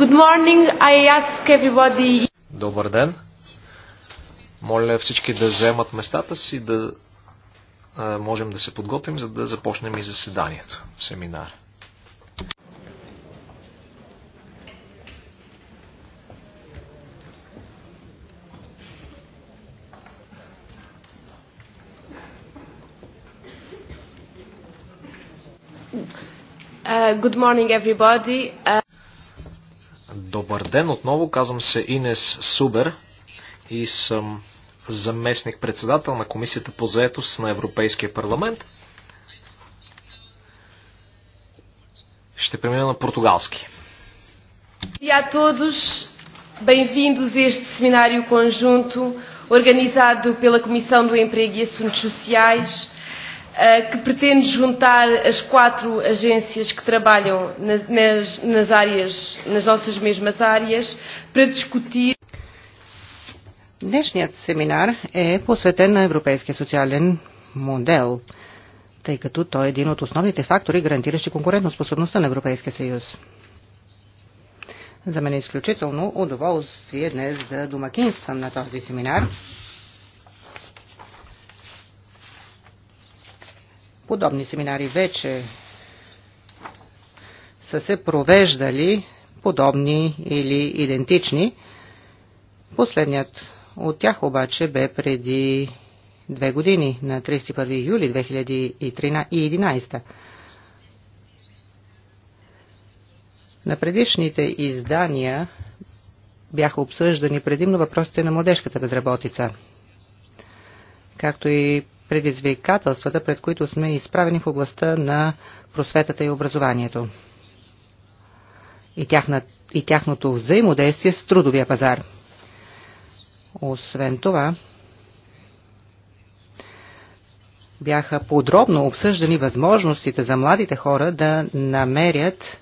Good morning. I ask everybody... Добър ден. Моля всички да вземат местата си, да а, можем да се подготвим, за да започнем и заседанието, семинар. Uh, good morning, everybody. Uh ден отново. Казвам се Инес Субер и съм заместник-председател на Комисията по заетост на Европейския парламент. Ще премина на португалски. E a todos, bem-vindos a este seminário conjunto organizado pela Comissão do Emprego e Assuntos Sociais Eh, que pretende juntar as quatro agências que trabalham nas, nas áreas, nas nossas mesmas áreas, para discutir. Днешният семинар е посветен на европейския социален модел, тъй като той е един от основните фактори, гарантиращи конкурентоспособността на Европейския съюз. За мен е изключително удоволствие днес да домакинствам на този семинар Подобни семинари вече са се провеждали, подобни или идентични. Последният от тях обаче бе преди две години, на 31 юли 2011. На предишните издания бяха обсъждани предимно въпросите на младежката безработица, както и предизвикателствата, пред които сме изправени в областта на просветата и образованието и, тяхна, и тяхното взаимодействие с трудовия пазар. Освен това, бяха подробно обсъждани възможностите за младите хора да намерят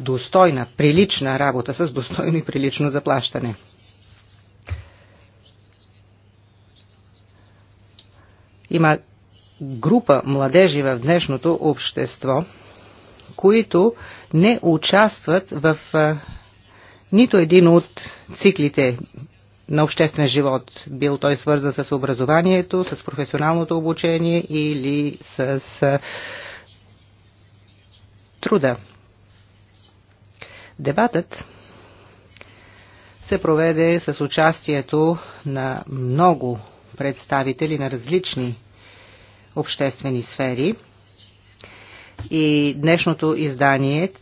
достойна, прилична работа с достойно и прилично заплащане – Има група младежи в днешното общество, които не участват в нито един от циклите на обществен живот, бил той свързан с образованието, с професионалното обучение или с труда. Дебатът се проведе с участието на много представители на различни обществени сфери. И днешното издание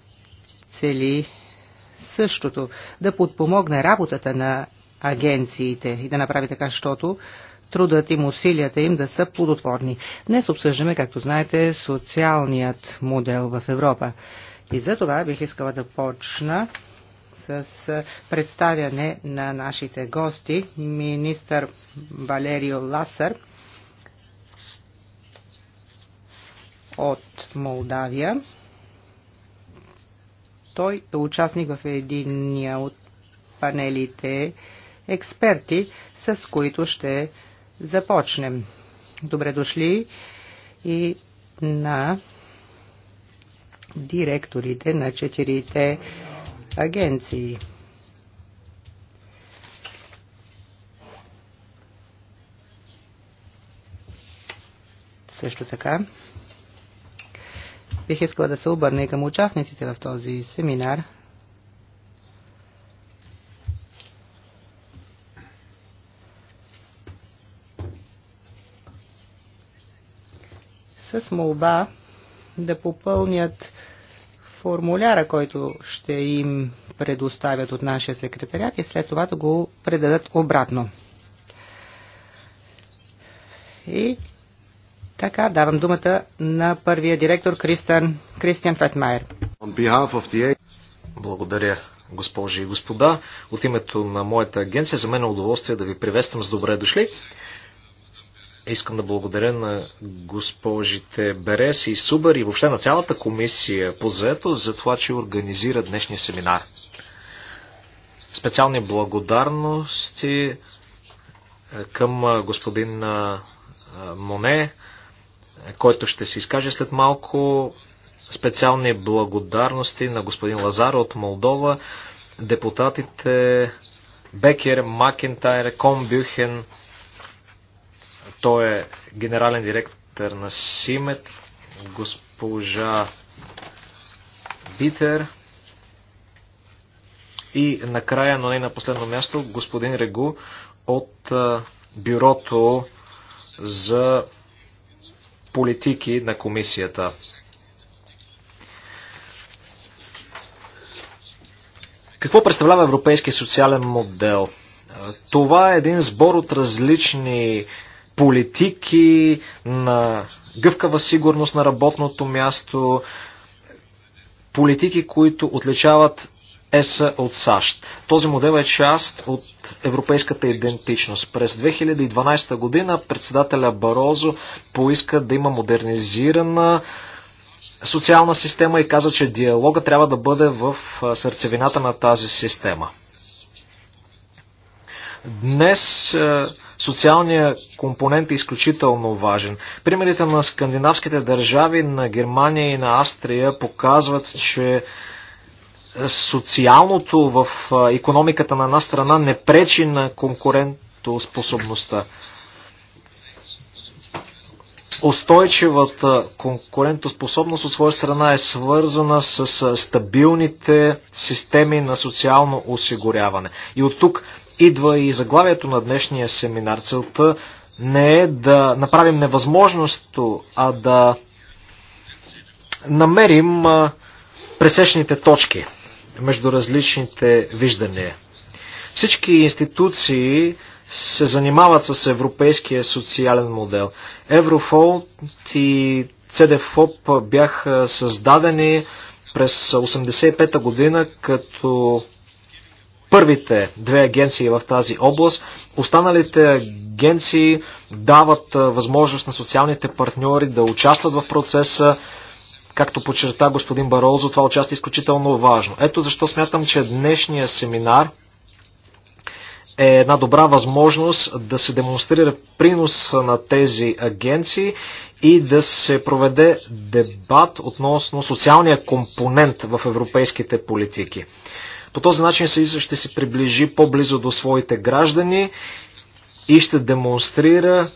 цели същото да подпомогне работата на агенциите и да направи така, щото трудът им, усилията им да са плодотворни. Днес обсъждаме, както знаете, социалният модел в Европа. И за това бих искала да почна с представяне на нашите гости, министър Валерио Ласър от Молдавия. Той е участник в единия от панелите експерти, с които ще започнем. Добре дошли и на директорите на четирите агенции. Също така, бих искала да се обърна и към участниците в този семинар. С молба да попълнят формуляра, който ще им предоставят от нашия секретарят и след това да го предадат обратно. И така, давам думата на първия директор Кристиан, Кристиан Фетмайер. Благодаря, госпожи и господа. От името на моята агенция за мен е удоволствие да ви приветствам с добре дошли. Искам да благодаря на госпожите Берес и Субър и въобще на цялата комисия по заето за това, че организира днешния семинар. Специални благодарности е, към е, господин е, Моне, който ще се изкаже след малко. Специални благодарности на господин Лазар от Молдова, депутатите Бекер, Макентайр, Комбюхен, той е генерален директор на СИМЕТ, госпожа Битер и накрая, но не на последно място, господин Регу от Бюрото за политики на комисията. Какво представлява европейския социален модел? Това е един сбор от различни политики, на гъвкава сигурност на работното място, политики, които отличават ЕС от САЩ. Този модел е част от европейската идентичност. През 2012 година председателя Барозо поиска да има модернизирана социална система и каза, че диалога трябва да бъде в сърцевината на тази система. Днес е, социалният компонент е изключително важен. Примерите на скандинавските държави, на Германия и на Австрия показват, че социалното в економиката на една страна не пречи на конкурентоспособността. Устойчивата конкурентоспособност от своя страна е свързана с е, стабилните системи на социално осигуряване. И от тук идва и заглавието на днешния семинар. Целта не е да направим невъзможното, а да намерим пресечните точки между различните виждания. Всички институции се занимават с европейския социален модел. Еврофолд и CDFOP бяха създадени през 1985 година като първите две агенции в тази област. Останалите агенции дават възможност на социалните партньори да участват в процеса. Както подчерта господин Барозо, това участие е изключително важно. Ето защо смятам, че днешния семинар е една добра възможност да се демонстрира принос на тези агенции и да се проведе дебат относно социалния компонент в европейските политики. По този начин Съюзът ще се приближи по-близо до своите граждани и ще демонстрира,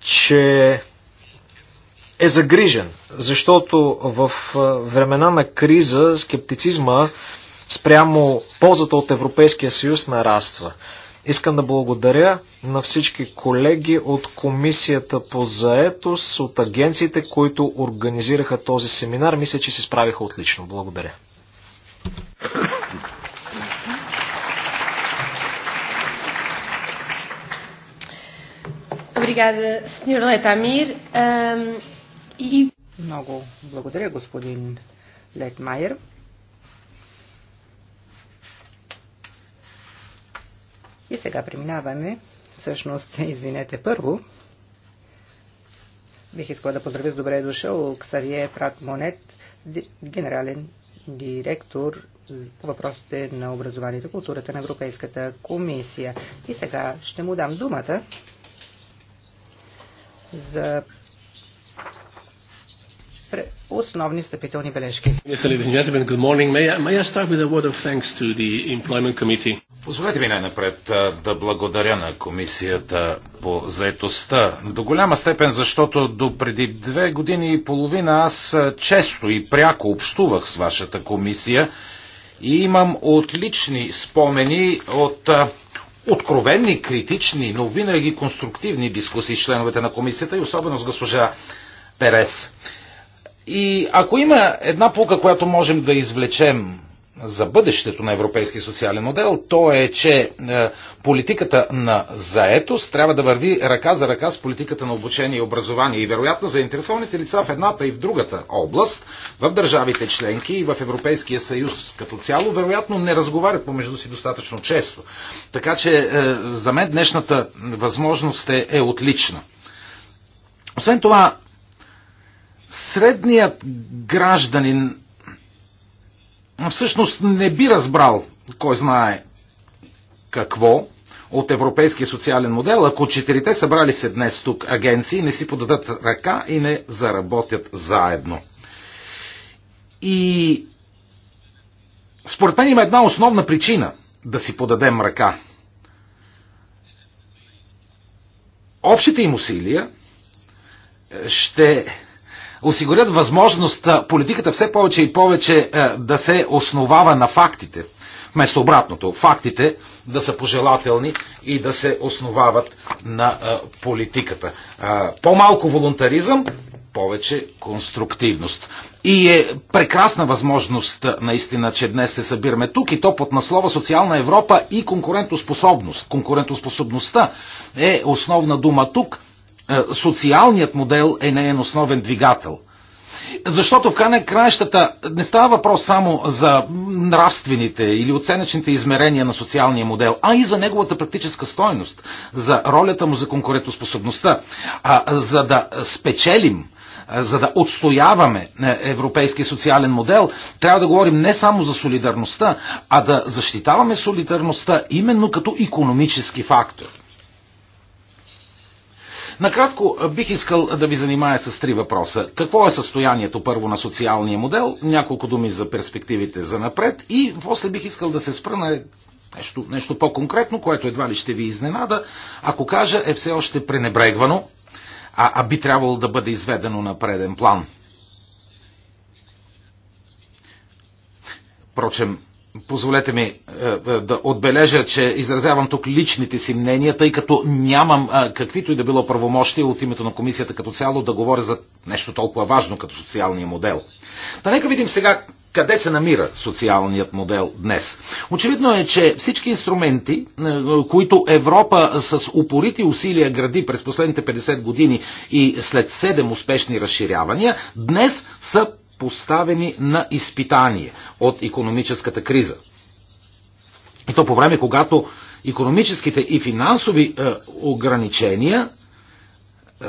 че е загрижен, защото в времена на криза скептицизма спрямо ползата от Европейския съюз нараства. Искам да благодаря на всички колеги от Комисията по заетост, от агенциите, които организираха този семинар. Мисля, че се справиха отлично. Благодаря. Obrigada, сеньор Letamir. и... E- e- Много благодаря, господин Летмайер. И сега преминаваме, всъщност, извинете, първо, бих искала да поздравя с добре е дошъл Ксавие Прат Монет, генерален директор по въпросите на образованието и културата на Европейската комисия. И сега ще му дам думата за основни стъпителни бележки. Позволете ми най-напред да благодаря на комисията по заетостта. До голяма степен, защото до преди две години и половина аз често и пряко общувах с вашата комисия и имам отлични спомени от откровенни, критични, но винаги конструктивни дискусии с членовете на комисията и особено с госпожа Перес. И ако има една пулка, която можем да извлечем за бъдещето на европейски социален модел, то е, че е, политиката на заетост трябва да върви ръка за ръка с политиката на обучение и образование. И вероятно заинтересованите лица в едната и в другата област, в държавите членки и в Европейския съюз като цяло, вероятно не разговарят помежду си достатъчно често. Така че е, за мен днешната възможност е, е отлична. Освен това, средният гражданин всъщност не би разбрал, кой знае какво, от европейския социален модел, ако четирите събрали се днес тук агенции, не си подадат ръка и не заработят заедно. И според мен има една основна причина да си подадем ръка. Общите им усилия ще осигурят възможност политиката все повече и повече да се основава на фактите, вместо обратното, фактите да са пожелателни и да се основават на политиката. По-малко волонтаризъм, повече конструктивност. И е прекрасна възможност, наистина, че днес се събираме тук и то под наслова Социална Европа и конкурентоспособност. Конкурентоспособността е основна дума тук е, социалният модел е неен основен двигател. Защото в край на краищата не става въпрос само за нравствените или оценъчните измерения на социалния модел, а и за неговата практическа стойност, за ролята му за конкурентоспособността. А, за да спечелим за да отстояваме е, европейски социален модел, трябва да говорим не само за солидарността, а да защитаваме солидарността именно като економически фактор. Накратко бих искал да ви занимая с три въпроса. Какво е състоянието първо на социалния модел, няколко думи за перспективите за напред и после бих искал да се спра на нещо, нещо по-конкретно, което едва ли ще ви изненада, ако кажа е все още пренебрегвано, а, а би трябвало да бъде изведено на преден план. Впрочем, Позволете ми е, е, да отбележа, че изразявам тук личните си мнения, тъй като нямам е, каквито и да било правомощи от името на комисията като цяло да говоря за нещо толкова важно като социалния модел. Та нека видим сега къде се намира социалният модел днес. Очевидно е, че всички инструменти, които Европа с упорити усилия гради през последните 50 години и след 7 успешни разширявания, днес са поставени на изпитание от економическата криза. И то по време, когато економическите и финансови е, ограничения е,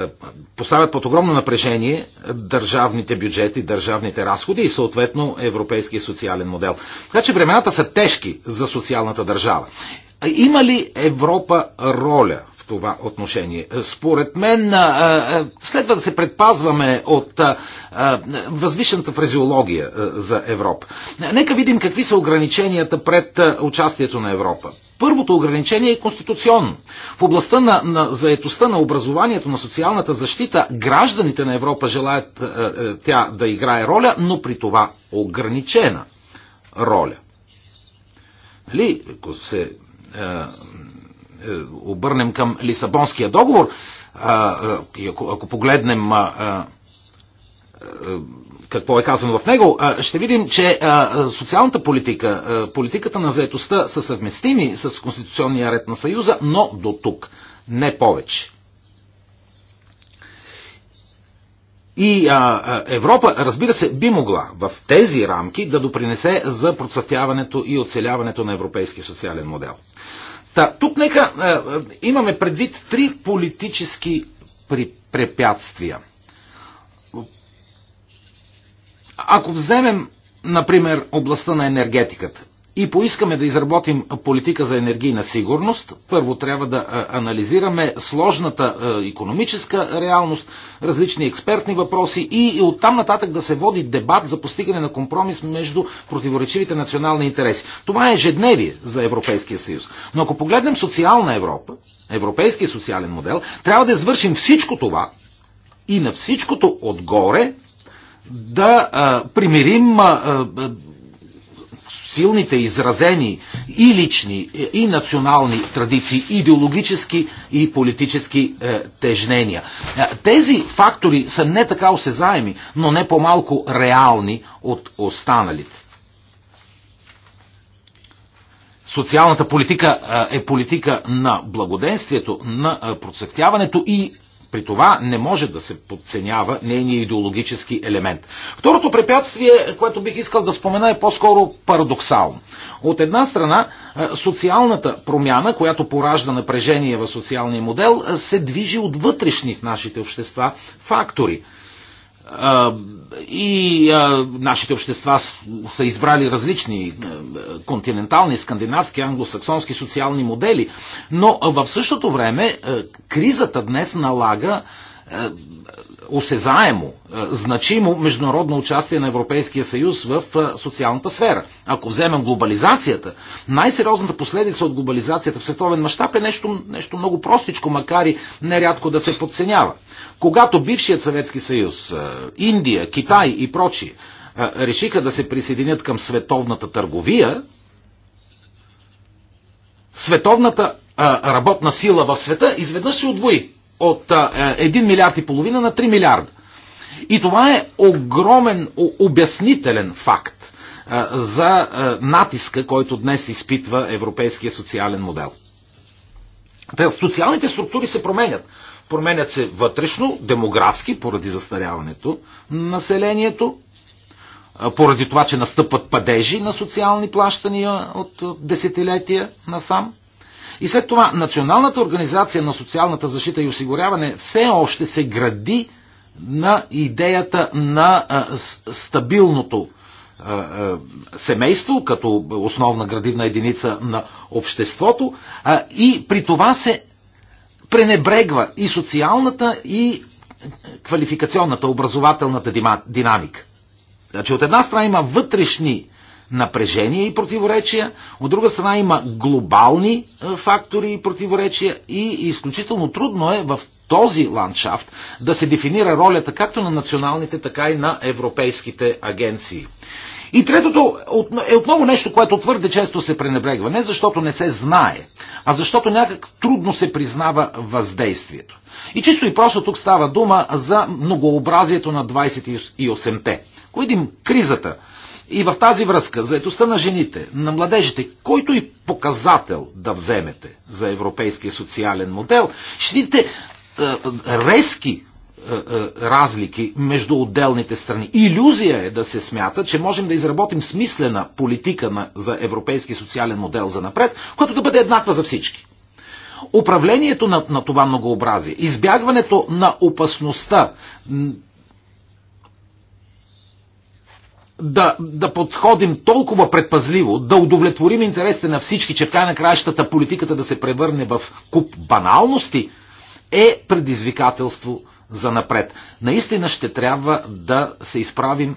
поставят под огромно напрежение държавните бюджети, държавните разходи и съответно европейския социален модел. Така че времената са тежки за социалната държава. Има ли Европа роля това отношение. Според мен следва да се предпазваме от възвишената фразеология за Европа. Нека видим какви са ограниченията пред участието на Европа. Първото ограничение е конституционно. В областта на, на заетостта, на образованието, на социалната защита, гражданите на Европа желаят а, а, тя да играе роля, но при това ограничена роля. Нали, ако се А, е, обърнем към Лисабонския договор, ако погледнем какво е казано в него, ще видим, че социалната политика, политиката на заетостта са съвместими с конституционния ред на Съюза, но до тук, не повече. И а, Европа, разбира се, би могла в тези рамки да допринесе за процъфтяването и оцеляването на европейския социален модел. Та, тук нека е, е, имаме предвид три политически препятствия. Ако вземем, например, областта на енергетиката, и поискаме да изработим политика за енергийна сигурност, първо трябва да анализираме сложната економическа реалност, различни експертни въпроси и оттам нататък да се води дебат за постигане на компромис между противоречивите национални интереси. Това е ежедневие за Европейския съюз. Но ако погледнем социална Европа, европейския социален модел, трябва да извършим всичко това и на всичкото отгоре да а, примирим а, а, силните изразени и лични, и национални традиции, идеологически и политически е, тежнения. Е, тези фактори са не така осезаеми, но не по-малко реални от останалите. Социалната политика е, е политика на благоденствието, на е, процъфтяването и при това не може да се подценява нейния идеологически елемент. Второто препятствие, което бих искал да спомена, е по-скоро парадоксално. От една страна, е, социалната промяна, която поражда напрежение в социалния модел, е, се движи от вътрешни в нашите общества фактори. И нашите общества са избрали различни е, континентални, скандинавски, англосаксонски социални модели. Но в същото време е, кризата днес налага е, е, осезаемо, е, значимо международно участие на Европейския съюз в социалната сфера. Ако вземем глобализацията, най-сериозната последица от глобализацията в световен мащаб е нещо, нещо много простичко, макар и нерядко да се подценява. Когато бившият Съветски съюз, Индия, Китай и прочи решиха да се присъединят към световната търговия, световната работна сила в света изведнъж се отвои от 1 е, милиард и половина на 3 милиарда. И това е огромен обяснителен факт за натиска, който днес изпитва европейския социален модел. социалните структури се променят. Променят се вътрешно, демографски, поради застаряването на населението, поради това, че настъпват падежи на социални плащания от десетилетия насам – и след това Националната организация на социалната защита и осигуряване все още се гради на идеята на стабилното семейство, като основна градивна единица на обществото и при това се пренебрегва и социалната, и квалификационната, образователната динамика. Значи от една страна има вътрешни напрежение и противоречия, от друга страна има глобални е, фактори и противоречия и изключително трудно е в този ландшафт да се дефинира ролята както на националните, така и на европейските агенции. И третото е отново нещо, което твърде често се пренебрегва. Не защото не се знае, а защото някак трудно се признава въздействието. И чисто и просто тук става дума за многообразието на 28-те. Ако видим кризата и в тази връзка, заедостта на жените, на младежите, който и показател да вземете за европейския социален модел, ще видите е, е, резки е, разлики между отделните страни. Иллюзия е да се смята, че можем да изработим смислена политика на, за европейски социален модел за напред, която да бъде еднаква за всички. Управлението на, на това многообразие, избягването на опасността да, да подходим толкова предпазливо, да удовлетворим интересите на всички, че в край на краищата политиката да се превърне в куп баналности, е предизвикателство за напред. Наистина ще трябва да се изправим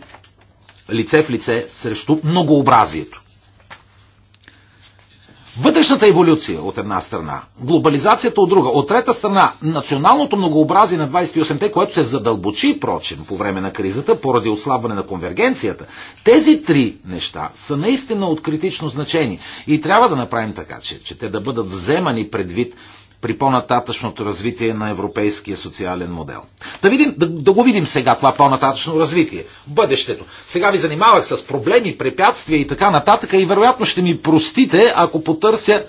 лице в лице срещу многообразието. Вътрешната еволюция от една страна, глобализацията от друга, от трета страна, националното многообразие на 28-те, което се задълбочи, прочим, по време на кризата, поради ослабване на конвергенцията, тези три неща са наистина от критично значение. И трябва да направим така, че, че те да бъдат вземани предвид при по-нататъчното развитие на европейския социален модел. Да, видим, да, да го видим сега това по-нататъчно развитие, бъдещето. Сега ви занимавах с проблеми, препятствия и така нататък и вероятно ще ми простите, ако потърся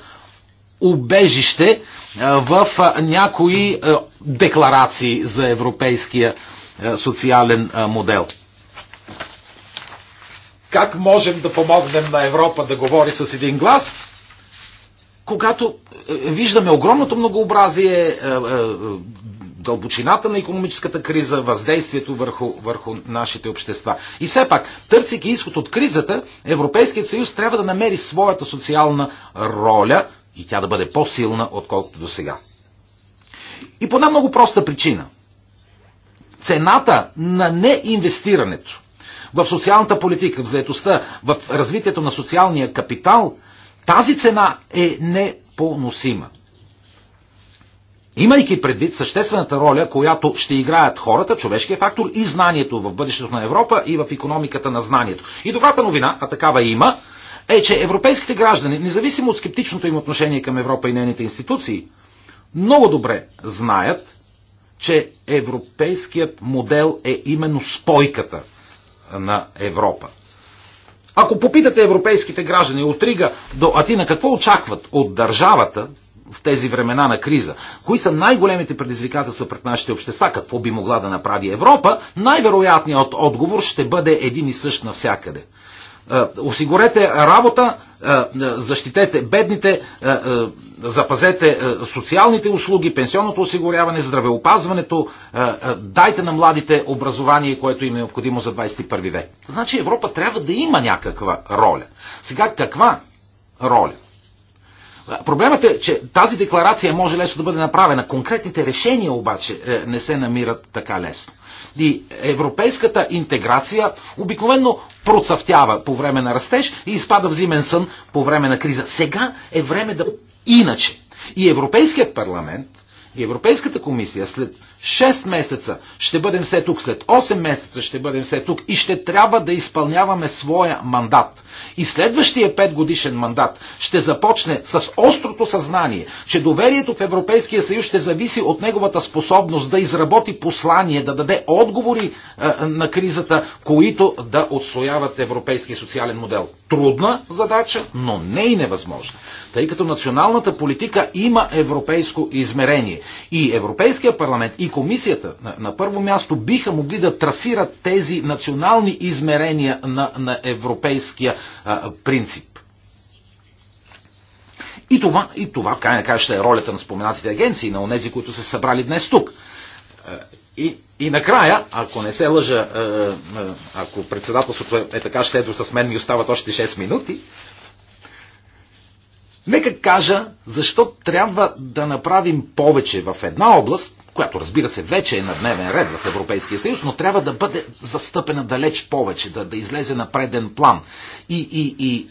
убежище в някои декларации за европейския социален модел. Как можем да помогнем на Европа да говори с един глас? когато е, е, виждаме огромното многообразие, е, дълбочината на економическата криза, въздействието върху, върху нашите общества. И все пак, търсики изход от кризата, Европейският съюз трябва да намери своята социална роля и тя да бъде по-силна, отколкото до сега. И по една много проста причина. Цената на неинвестирането в социалната политика, в заетостта, в развитието на социалния капитал – тази цена е непоносима. Имайки предвид съществената роля, която ще играят хората, човешкият фактор и знанието в бъдещето на Европа и в економиката на знанието. И добрата новина, а такава има, е, че европейските граждани, независимо от скептичното им отношение към Европа и нейните институции, много добре знаят, че европейският модел е именно спойката на Европа. Ако попитате европейските граждани от Рига до Атина какво очакват от държавата в тези времена на криза, кои са най-големите предизвикателства пред нашите общества, какво би могла да направи Европа, най-вероятният отговор ще бъде един и същ навсякъде. Е, осигурете работа, е, защитете бедните, е, запазете социалните услуги, пенсионното осигуряване, здравеопазването, дайте на младите образование, което им е необходимо за 21 век. Значи Европа трябва да има някаква роля. Сега каква роля? Проблемът е, че тази декларация може лесно да бъде направена. Конкретните решения обаче е, не се намират така лесно. И европейската интеграция обикновено процъфтява по време на растеж и изпада в зимен сън по време на криза. Сега е време да иначе. И Европейският парламент и Европейската комисия след 6 месеца ще бъдем все тук, след 8 месеца ще бъдем все тук и ще трябва да изпълняваме своя мандат. И следващия петгодишен мандат ще започне с острото съзнание, че доверието в Европейския съюз ще зависи от неговата способност да изработи послание, да даде отговори е, на кризата, които да отстояват европейски социален модел. Трудна задача, но не и невъзможна, тъй като националната политика има европейско измерение. И Европейския парламент и комисията на, на първо място биха могли да трасират тези национални измерения на, на европейския принцип. И това, и това в крайна на ще е ролята на споменатите агенции, на онези, които са събрали днес тук. И, и накрая, ако не се лъжа, ако председателството е, е така щедро с мен и остават още 6 минути, Нека кажа защо трябва да направим повече в една област, която разбира се вече е на дневен ред в Европейския съюз, но трябва да бъде застъпена далеч повече, да, да излезе на преден план. И, и, и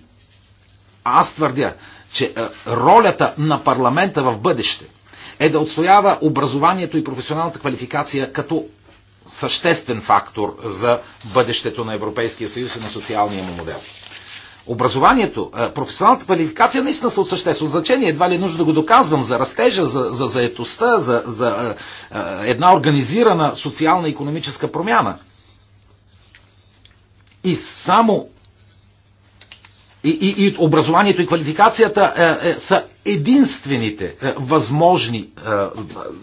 аз твърдя, че е, ролята на парламента в бъдеще е да отстоява образованието и професионалната квалификация като съществен фактор за бъдещето на Европейския съюз и на социалния му модел образованието, е, професионалната квалификация наистина са от съществено значение. Едва ли е нужно да го доказвам за растежа, за, за заетостта, за, за е, е, една организирана социална и економическа промяна. И само и, и, и образованието и квалификацията е, е, са единствените е, възможни е,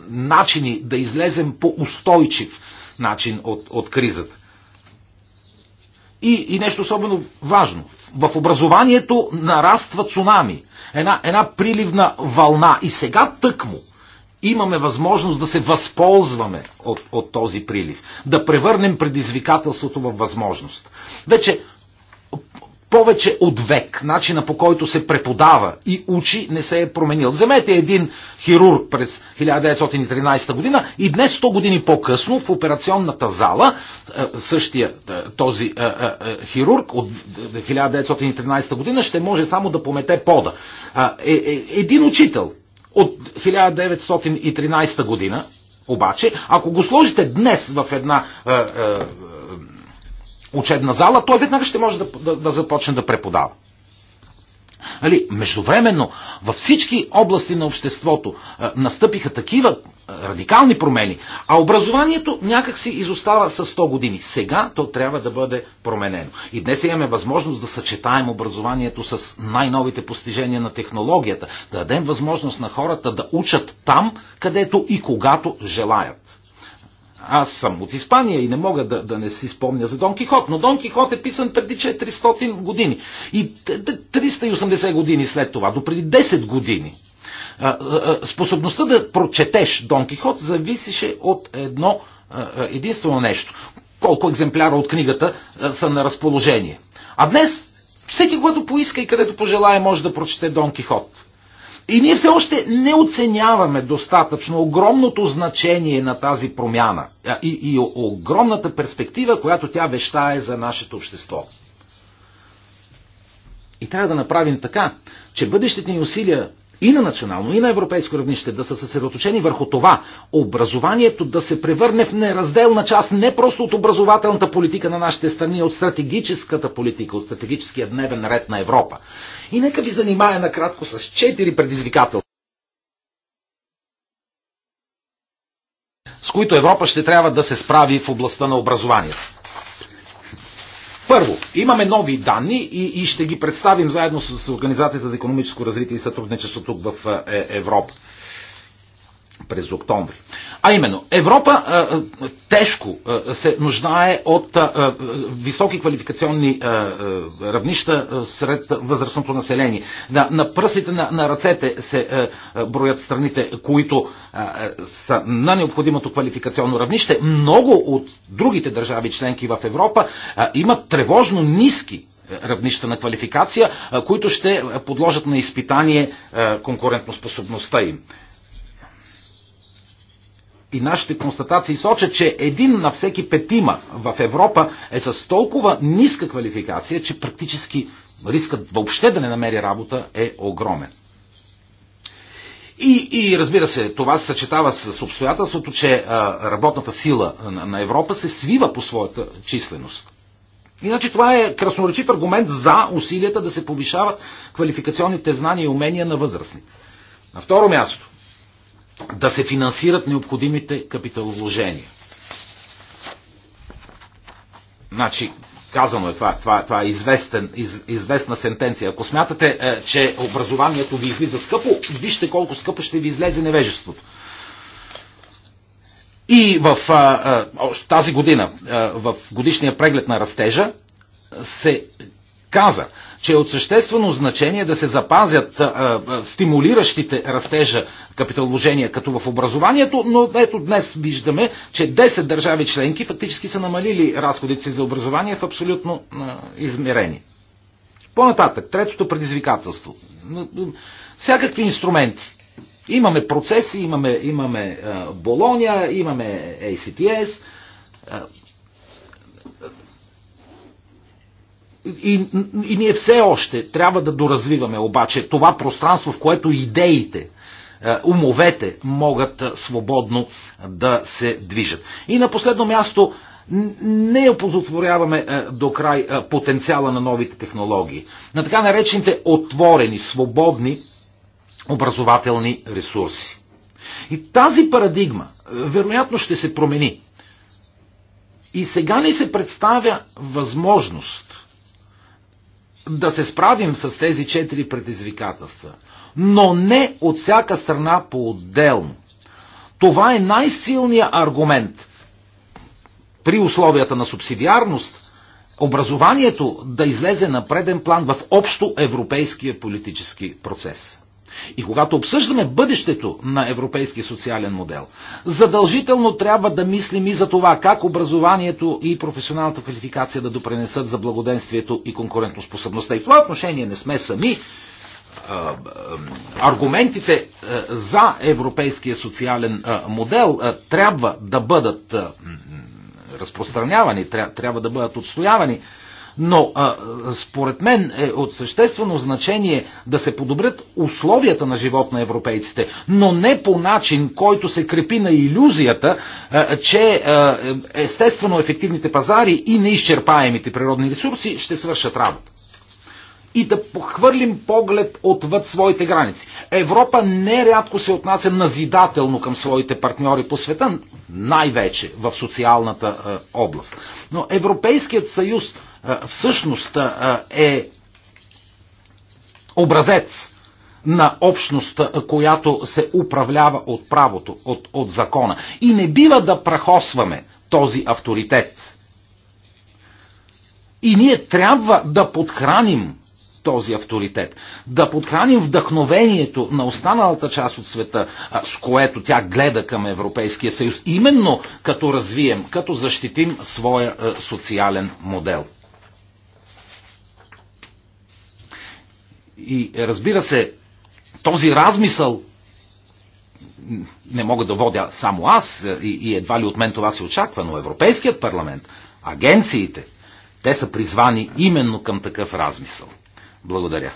начини да излезем по устойчив начин от, от кризата. И, и нещо особено важно. В образованието нараства цунами. Една, една приливна вълна. И сега тъкмо имаме възможност да се възползваме от, от този прилив. Да превърнем предизвикателството в възможност. Вече повече от век начина по който се преподава и учи не се е променил. Вземете един хирург през 1913 година и днес 100 години по-късно в операционната зала е, същия е, този е, хирург от 1913 година ще може само да помете пода. Един учител от 1913 година обаче, ако го сложите днес в една е, учебна зала, той веднага ще може да, да, да започне да преподава. Али, междувременно, във всички области на обществото а, настъпиха такива а, радикални промени, а образованието някак си изостава с 100 години. Сега то трябва да бъде променено. И днес имаме възможност да съчетаем образованието с най-новите постижения на технологията, да дадем възможност на хората да учат там, където и когато желаят. Аз съм от Испания и не мога да, да не си спомня за Дон Кихот, но Дон Кихот е писан преди 400 е години и 380 години след това, до преди 10 години. Способността да прочетеш Дон Кихот зависеше от едно единствено нещо. Колко екземпляра от книгата са на разположение. А днес всеки, който поиска и където пожелая, може да прочете Дон Кихот. И ние все още не оценяваме достатъчно огромното значение на тази промяна и, и огромната перспектива, която тя вещае за нашето общество. И трябва да направим така, че бъдещите ни усилия и на национално, и на европейско равнище да са съсредоточени върху това образованието да се превърне в неразделна част не просто от образователната политика на нашите страни, а от стратегическата политика, от стратегическия дневен ред на Европа. И нека ви занимая накратко с четири предизвикателства. с които Европа ще трябва да се справи в областта на образованието. Първо, имаме нови данни и, и ще ги представим заедно с Организацията за економическо развитие и сътрудничество тук в е, Европа през октомври. А именно, Европа а, тежко а, се нуждае от а, високи квалификационни а, а, равнища а, сред възрастното население. На, на пръстите на, на ръцете се а, броят страните, които а, са на необходимото квалификационно равнище. Много от другите държави членки в Европа а, имат тревожно ниски равнища на квалификация, които ще подложат на изпитание конкурентоспособността им и нашите констатации сочат, че един на всеки петима в Европа е с толкова ниска квалификация, че практически рискът въобще да не намери работа е огромен. И, и разбира се, това се съчетава с обстоятелството, че а, работната сила на, на Европа се свива по своята численост. Иначе това е красноречив аргумент за усилията да се повишават квалификационните знания и умения на възрастни. На второ място, да се финансират необходимите капиталовложения. Значи, казано е това, това, това е известен, из, известна сентенция. Ако смятате, е, че образованието ви излиза скъпо, вижте колко скъпо ще ви излезе невежеството. И в а, е, а, е, тази година, а, е, в годишния преглед на растежа, се каза, че е от съществено значение да се запазят а, а, стимулиращите растежа капиталовложения като в образованието, но ето днес виждаме, че 10 държави членки фактически са намалили разходите си за образование в абсолютно а, измерение. По-нататък, третото предизвикателство. Всякакви инструменти. Имаме процеси, имаме, имаме а, Болония, имаме ACTS. А, и, и ние все още трябва да доразвиваме обаче това пространство, в което идеите, е, умовете могат е, свободно е, да се движат. И на последно място не опозотворяваме до край потенциала на новите технологии. На така наречените отворени, свободни образователни ресурси. И тази парадигма вероятно ще се промени. И сега ни се представя възможност да се справим с тези четири предизвикателства, но не от всяка страна по-отделно. Това е най-силният аргумент при условията на субсидиарност образованието да излезе на преден план в общо европейския политически процес. И когато обсъждаме бъдещето на европейски социален модел, задължително трябва да мислим и за това как образованието и професионалната квалификация да допренесат за благоденствието и конкурентоспособността. И в това отношение не сме сами. Аргументите за европейския социален модел трябва да бъдат разпространявани, трябва да бъдат отстоявани но а, според мен е от съществено значение да се подобрят условията на живот на европейците, но не по начин, който се крепи на иллюзията, а, че а, естествено ефективните пазари и неизчерпаемите природни ресурси ще свършат работа и да похвърлим поглед отвъд своите граници. Европа нерядко се отнася назидателно към своите партньори по света, най-вече в социалната е, област. Но Европейският съюз е, всъщност е, е образец на общност, е, която се управлява от правото, от, от закона. И не бива да прахосваме този авторитет. И ние трябва да подхраним този авторитет. Да подхраним вдъхновението на останалата част от света, с което тя гледа към Европейския съюз, именно като развием, като защитим своя социален модел. И разбира се, този размисъл не мога да водя само аз и едва ли от мен това се очаква, но Европейският парламент, агенциите, те са призвани именно към такъв размисъл. Благодаря.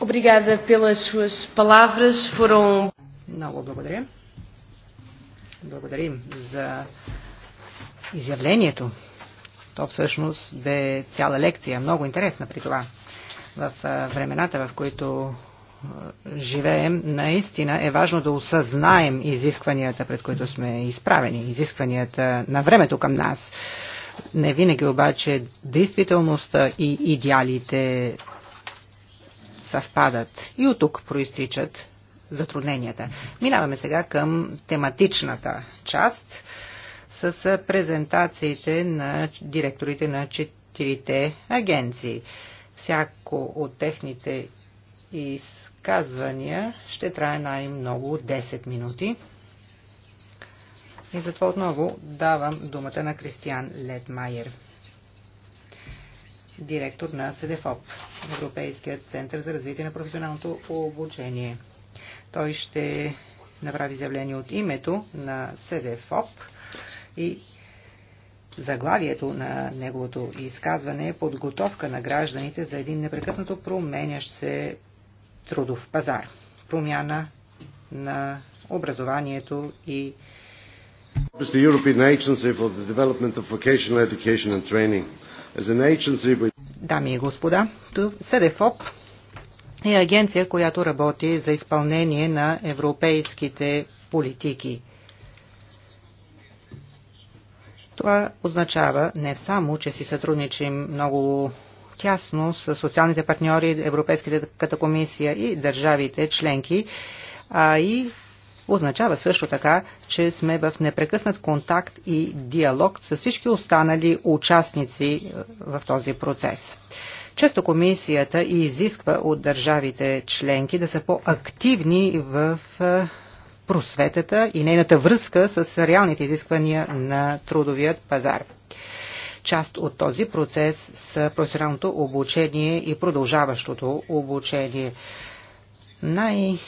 Obrigada pelas suas palavras. Foram. Много благодаря. Благодарим за изявлението. То всъщност бе цяла лекция, много интересна при това. В времената, в които живеем, наистина е важно да осъзнаем изискванията, пред които сме изправени, изискванията на времето към нас. Не винаги обаче действителността и идеалите съвпадат. И от тук проистичат затрудненията. Минаваме сега към тематичната част с презентациите на директорите на четирите агенции. Всяко от техните изказвания ще трае най-много 10 минути. И затова отново давам думата на Кристиан Ледмайер, директор на СДФОП, Европейският център за развитие на професионалното обучение. Той ще направи заявление от името на СДФОП и Заглавието на неговото изказване е подготовка на гражданите за един непрекъснато променящ се трудов пазар. Промяна на образованието и Дами и господа, СДФОП е агенция, която работи за изпълнение на европейските политики. Това означава не само, че си сътрудничим много тясно с социалните партньори, Европейската комисия и държавите членки, а и Означава също така, че сме в непрекъснат контакт и диалог с всички останали участници е, в този процес. Често комисията изисква от държавите членки да са по-активни в е, просветата и нейната връзка с реалните изисквания на трудовият пазар. Част от този процес са професионалното обучение и продължаващото обучение. Най-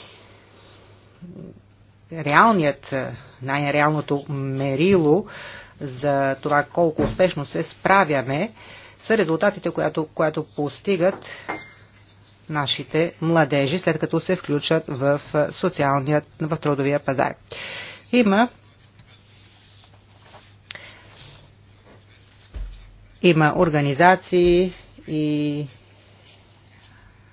реалният, е, най-реалното мерило за това колко успешно се справяме, са резултатите, която, която постигат нашите младежи, след като се включат в е, социалният, в трудовия пазар. Има има организации и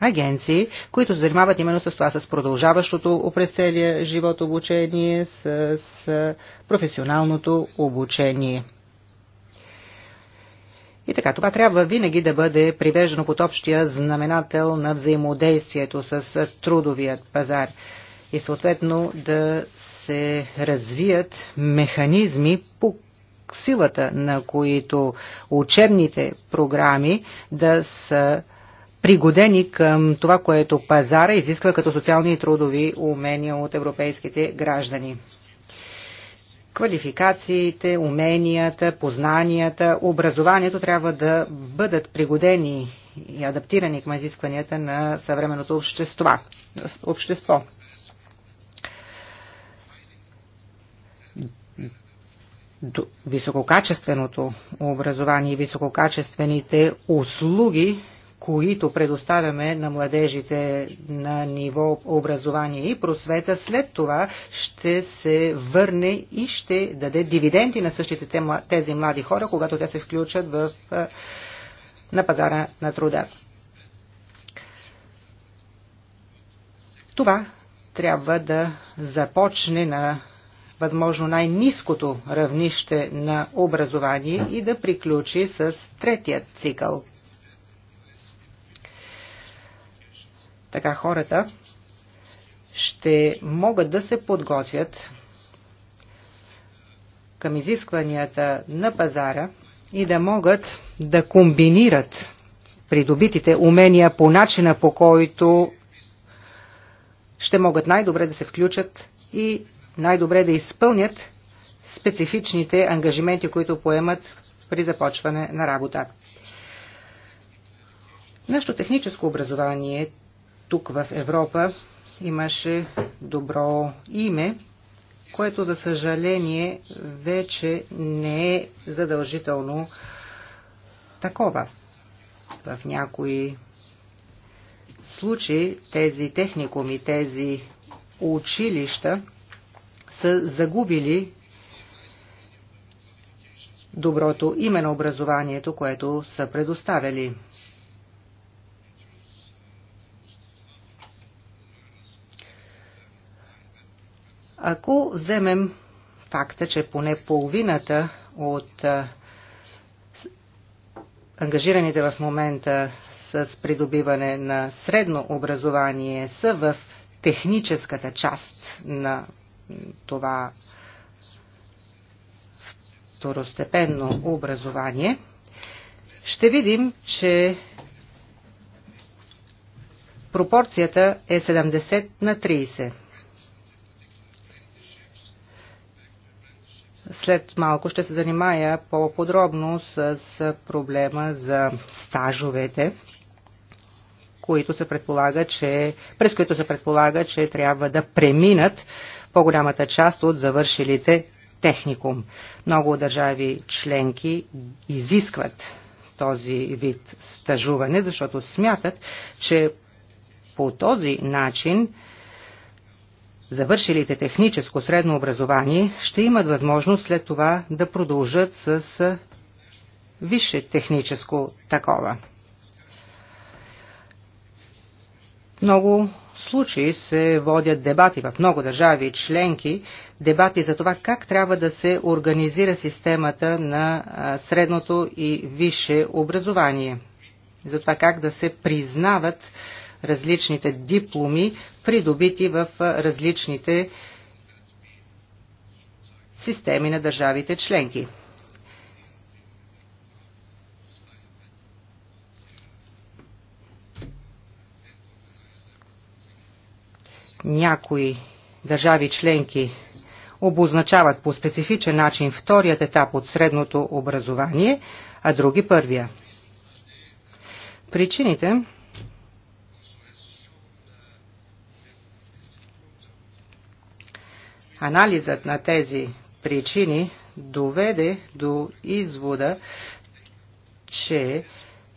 агенции, които занимават именно с това, с продължаващото през целия живот обучение, с, с професионалното обучение. И така, това трябва винаги да бъде привеждано под общия знаменател на взаимодействието с трудовият пазар и съответно да се развият механизми по силата на които учебните програми да са пригодени към това, което пазара изисква като социални и трудови умения от европейските граждани. Квалификациите, уменията, познанията, образованието трябва да бъдат пригодени и адаптирани към изискванията на съвременното общество. общество. висококачественото образование и висококачествените услуги които предоставяме на младежите на ниво образование и просвета, след това ще се върне и ще даде дивиденти на същите тези млади хора, когато те се включат в, на пазара на труда. Това трябва да започне на възможно най-низкото равнище на образование и да приключи с третия цикъл Така хората ще могат да се подготвят към изискванията на пазара и да могат да комбинират придобитите умения по начина по който ще могат най-добре да се включат и най-добре да изпълнят специфичните ангажименти, които поемат при започване на работа. Нашето техническо образование, тук в Европа имаше добро име, което за съжаление вече не е задължително такова. В някои случаи тези техникуми, тези училища са загубили доброто име на образованието, което са предоставили. Ако вземем факта, че поне половината от ангажираните в момента с придобиване на средно образование са в техническата част на това второстепенно образование, ще видим, че пропорцията е 70 на 30. След малко ще се занимая по-подробно с проблема за стажовете, които се предполага, че, през които се предполага, че трябва да преминат по-голямата част от завършилите техникум. Много държави членки изискват този вид стажуване, защото смятат, че по този начин завършилите техническо средно образование ще имат възможност след това да продължат с висше техническо такова. Много случаи се водят дебати в много държави и членки, дебати за това как трябва да се организира системата на средното и висше образование, за това как да се признават различните дипломи, придобити в различните системи на държавите членки. Някои държави членки обозначават по специфичен начин вторият етап от средното образование, а други първия. Причините Анализът на тези причини доведе до извода, че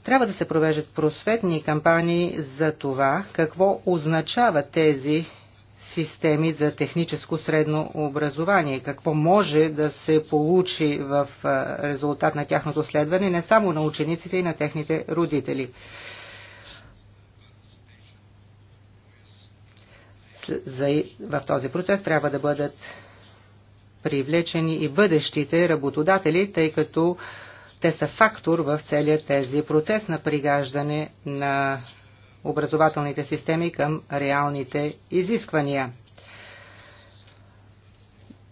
трябва да се провеждат просветни кампании за това какво означават тези системи за техническо средно образование, какво може да се получи в резултат на тяхното следване не само на учениците и на техните родители. в този процес трябва да бъдат привлечени и бъдещите работодатели, тъй като те са фактор в целият тези процес на пригаждане на образователните системи към реалните изисквания.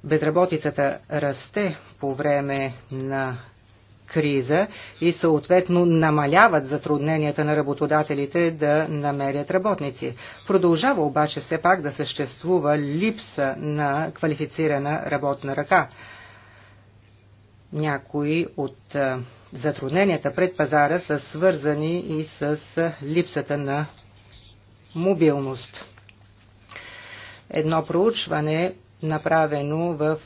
Безработицата расте по време на криза и съответно намаляват затрудненията на работодателите да намерят работници. Продължава обаче все пак да съществува липса на квалифицирана работна ръка. Някои от затрудненията пред пазара са свързани и с липсата на мобилност. Едно проучване, направено в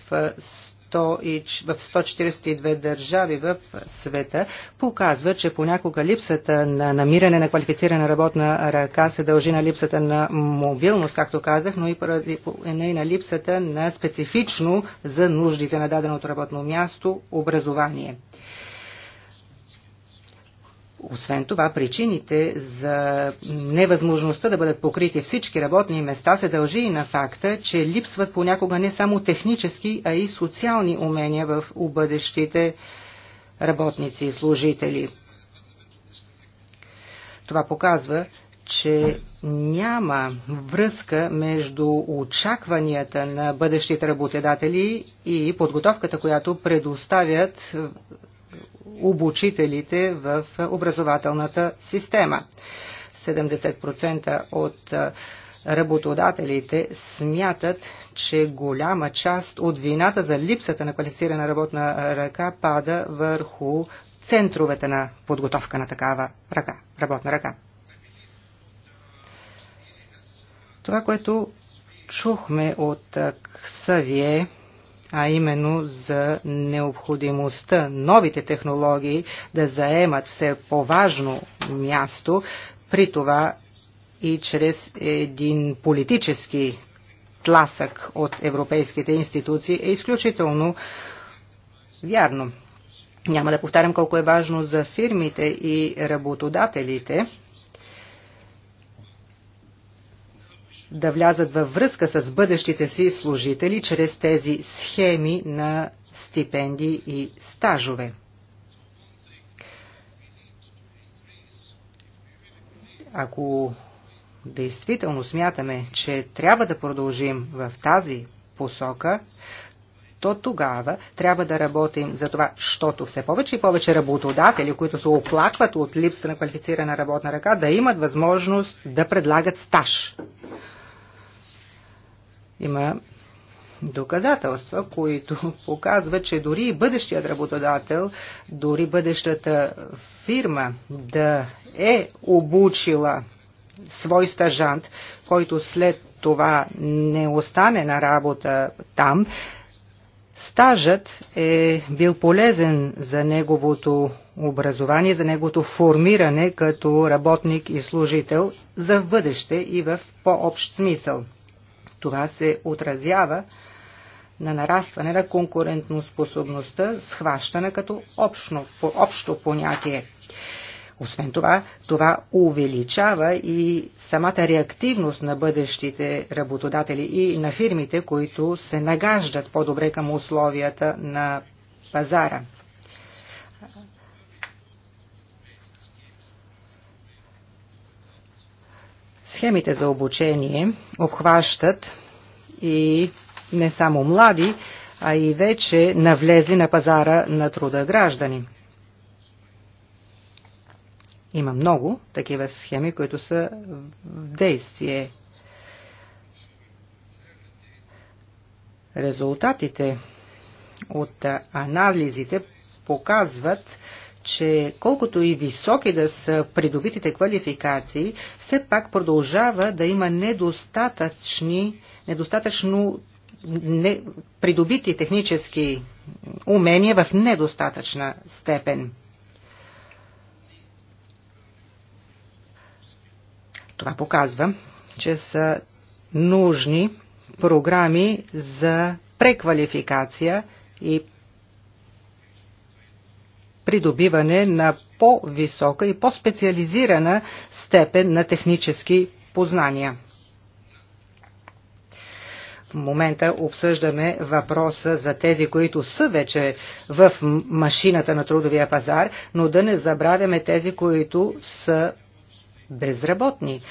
в 142 държави в света показва, че понякога липсата на намиране на квалифицирана работна ръка се дължи на липсата на мобилност, както казах, но и, поради, е, и на липсата на специфично за нуждите на даденото работно място образование. Освен това, причините за невъзможността да бъдат покрити всички работни места се дължи и на факта, че липсват понякога не само технически, а и социални умения в бъдещите работници и служители. Това показва, че няма връзка между очакванията на бъдещите работодатели и подготовката, която предоставят обучителите в образователната система. 70% от работодателите смятат, че голяма част от вината за липсата на квалифицирана работна ръка пада върху центровете на подготовка на такава ръка, работна ръка. Това, което чухме от Ксавие, а именно за необходимостта новите технологии да заемат все по-важно място, при това и чрез един политически тласък от европейските институции е изключително вярно. Няма да повтарям колко е важно за фирмите и работодателите да влязат във връзка с бъдещите си служители чрез тези схеми на стипендии и стажове. Ако действително смятаме, че трябва да продължим в тази посока, то тогава трябва да работим за това, защото все повече и повече работодатели, които се оплакват от липса на квалифицирана работна ръка, да имат възможност да предлагат стаж. Има доказателства, които показват, че дори бъдещият работодател, дори бъдещата фирма да е обучила свой стажант, който след това не остане на работа там, стажът е бил полезен за неговото образование, за неговото формиране като работник и служител за бъдеще и в по-общ смисъл. Това се отразява на нарастване на конкурентноспособността, схващана като общо, по, общо понятие. Освен това, това увеличава и самата реактивност на бъдещите работодатели и на фирмите, които се нагаждат по-добре към условията на пазара. Схемите за обучение обхващат и не само млади, а и вече навлезли на пазара на труда граждани. Има много такива схеми, които са в действие. Резултатите от анализите показват, че колкото и високи да са придобитите квалификации, все пак продължава да има недостатъчни, недостатъчно не, придобити технически умения в недостатъчна степен. Това показва, че са нужни програми за преквалификация и придобиване на по-висока и по-специализирана степен на технически познания. В момента обсъждаме въпроса за тези, които са вече в машината на трудовия пазар, но да не забравяме тези, които са безработни.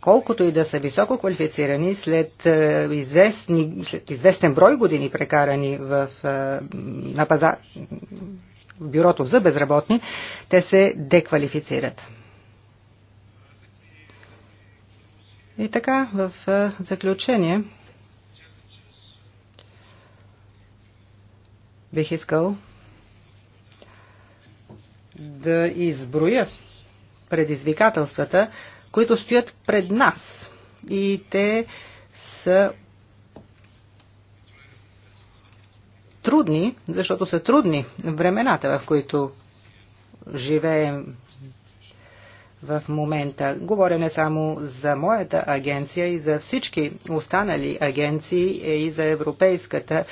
Колкото и да са високо квалифицирани, след, е, известни, след известен брой години прекарани в, е, на пазар, бюрото за безработни, те се деквалифицират. И така, в заключение, бих искал да изброя предизвикателствата, които стоят пред нас. И те са трудни, защото са трудни времената, в които живеем в момента. Говоря не само за моята агенция и за всички останали агенции е и за Европейската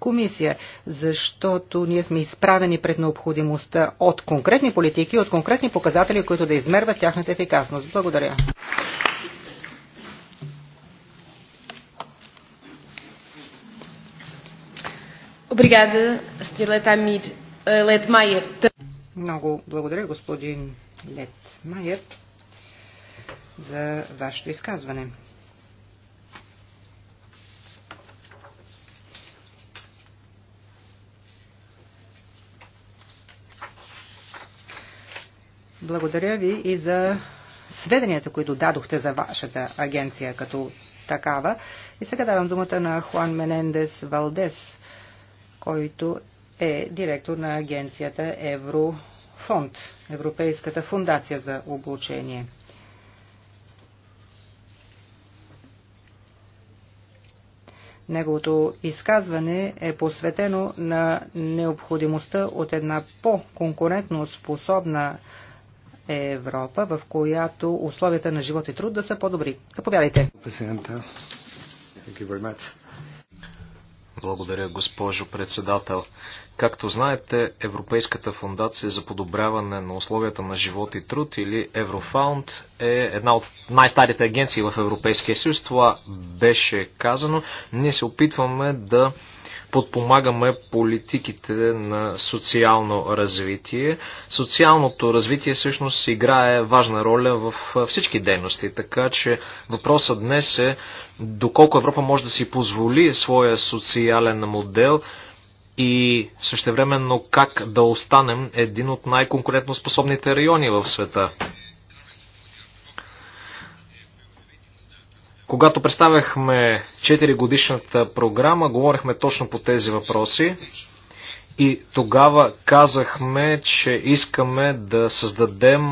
комисия, защото ние сме изправени пред необходимостта от конкретни политики, от конкретни показатели, които да измерват тяхната ефикасност. Благодаря. Obrigada, Sr. Letamir Ледмайер. Много благодаря, господин Ледмайер, за вашето изказване. Благодаря ви и за сведенията, които дадохте за вашата агенция като такава. И сега давам думата на Хуан Менендес Валдес който е директор на агенцията Еврофонд, Европейската фундация за обучение. Неговото изказване е посветено на необходимостта от една по-конкурентно способна Европа, в която условията на живот и труд да са по-добри. Заповядайте. Президента, благодаря, госпожо председател. Както знаете, Европейската фундация за подобряване на условията на живот и труд или Еврофаунд е една от най-старите агенции в Европейския съюз. Това беше казано. Ние се опитваме да подпомагаме политиките на социално развитие. Социалното развитие всъщност играе важна роля в всички дейности, така че въпросът днес е доколко Европа може да си позволи своя социален модел и същевременно как да останем един от най-конкурентно способните райони в света. Когато представяхме 4 годишната програма, говорихме точно по тези въпроси и тогава казахме, че искаме да създадем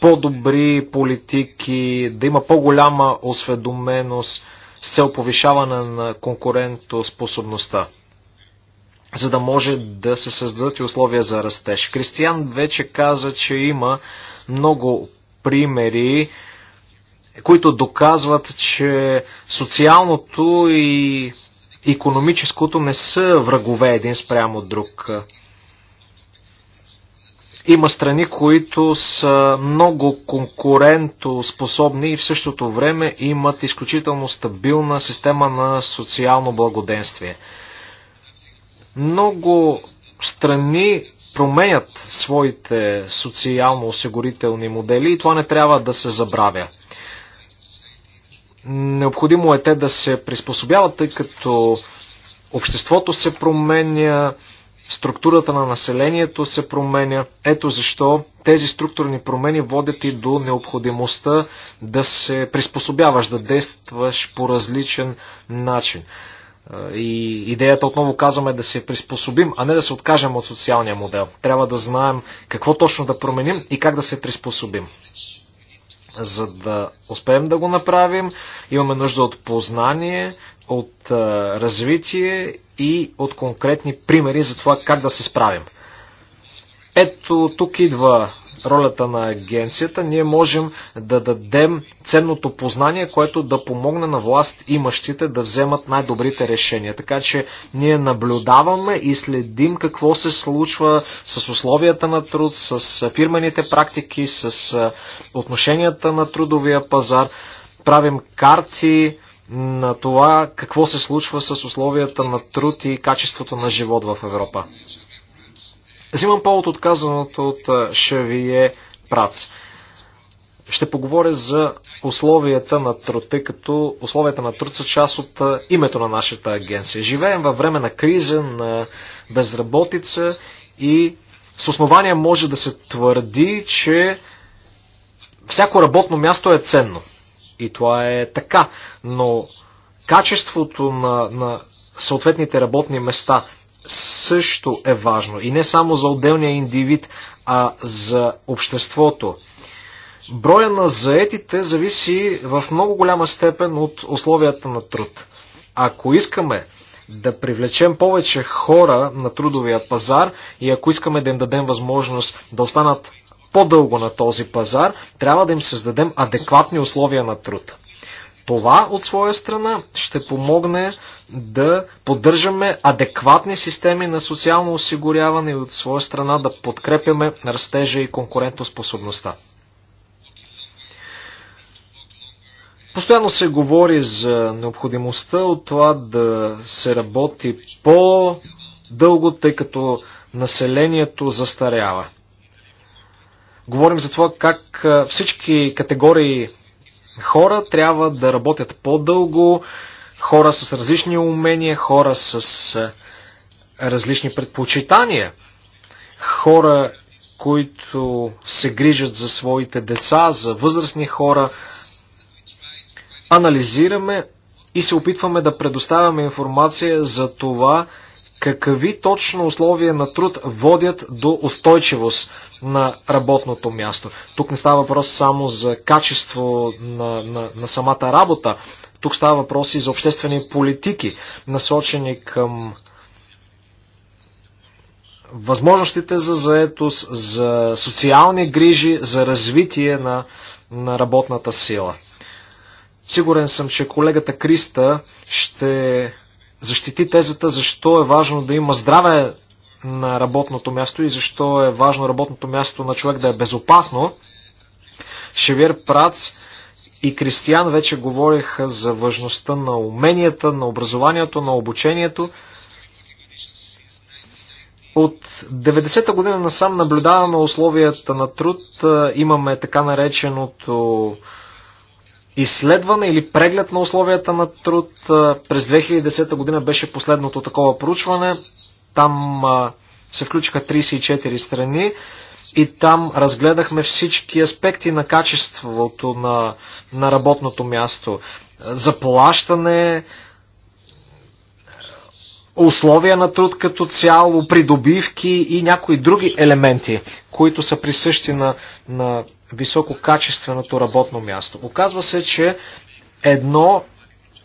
по-добри политики, да има по-голяма осведоменост с цел повишаване на конкурентоспособността, за да може да се създадат и условия за растеж. Кристиян вече каза, че има много примери, които доказват, че социалното и економическото не са врагове един спрямо друг. Има страни, които са много конкурентоспособни и в същото време имат изключително стабилна система на социално благоденствие. Много страни променят своите социално-осигурителни модели и това не трябва да се забравя. Необходимо е те да се приспособяват, тъй като обществото се променя, структурата на населението се променя. Ето защо тези структурни промени водят и до необходимостта да се приспособяваш, да действаш по различен начин. Е, и идеята отново казваме да се приспособим, а не да се откажем от социалния модел. Трябва да знаем какво точно да променим и как да се приспособим. За да успеем да го направим, имаме нужда от познание, от развитие и от конкретни примери за това как да се справим. Ето тук идва ролята на агенцията. Ние можем да дадем ценното познание, което да помогне на власт имащите да вземат най-добрите решения. Така че ние наблюдаваме и следим какво се случва с условията на труд, с фирмените практики, с отношенията на трудовия пазар. Правим карти, на това какво се случва с условията на труд и качеството на живот в Европа. Взимам повод от казаното от Шавие Прац. Ще поговоря за условията на труд, тъй като условията на труд са част от името на нашата агенция. Живеем във време на криза, на безработица и с основания може да се твърди, че всяко работно място е ценно. И това е така. Но качеството на, на съответните работни места също е важно. И не само за отделния индивид, а за обществото. Броя на заетите зависи в много голяма степен от условията на труд. Ако искаме да привлечем повече хора на трудовия пазар и ако искаме да им дадем възможност да останат по-дълго на този пазар, трябва да им създадем адекватни условия на труд. Това от своя страна ще помогне да поддържаме адекватни системи на социално осигуряване и от своя страна да подкрепяме растежа и конкурентоспособността. Постоянно се говори за необходимостта от това да се работи по-дълго, тъй като населението застарява. Говорим за това как всички категории хора, трябва да работят по-дълго, хора с различни умения, хора с различни предпочитания, хора, които се грижат за своите деца, за възрастни хора. Анализираме и се опитваме да предоставяме информация за това какви точно условия на труд водят до устойчивост на работното място. Тук не става въпрос само за качество на, на, на самата работа, тук става въпрос и за обществени политики, насочени към възможностите за заетост, за социални грижи, за развитие на, на работната сила. Сигурен съм, че колегата Криста ще защити тезата защо е важно да има здраве на работното място и защо е важно работното място на човек да е безопасно. Шевир Прац и Кристиян вече говориха за важността на уменията, на образованието, на обучението. От 90-та година насам наблюдаваме условията на труд. Имаме така нареченото изследване или преглед на условията на труд. През 2010 година беше последното такова проучване. Там се включиха 34 страни и там разгледахме всички аспекти на качеството на, на работното място. Заплащане, условия на труд като цяло, придобивки и някои други елементи, които са присъщи на, на висококачественото работно място. Оказва се, че едно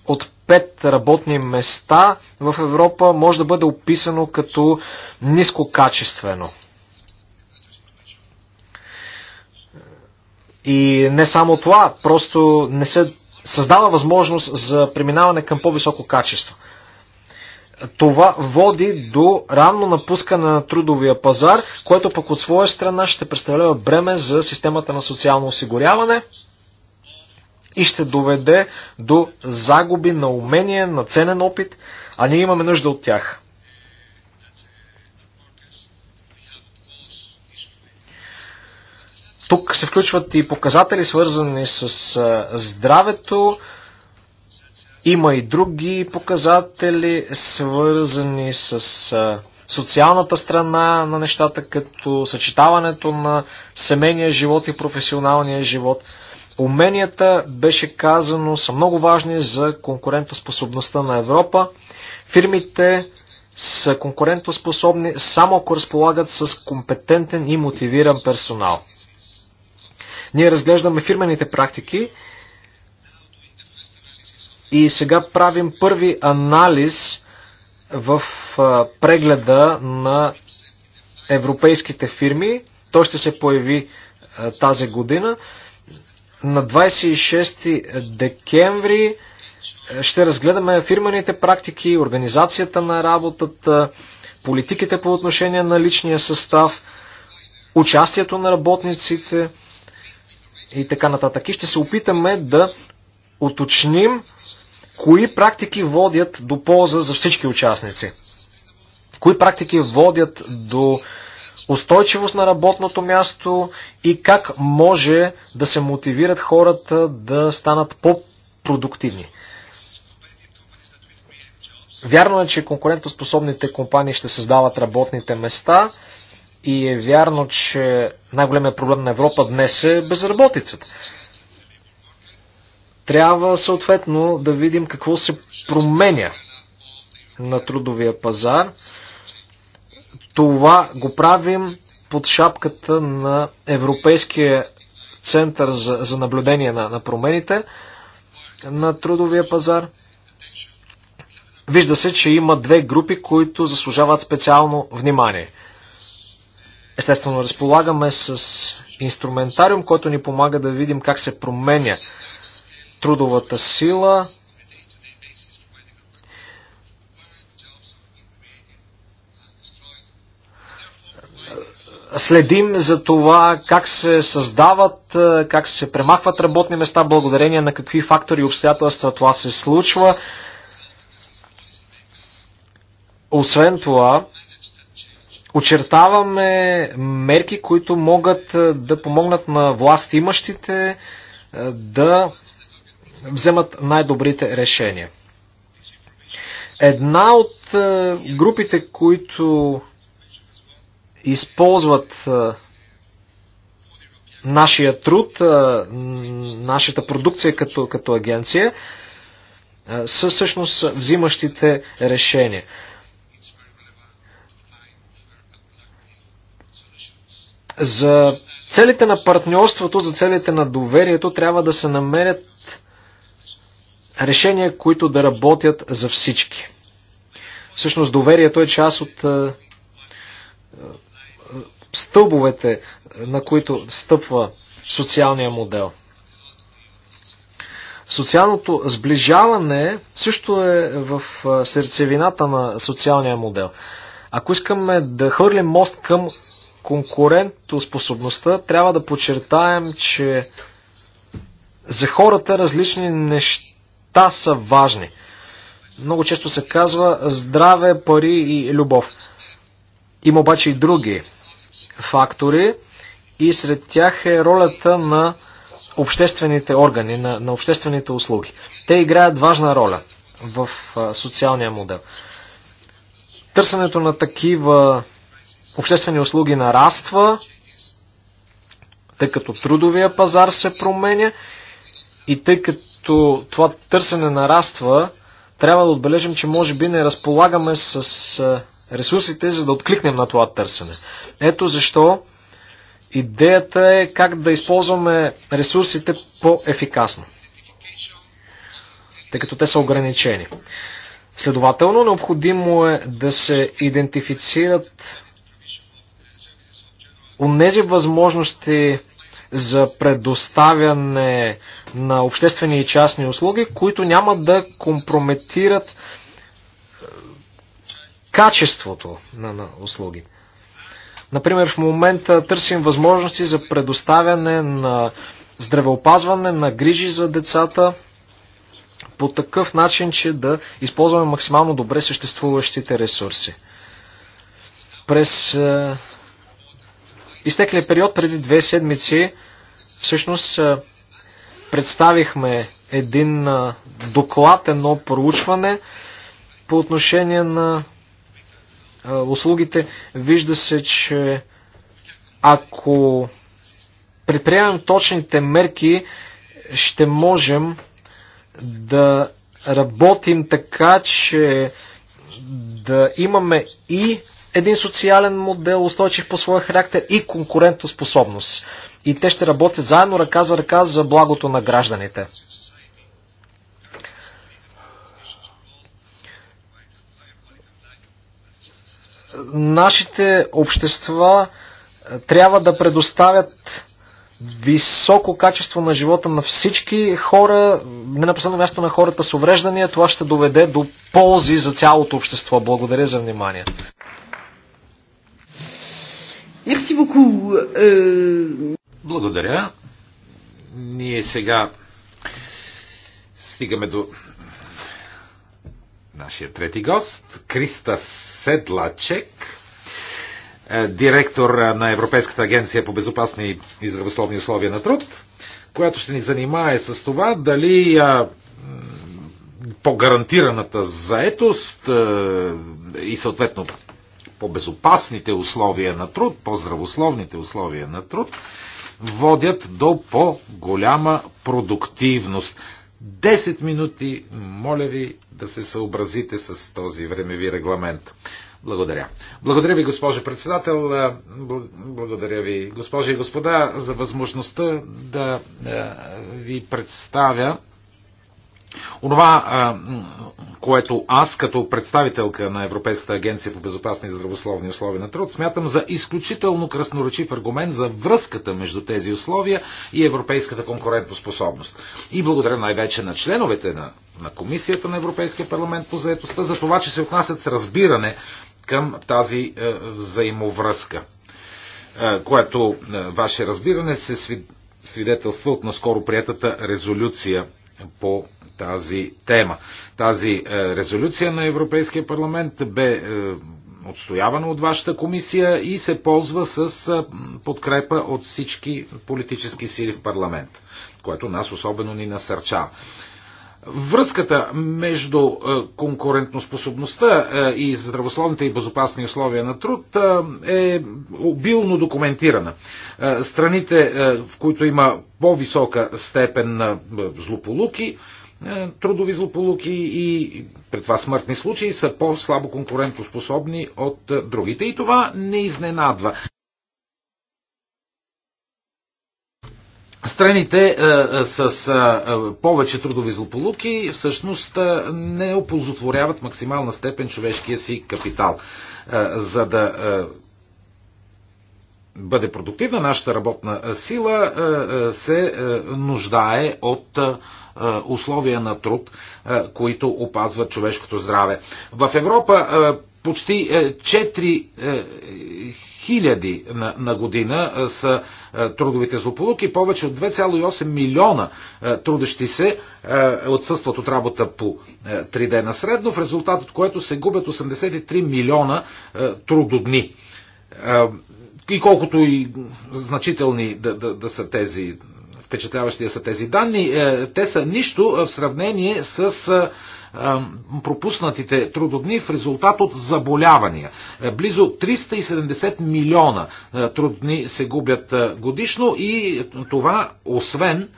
от пет работни места в Европа може да бъде описано като нискокачествено. И не само това, просто не се създава възможност за преминаване към по-високо качество това води до ранно напускане на трудовия пазар, което пък от своя страна ще представлява бреме за системата на социално осигуряване и ще доведе до загуби на умение, на ценен опит, а ние имаме нужда от тях. Тук се включват и показатели, свързани с здравето, има и други показатели, свързани с социалната страна на нещата, като съчетаването на семейния живот и професионалния живот. Уменията, беше казано, са много важни за конкурентоспособността на Европа. Фирмите са конкурентоспособни само ако разполагат с компетентен и мотивиран персонал. Ние разглеждаме фирмените практики и сега правим първи анализ в прегледа на европейските фирми. Той ще се появи тази година. На 26 декември ще разгледаме фирмените практики, организацията на работата, политиките по отношение на личния състав, участието на работниците и така нататък. И ще се опитаме да уточним Кои практики водят до полза за всички участници? Кои практики водят до устойчивост на работното място и как може да се мотивират хората да станат по-продуктивни? Вярно е, че конкурентоспособните компании ще създават работните места и е вярно, че най-големият проблем на Европа днес е безработицата. Трябва съответно да видим какво се променя на трудовия пазар. Това го правим под шапката на Европейския център за, за наблюдение на, на промените на трудовия пазар. Вижда се, че има две групи, които заслужават специално внимание. Естествено, разполагаме с инструментариум, който ни помага да видим как се променя трудовата сила. Следим за това как се създават, е, как се премахват работни места, благодарение на какви фактори и обстоятелства това се случва. Освен това, очертаваме мерки, които могат е, да помогнат на власт имащите е, да вземат най-добрите решения. Една от е, групите, които използват е, нашия труд, е, нашата продукция като, като агенция, са всъщност взимащите решения. За целите на партньорството, за целите на доверието трябва да се намерят решения, които да работят за всички. Всъщност доверието е част от стълбовете, на които стъпва социалния модел. Социалното сближаване също е в сърцевината на социалния модел. Ако искаме да хвърлим мост към конкурентоспособността, трябва да подчертаем, че за хората различни неща Та са важни. Много често се казва здраве, пари и любов. Има обаче и други фактори и сред тях е ролята на обществените органи, на, на обществените услуги. Те играят важна роля в а, социалния модел. Търсенето на такива обществени услуги нараства, тъй като трудовия пазар се променя и тъй като това търсене нараства, трябва да отбележим, че може би не разполагаме с е, ресурсите, за да откликнем на това търсене. Ето защо идеята е как да използваме ресурсите по-ефикасно, тъй като те са ограничени. Следователно, необходимо е да се идентифицират онези възможности за предоставяне на обществени и частни услуги, които няма да компрометират е, качеството на, на услуги. Например, в момента търсим възможности за предоставяне на здравеопазване, на грижи за децата по такъв начин, че да използваме максимално добре съществуващите ресурси. През е, изтеклия е период преди две седмици всъщност представихме един доклад, едно проучване по отношение на услугите. Вижда се, че ако предприемем точните мерки, ще можем да работим така, че да имаме и един социален модел, устойчив по своя характер и конкурентоспособност. И те ще работят заедно ръка за ръка за благото на гражданите. Нашите общества е, трябва да предоставят високо качество на живота на всички хора, не на последно място на хората с увреждания, това ще доведе до ползи за цялото общество. Благодаря за вниманието. Мерси боку. Euh, Благодаря. Ние сега стигаме до нашия трети гост, Криста Седлачек, е, директор на Европейската агенция по безопасни и здравословни условия на труд, която ще ни занимае с това дали по гарантираната заетост е, и съответно по-безопасните условия на труд, по-здравословните условия на труд, водят до по-голяма продуктивност. 10 минути, моля ви да се съобразите с този времеви регламент. Благодаря. Благодаря ви, госпожо председател. Благодаря ви, госпожи и господа, за възможността да е, ви представя Онова, което аз като представителка на Европейската агенция по безопасни и здравословни условия на труд смятам за изключително красноречив аргумент за връзката между тези условия и европейската конкурентоспособност. И благодаря най-вече на членовете на, на Комисията на Европейския парламент по заетостта за това, че се отнасят с разбиране към тази е, взаимовръзка, е, което е, ваше разбиране се свидетелства от наскоро приятата резолюция по тази тема. Тази е, резолюция на Европейския парламент бе е, отстоявана от вашата комисия и се ползва с е, подкрепа от всички политически сили в парламент, което нас особено ни насърчава. Връзката между е, конкурентноспособността е, и здравословните и безопасни условия на труд е, е обилно документирана. Страните, в които има по-висока степен на злополуки, трудови злополуки и при това смъртни случаи са по-слабо конкурентоспособни от другите. И това не изненадва. страните е, е, с е, повече трудови злополуки всъщност не оползотворяват максимална степен човешкия си капитал. За да бъде продуктивна нашата работна сила се нуждае от условия на труд, които опазват човешкото здраве. В Европа почти 4 е, е, хиляди на, на година е, са трудовите злополуки, повече от 2,8 милиона трудещи се отсъстват от работа по 3 дена средно, в резултат от което се губят 83 милиона трудодни. И колкото и значителни да, да, да са тези впечатляващи са тези данни, те са нищо в сравнение с пропуснатите трудодни в резултат от заболявания. Е, близо 370 милиона е, трудни се губят е, годишно и това освен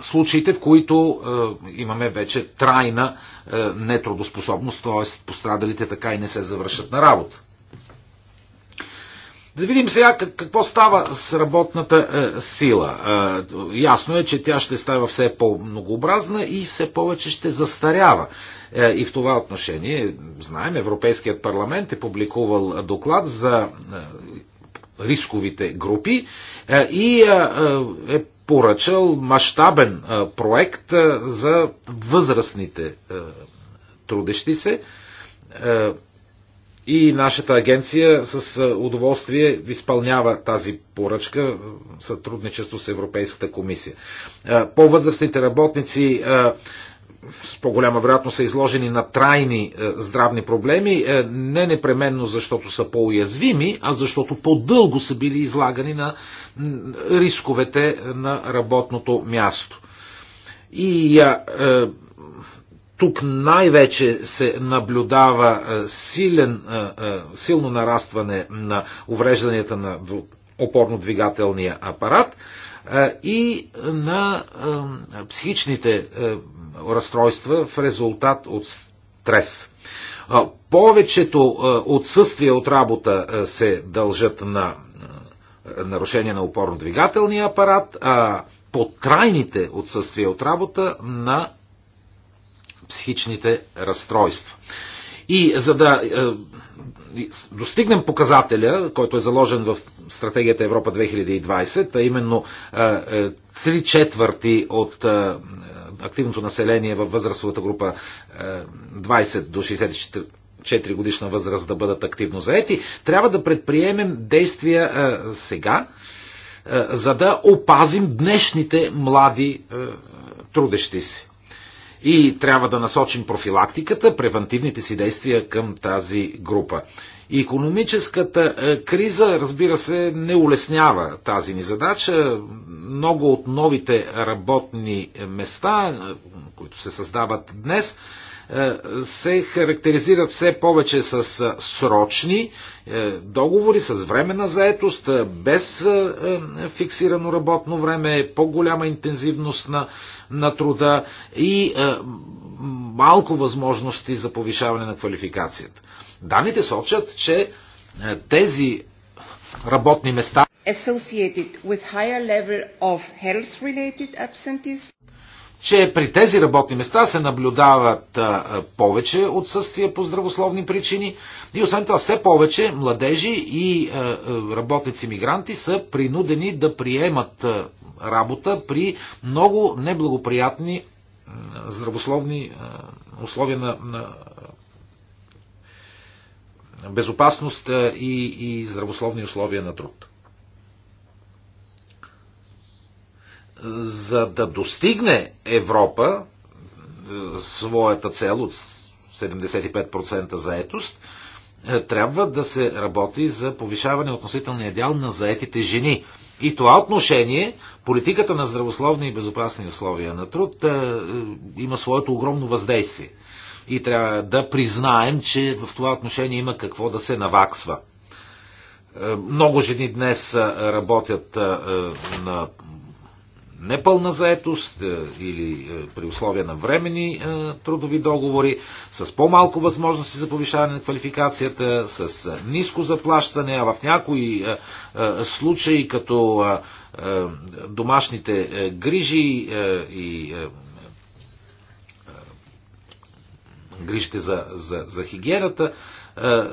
случаите, в които имаме вече трайна нетрудоспособност, т.е. пострадалите така и не се завършат на работа. Да видим сега какво става с работната е, сила. Е, ясно е, че тя ще става все по-многообразна и все повече ще застарява. Е, и в това отношение, знаем, Европейският парламент е публикувал доклад за е, рисковите групи е, и е, е, е поръчал мащабен е, проект е, за възрастните е, трудещи се. Е, и нашата агенция с удоволствие изпълнява тази поръчка в сътрудничество с Европейската комисия. По-възрастните работници с по-голяма вероятност са изложени на трайни здравни проблеми, не непременно защото са по-уязвими, а защото по-дълго са били излагани на рисковете на работното място. И тук най-вече се наблюдава е, силен, е, е, силно нарастване на уврежданията на опорно-двигателния апарат и на психичните разстройства в резултат от стрес. Повечето отсъствия от работа се дължат на нарушение на опорно-двигателния апарат, а по трайните отсъствия от работа на психичните разстройства. И за да е, достигнем показателя, който е заложен в стратегията Европа 2020, а именно е, е, три е, четвърти от е, активното население във възрастовата група е, 20 до 64 4 годишна възраст да бъдат активно заети, трябва да предприемем действия а, е, сега, а, за да опазим днешните млади а, трудещи си и трябва да насочим профилактиката, превентивните си действия към тази група. И економическата е, криза, разбира се, не улеснява тази ни задача. Много от новите работни места, е, които се създават днес, е, се характеризират все повече с е, срочни е, договори, с време на заетост, без фиксирано работно време, по-голяма интензивност на, на труда и малко възможности за повишаване на квалификацията. Даните сочат, че тези работни места associated with higher level of health related absenteeism че при тези работни места се наблюдават повече отсъствия по здравословни причини и освен това все повече младежи и работници-мигранти са принудени да приемат работа при много неблагоприятни здравословни условия на, на безопасност и, и здравословни условия на труд. за да достигне Европа е, своята цел от 75% заетост, е, трябва да се работи за повишаване относителния дял на заетите жени. И това отношение, политиката на здравословни и безопасни условия на труд е, има своето огромно въздействие. И трябва да признаем, че в това отношение има какво да се наваксва. Много жени днес работят на непълна заетост е, или е, при условия на времени е, трудови договори, с по-малко възможности за повишаване на квалификацията, с ниско заплащане, а в някои случаи като домашните грижи и грижите за, за, за хигиената,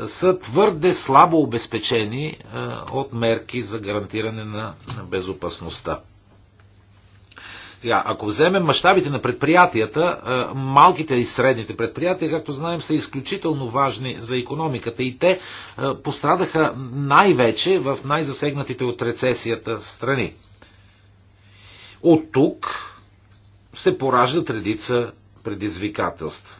са твърде слабо обезпечени от мерки за гарантиране на безопасността. Сега, ако вземем мащабите на предприятията, е, малките и средните предприятия, както знаем, са изключително важни за економиката и те е, пострадаха най-вече в най-засегнатите от рецесията страни. От тук се пораждат редица предизвикателства.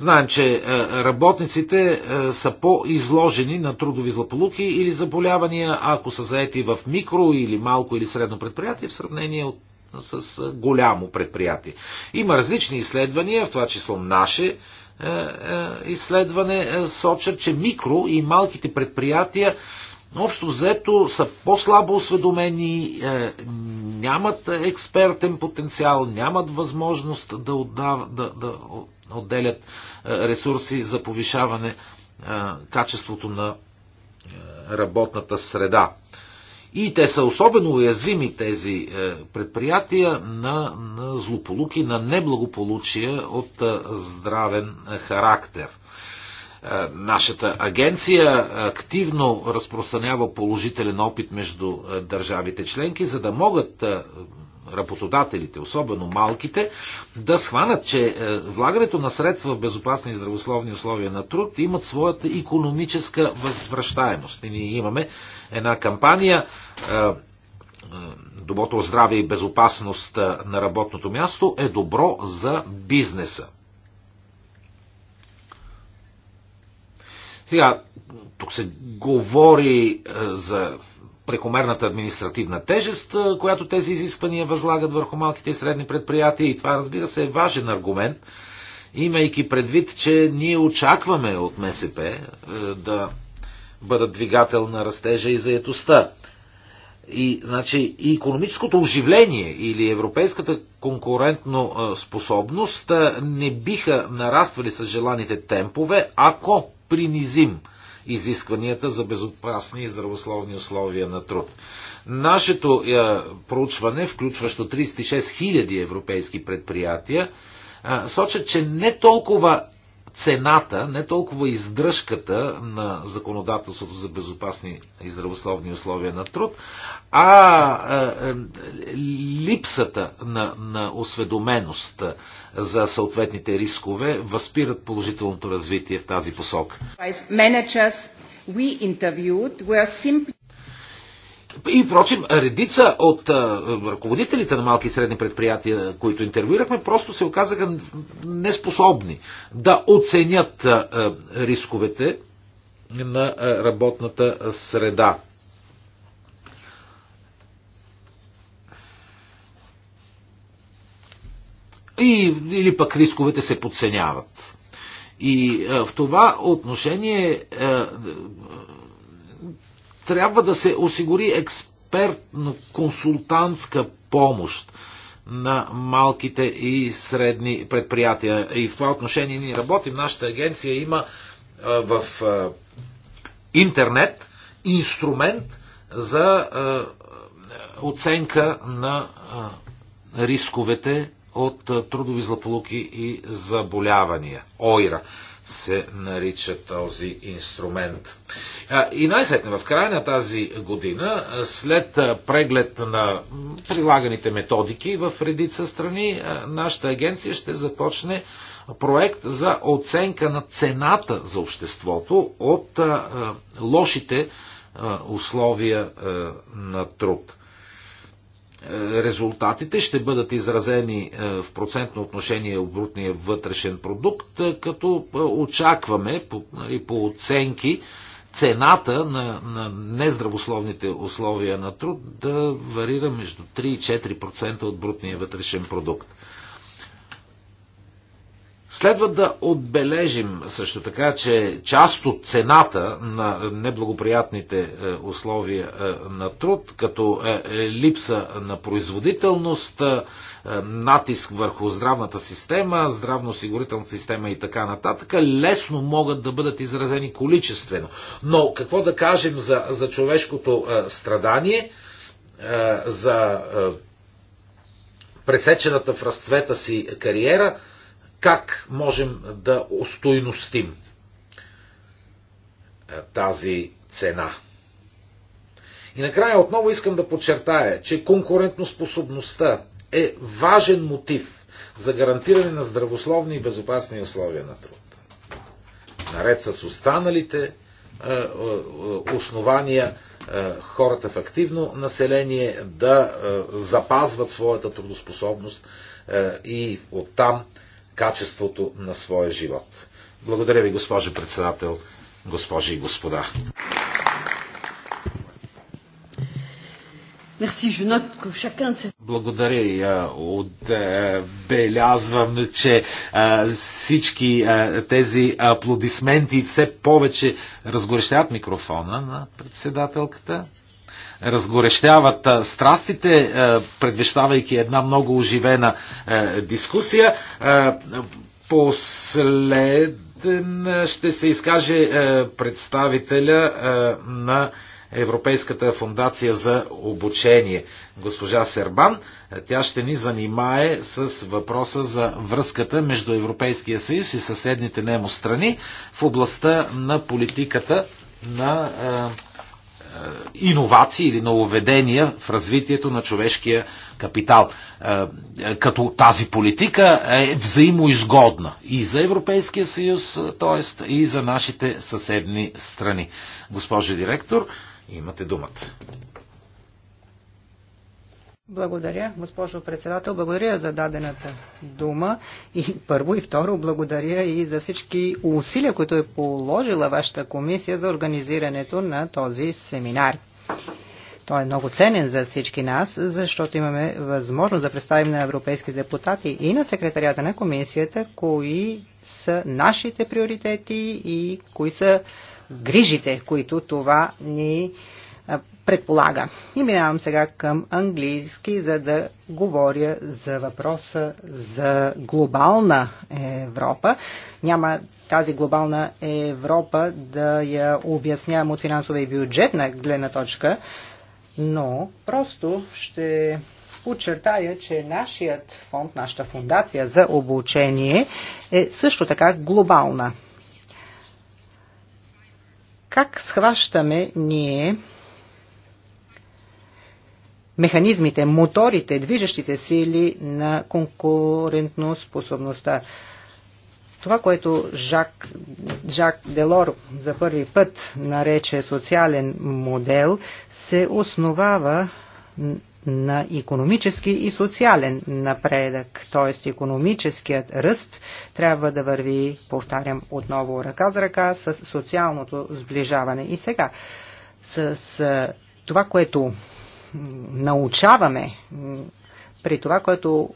Знаем, че е, работниците е, са по-изложени на трудови злополуки или заболявания, ако са заети в микро или малко или средно предприятие в сравнение от с е, голямо предприятие. Има различни изследвания, в това число наше изследване сочат, че микро и малките предприятия общо взето са по-слабо осведомени, нямат експертен потенциал, нямат възможност да, отдав, да, да отделят е, ресурси за повишаване е, качеството на е, работната среда. И те са особено уязвими тези предприятия на, на злополуки, на неблагополучия от здравен характер. Нашата агенция активно разпространява положителен опит между държавите членки, за да могат работодателите, особено малките, да схванат, че е, влагането на средства в безопасни и здравословни условия на труд имат своята економическа възвръщаемост. И ние имаме една кампания е, е, доброто здраве и безопасност на работното място е добро за бизнеса. Сега, тук се говори за прекомерната административна тежест, която тези изисквания възлагат върху малките и средни предприятия. И това, разбира се, е важен аргумент, имайки предвид, че ние очакваме от МСП е, да бъдат двигател на растежа и заетостта. И, значи, и економическото оживление или европейската конкурентно способност не биха нараствали с желаните темпове, ако принизим изискванията за безопасни и здравословни условия на труд. Нашето е, проучване, включващо 36 000 европейски предприятия, сочат, че не толкова цената, не толкова издръжката на законодателството за безопасни и здравословни условия на труд, а липсата на, на осведоменост за съответните рискове възпират положителното развитие в тази посока. И, впрочем, редица от а, ръководителите на малки и средни предприятия, които интервюирахме, просто се оказаха неспособни да оценят а, рисковете на а, работната среда. И, или пък рисковете се подценяват. И а, в това отношение а, трябва да се осигури експертно-консултантска помощ на малките и средни предприятия. И в това отношение ние работим. Нашата агенция има в интернет инструмент за оценка на рисковете от трудови злополуки и заболявания. ОИРА се нарича този инструмент. И най-сетне в края на тази година, след преглед на прилаганите методики в редица страни, нашата агенция ще започне проект за оценка на цената за обществото от лошите условия на труд резултатите ще бъдат изразени е, в процентно отношение в брутния вътрешен продукт, е, като е, очакваме по, нали, по оценки цената на, на нездравословните условия на труд да варира между 3 и 4% от брутния вътрешен продукт. Следва да отбележим също така, че част от цената на неблагоприятните е, условия е, на труд, като е, липса на производителност, натиск върху здравната система, здравноосигурителната система и така нататък, лесно могат да бъдат изразени количествено. Но какво да кажем за, за човешкото страдание, за пресечената в разцвета си кариера – как можем да устойностим е, тази цена. И накрая отново искам да подчертая, че конкурентноспособността е важен мотив за гарантиране на здравословни и безопасни условия на труд. Наред с останалите е, е, основания хората в активно население да запазват своята трудоспособност и оттам качеството на своя живот. Благодаря ви, госпожо председател, госпожи и господа. Благодаря и отбелязвам, че всички тези аплодисменти все повече разгорещават микрофона на председателката разгорещяват страстите, предвещавайки една много оживена дискусия. Последен ще се изкаже представителя на Европейската фундация за обучение, госпожа Сербан. Тя ще ни занимае с въпроса за връзката между Европейския съюз и съседните немо страни в областта на политиката на е, иновации или нововедения в развитието на човешкия капитал. Е, е, като тази политика е взаимоизгодна и за Европейския съюз, т.е. и за нашите съседни страни. Госпожи директор, имате думата. Благодаря, госпожо председател. Благодаря за дадената дума. И първо и второ, благодаря и за всички усилия, които е положила вашата комисия за организирането на този семинар. Той е много ценен за всички нас, защото имаме възможност да представим на европейски депутати и на секретарията на комисията, кои са нашите приоритети и кои са грижите, които това ни предполага. И минавам сега към английски, за да говоря за въпроса за глобална Европа. Няма тази глобална Европа да я обяснявам от финансова и бюджетна гледна точка, но просто ще подчертая, че нашият фонд, нашата фундация за обучение е също така глобална. Как схващаме ние механизмите, моторите, движещите сили на конкурентно способността. Това, което Жак, Жак Делор за първи път нарече социален модел, се основава на економически и социален напредък, т.е. економическият ръст трябва да върви, повтарям отново, ръка за ръка с социалното сближаване. И сега, с това, което научаваме при това, което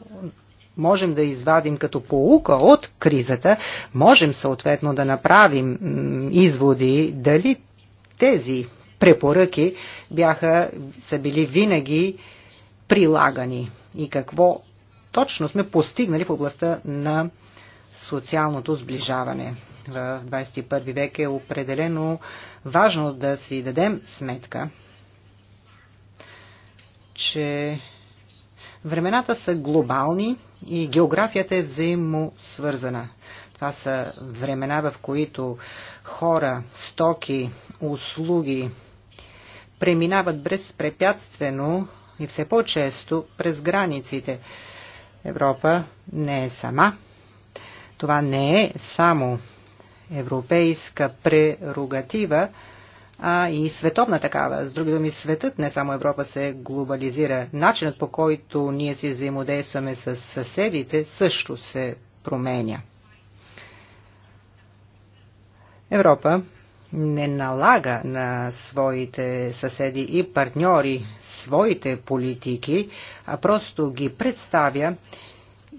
можем да извадим като поука от кризата, можем съответно да направим изводи дали тези препоръки бяха, са били винаги прилагани и какво точно сме постигнали в областта на социалното сближаване. В 21 век е определено важно да си дадем сметка, че времената са глобални и географията е взаимосвързана. Това са времена, в които хора, стоки, услуги преминават безпрепятствено и все по-често през границите. Европа не е сама. Това не е само европейска прерогатива, а и световна такава. С други думи, светът, не само Европа, се глобализира. Начинът по който ние си взаимодействаме с съседите също се променя. Европа не налага на своите съседи и партньори своите политики, а просто ги представя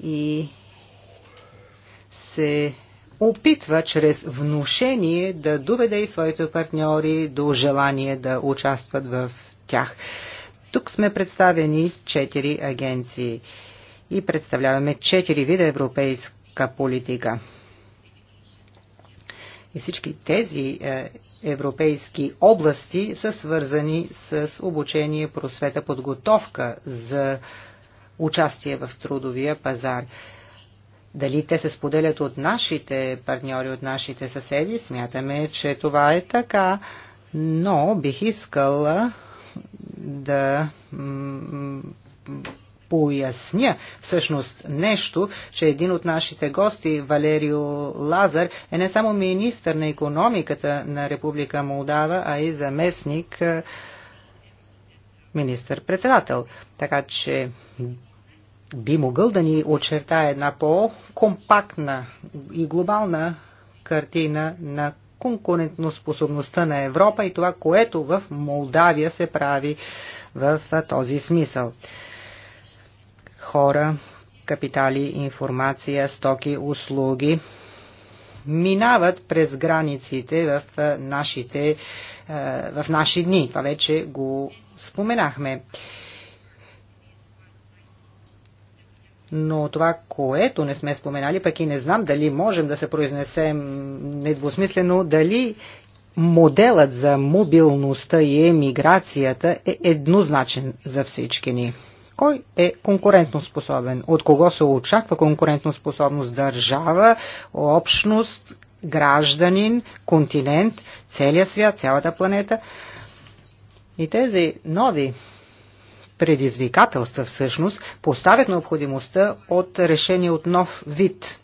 и се опитва чрез внушение да доведе и своите партньори до желание да участват в тях. Тук сме представени четири агенции и представляваме четири вида европейска политика. И всички тези е, европейски области са свързани с обучение, просвета, подготовка за участие в трудовия пазар. Дали те се споделят от нашите партньори, от нашите съседи? Смятаме, че това е така, но бих искала да поясня всъщност нещо, че един от нашите гости, Валерио Лазар, е не само министър на економиката на Република Молдава, а и заместник е, министър-председател. Така че би могъл да ни очертае една по-компактна и глобална картина на конкурентноспособността на Европа и това, което в Молдавия се прави в този смисъл. Хора, капитали, информация, стоки, услуги минават през границите в нашите в наши дни. Това вече го споменахме. но това, което не сме споменали, пък и не знам дали можем да се произнесем недвусмислено, дали моделът за мобилността и емиграцията е еднозначен за всички ни. Кой е конкурентноспособен? От кого се очаква конкурентоспособност, Държава, общност, гражданин, континент, целия свят, цялата планета. И тези нови предизвикателства всъщност поставят необходимостта от решение от нов вид.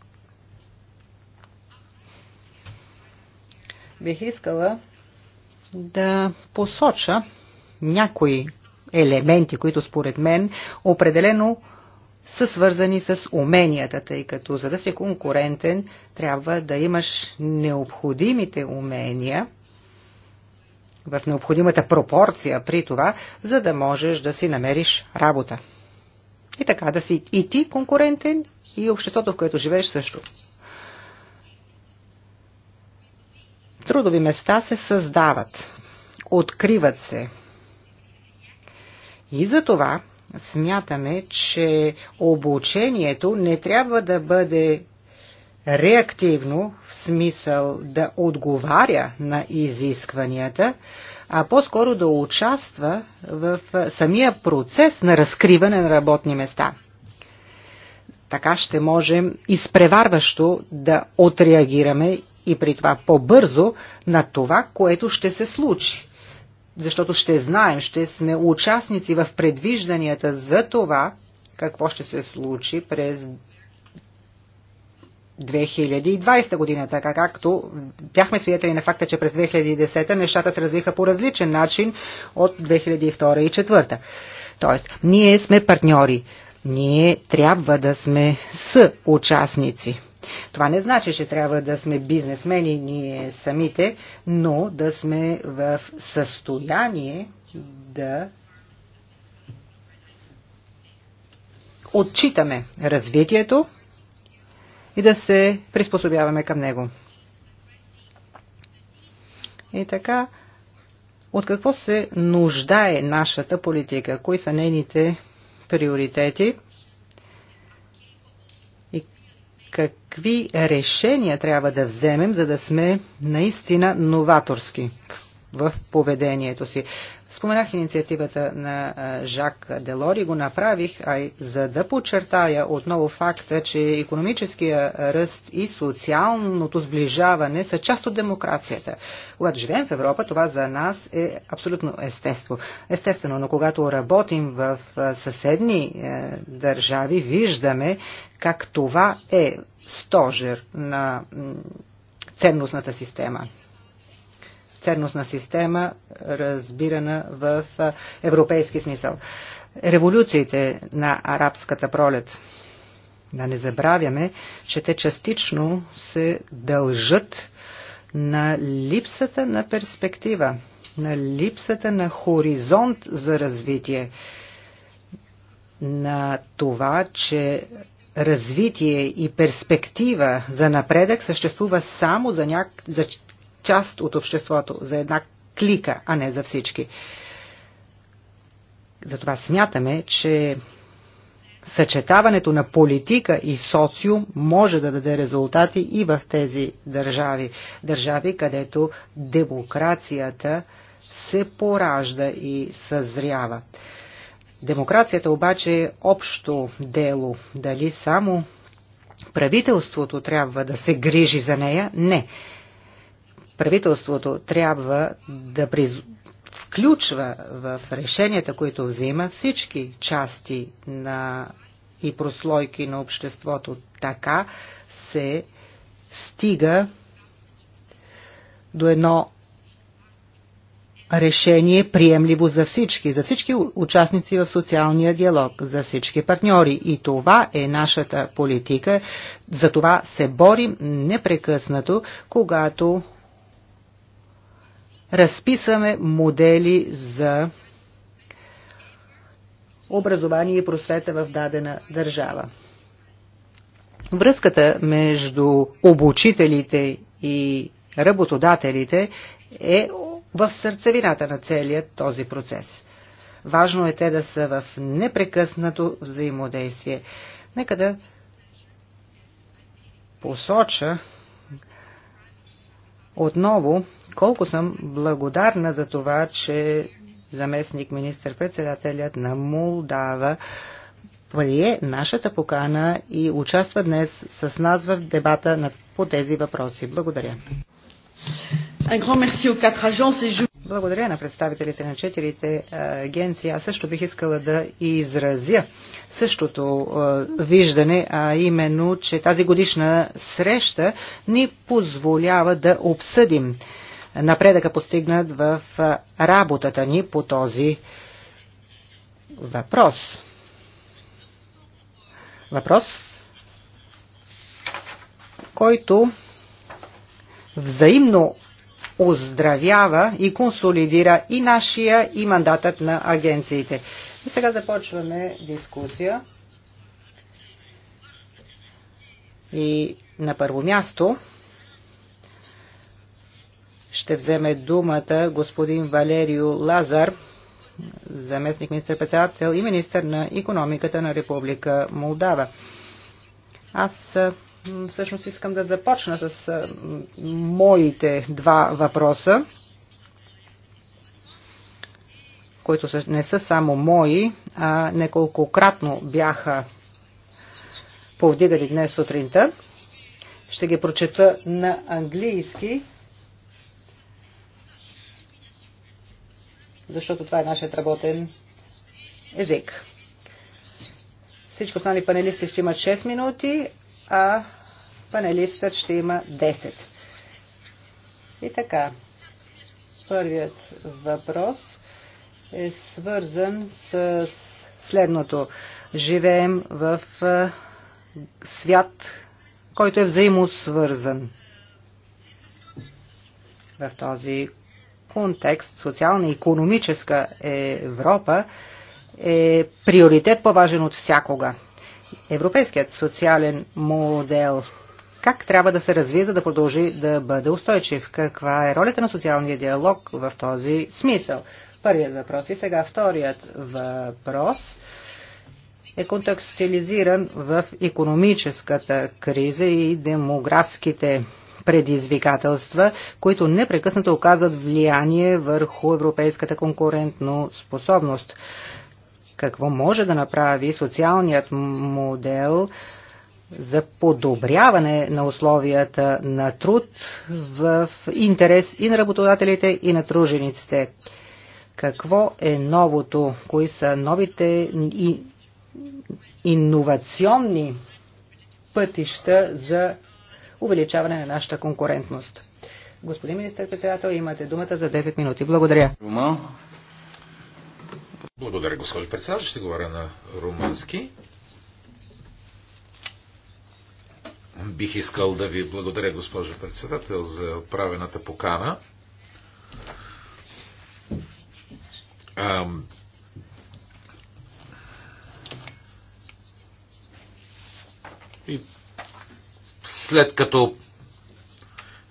Бих искала да посоча някои елементи, които според мен определено са свързани с уменията, тъй като за да си конкурентен трябва да имаш необходимите умения – в необходимата пропорция при това, за да можеш да си намериш работа. И така да си и ти конкурентен, и обществото, в което живееш също. Трудови места се създават, откриват се. И за това смятаме, че обучението не трябва да бъде реактивно, в смисъл да отговаря на изискванията, а по-скоро да участва в самия процес на разкриване на работни места. Така ще можем изпреварващо да отреагираме и при това по-бързо на това, което ще се случи. Защото ще знаем, ще сме участници в предвижданията за това, какво ще се случи през 2020 година, така както бяхме свидетели на факта, че през 2010 нещата се развиха по различен начин от 2002 и 2004. Тоест, ние сме партньори. Ние трябва да сме съучастници. Това не значи, че трябва да сме бизнесмени ние самите, но да сме в състояние да отчитаме развитието и да се приспособяваме към него. И така, от какво се нуждае нашата политика? Кои са нейните приоритети? И какви решения трябва да вземем, за да сме наистина новаторски в поведението си? Споменах инициативата на Жак Делори, го направих, а за да подчертая отново факта, че економическия ръст и социалното сближаване са част от демокрацията. Когато живеем в Европа, това за нас е абсолютно естество. Естествено, но когато работим в съседни е, държави, виждаме как това е стожер на ценностната система ценностна система, разбирана в европейски смисъл. Революциите на арабската пролет. Да не забравяме, че те частично се дължат на липсата на перспектива, на липсата на хоризонт за развитие, на това, че развитие и перспектива за напредък съществува само за, няк... за част от обществото, за една клика, а не за всички. Затова смятаме, че съчетаването на политика и социум може да даде резултати и в тези държави. Държави, където демокрацията се поражда и съзрява. Демокрацията обаче е общо дело. Дали само правителството трябва да се грижи за нея? Не правителството трябва да приз... включва в решенията, които взима всички части на и прослойки на обществото. Така се стига до едно решение приемливо за всички, за всички участници в социалния диалог, за всички партньори. И това е нашата политика. За това се борим непрекъснато, когато разписаме модели за образование и просвета в дадена държава. Връзката между обучителите и работодателите е в сърцевината на целият този процес. Важно е те да са в непрекъснато взаимодействие. Нека да посоча отново колко съм благодарна за това, че заместник министър-председателят на Молдава прие нашата покана и участва днес с нас в дебата по тези въпроси. Благодаря. Благодаря на представителите на четирите агенции. Аз също бих искала да изразя същото виждане, а именно, че тази годишна среща ни позволява да обсъдим напредъка постигнат в работата ни по този въпрос. Въпрос, който взаимно оздравява и консолидира и нашия, и мандатът на агенциите. И сега започваме дискусия. И на първо място ще вземе думата господин Валерио Лазар, заместник министър-председател и министър на економиката на Република Молдава. Аз всъщност искам да започна с моите два въпроса, които не са само мои, а неколкократно бяха повдигали днес сутринта. Ще ги прочета на английски, защото това е нашият работен език. Всички останали панелисти ще имат 6 минути, а панелистът ще има 10. И така, първият въпрос е свързан с следното. Живеем в свят, който е взаимосвързан. В този контекст социална и економическа е Европа е приоритет по-важен от всякога. Европейският социален модел как трябва да се развие, за да продължи да бъде устойчив? Каква е ролята на социалния диалог в този смисъл? Първият въпрос и сега вторият въпрос е контекстилизиран в економическата криза и демографските предизвикателства, които непрекъснато оказват влияние върху европейската конкурентно способност. Какво може да направи социалният модел за подобряване на условията на труд в интерес и на работодателите, и на тружениците? Какво е новото? Кои са новите и иновационни пътища за увеличаване на нашата конкурентност. Господин министър-председател, имате думата за 10 минути. Благодаря. Рума. Благодаря, госпожо председател. Ще говоря на румънски. Бих искал да ви благодаря, госпожо председател, за отправената покана. Ам... И след като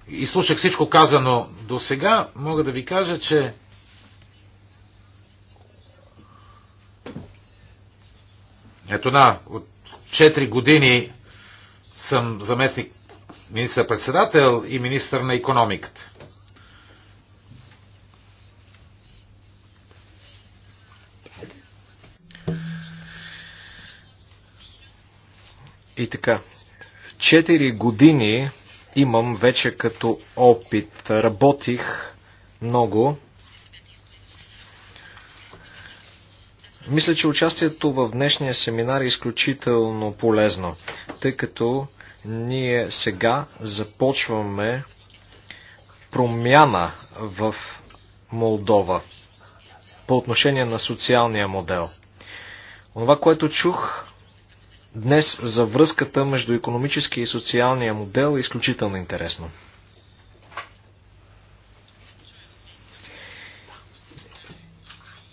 изслушах всичко казано до сега, мога да ви кажа, че ето на, от 4 години съм заместник министър-председател и министър на економиката. И така, 4 години имам вече като опит. Работих много. Мисля, че участието в днешния семинар е изключително полезно, тъй като ние сега започваме промяна в Молдова по отношение на социалния модел. Това, което чух, днес за връзката между економическия и социалния модел е изключително интересно.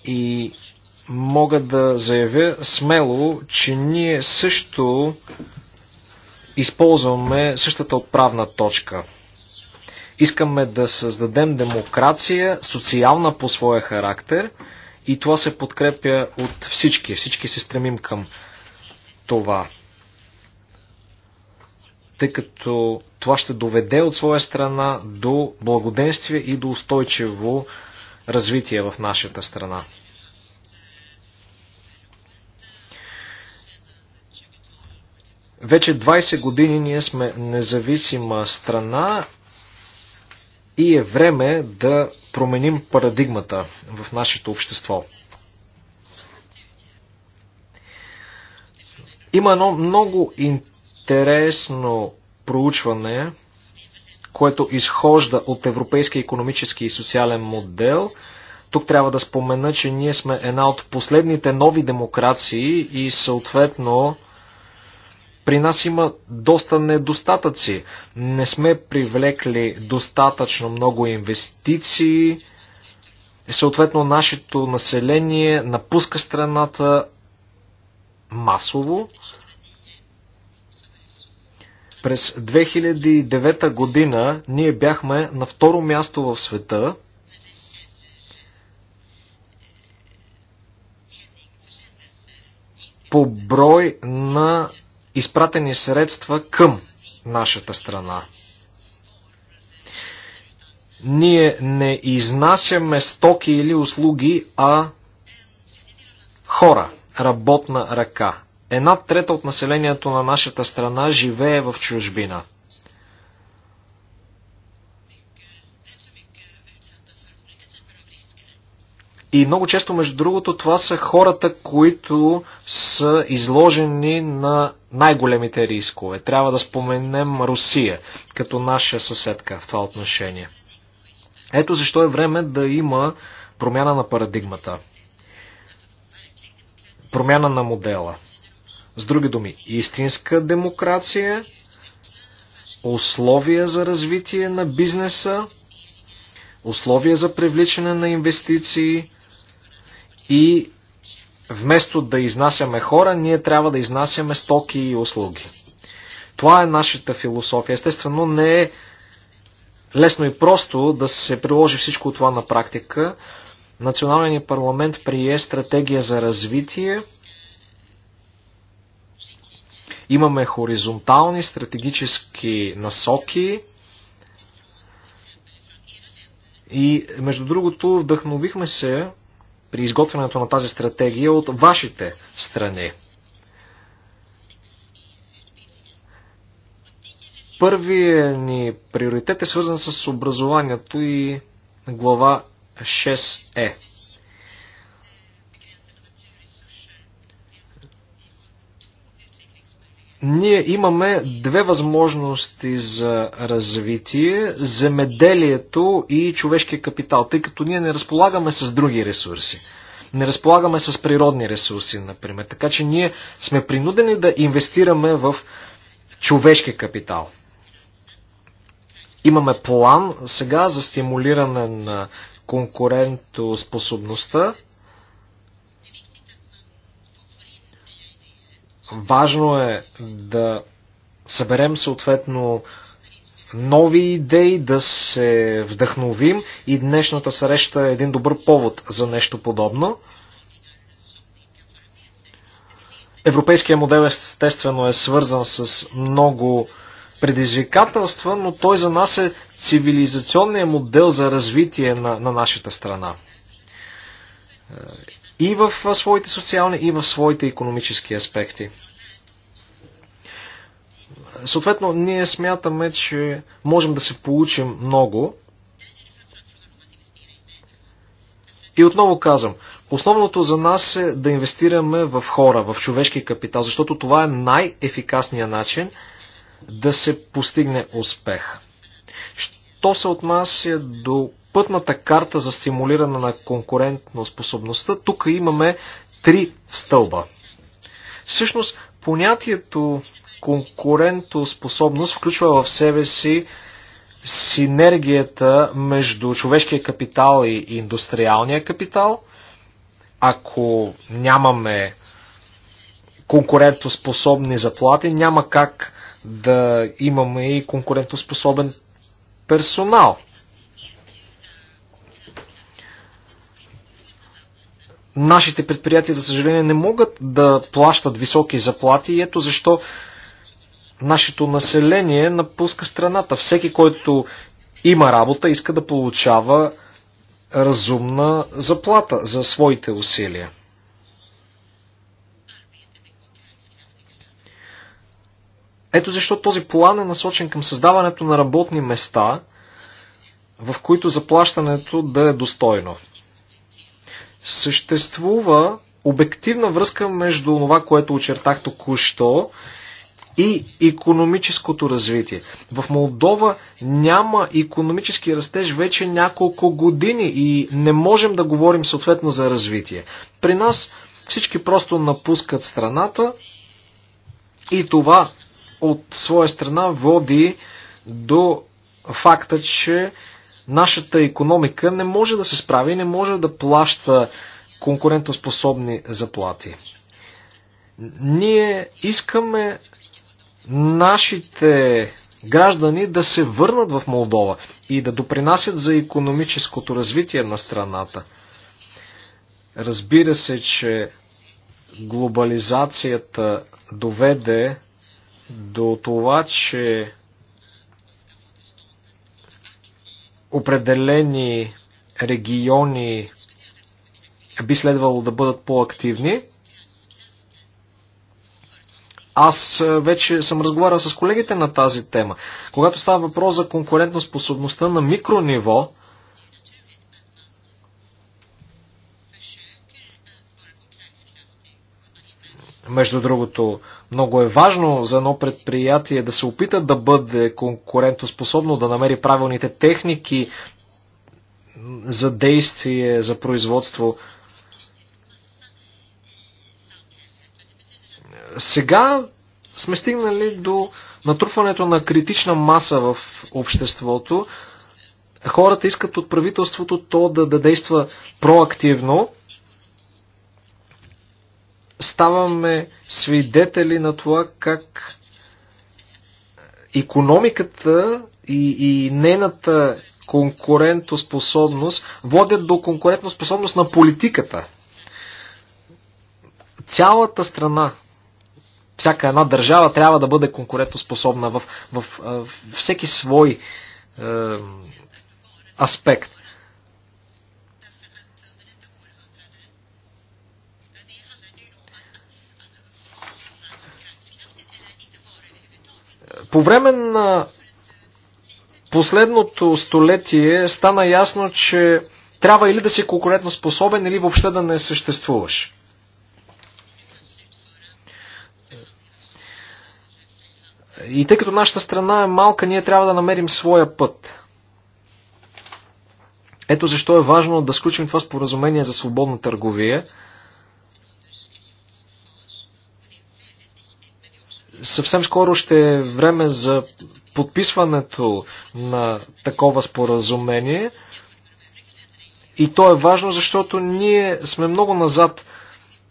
И мога да заявя смело, че ние също използваме същата отправна точка. Искаме да създадем демокрация, социална по своя характер и това се подкрепя от всички. Всички се стремим към това. Тъй като това ще доведе от своя страна до благоденствие и до устойчиво развитие в нашата страна. Вече 20 години ние сме независима страна и е време да променим парадигмата в нашето общество. Има едно много интересно проучване, което изхожда от европейския економически и социален модел. Тук трябва да спомена, че ние сме една от последните нови демокрации и съответно при нас има доста недостатъци. Не сме привлекли достатъчно много инвестиции. Съответно, нашето население напуска страната, масово. През 2009 година ние бяхме на второ място в света по брой на изпратени средства към нашата страна. Ние не изнасяме стоки или услуги, а хора работна ръка. Една трета от населението на нашата страна живее в чужбина. И много често, между другото, това са хората, които са изложени на най-големите рискове. Трябва да споменем Русия като наша съседка в това отношение. Ето защо е време да има промяна на парадигмата промяна на модела. С други думи, истинска демокрация, условия за развитие на бизнеса, условия за привличане на инвестиции и вместо да изнасяме хора, ние трябва да изнасяме стоки и услуги. Това е нашата философия. Естествено, не е лесно и просто да се приложи всичко това на практика, Националният парламент прие стратегия за развитие. Имаме хоризонтални стратегически насоки. И между другото, вдъхновихме се при изготвянето на тази стратегия от вашите страни. Първият ни приоритет е свързан с образованието и глава 6е. Ние имаме две възможности за развитие земеделието и човешкия капитал, тъй като ние не разполагаме с други ресурси. Не разполагаме с природни ресурси, например. Така че ние сме принудени да инвестираме в човешки капитал имаме план сега за стимулиране на конкурентоспособността. Важно е да съберем съответно нови идеи, да се вдъхновим и днешната среща е един добър повод за нещо подобно. Европейския модел естествено е свързан с много предизвикателства, но той за нас е цивилизационният модел за развитие на, на нашата страна. Е, и в своите социални, и в своите економически аспекти. Е, съответно, ние смятаме, че можем да се получим много. И отново казвам, основното за нас е да инвестираме в хора, в човешки капитал, защото това е най-ефикасният начин – да се постигне успех. Що се отнася до пътната карта за стимулиране на конкурентно способността, тук имаме три стълба. Всъщност, понятието конкурентоспособност включва в себе си синергията между човешкия капитал и индустриалния капитал. Ако нямаме конкурентоспособни заплати, няма как да имаме и конкурентоспособен персонал. Нашите предприятия, за съжаление, не могат да плащат високи заплати и ето защо нашето население напуска страната. Всеки, който има работа, иска да получава разумна заплата за своите усилия. Ето защо този план е насочен към създаването на работни места, в които заплащането да е достойно. Съществува обективна връзка между това, което очертах току-що и економическото развитие. В Молдова няма економически растеж вече няколко години и не можем да говорим съответно за развитие. При нас всички просто напускат страната и това от своя страна води до факта, че нашата економика не може да се справи, не може да плаща конкурентоспособни заплати. Ние искаме нашите граждани да се върнат в Молдова и да допринасят за економическото развитие на страната. Разбира се, че глобализацията доведе до това, че определени региони би следвало да бъдат по-активни. Аз е, вече съм разговарял с колегите на тази тема. Когато става въпрос за конкурентоспособността на микрониво, Между другото, много е важно за едно предприятие да се опита да бъде конкурентоспособно, да намери правилните техники за действие, за производство. Сега сме стигнали до натрупването на критична маса в обществото. Хората искат от правителството то да, да действа проактивно ставаме свидетели на това как економиката и, и нейната конкурентоспособност водят до конкурентоспособност на политиката. Цялата страна, всяка една държава трябва да бъде конкурентоспособна в, в, в всеки свой е, аспект. По време на последното столетие стана ясно, че трябва или да си конкурентно способен, или въобще да не съществуваш. И тъй като нашата страна е малка, ние трябва да намерим своя път. Ето защо е важно да сключим това споразумение за свободна търговия – съвсем скоро ще е време за подписването на такова споразумение. И то е важно, защото ние сме много назад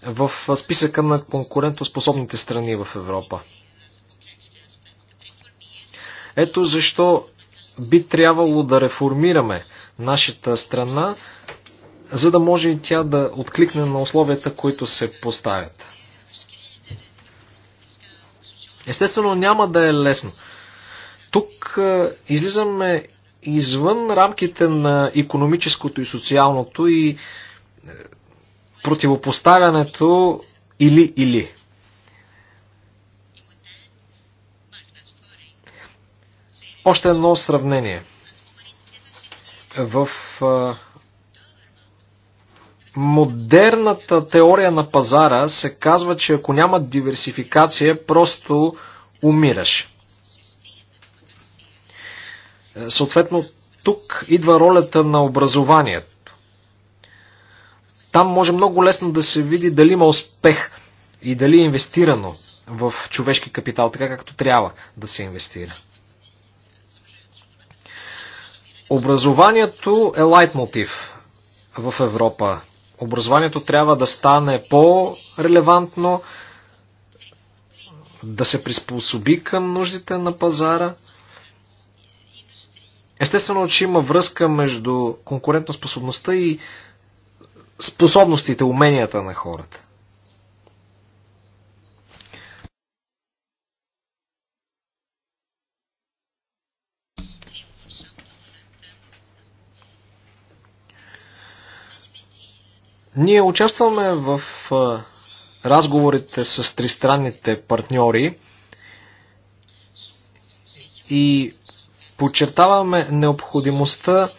в списъка на конкурентоспособните страни в Европа. Ето защо би трябвало да реформираме нашата страна, за да може и тя да откликне на условията, които се поставят. Естествено няма да е лесно. Тук е, излизаме извън рамките на економическото и социалното и е, противопоставянето или-или. Още едно сравнение. В е, модерната теория на пазара се казва, че ако няма диверсификация, просто умираш. Е, съответно, тук идва ролята на образованието. Там може много лесно да се види дали има успех и дали е инвестирано в човешки капитал, така както трябва да се инвестира. Образованието е лайтмотив в Европа Образованието трябва да стане по-релевантно, да се приспособи към нуждите на пазара. Естествено, че има връзка между конкурентоспособността и способностите, уменията на хората. Ние участваме в разговорите с тристранните партньори и подчертаваме необходимостта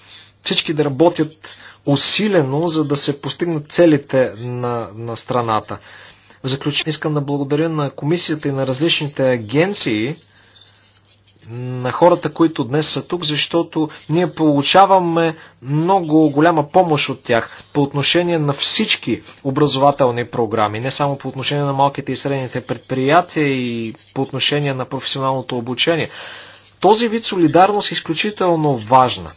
всички да работят усилено, за да се постигнат целите на, на страната. В заключение искам да благодаря на комисията и на различните агенции, на хората, които днес са тук, защото ние получаваме много голяма помощ от тях по отношение на всички образователни програми, не само по отношение на малките и средните предприятия и по отношение на професионалното обучение. Този вид солидарност е изключително важна.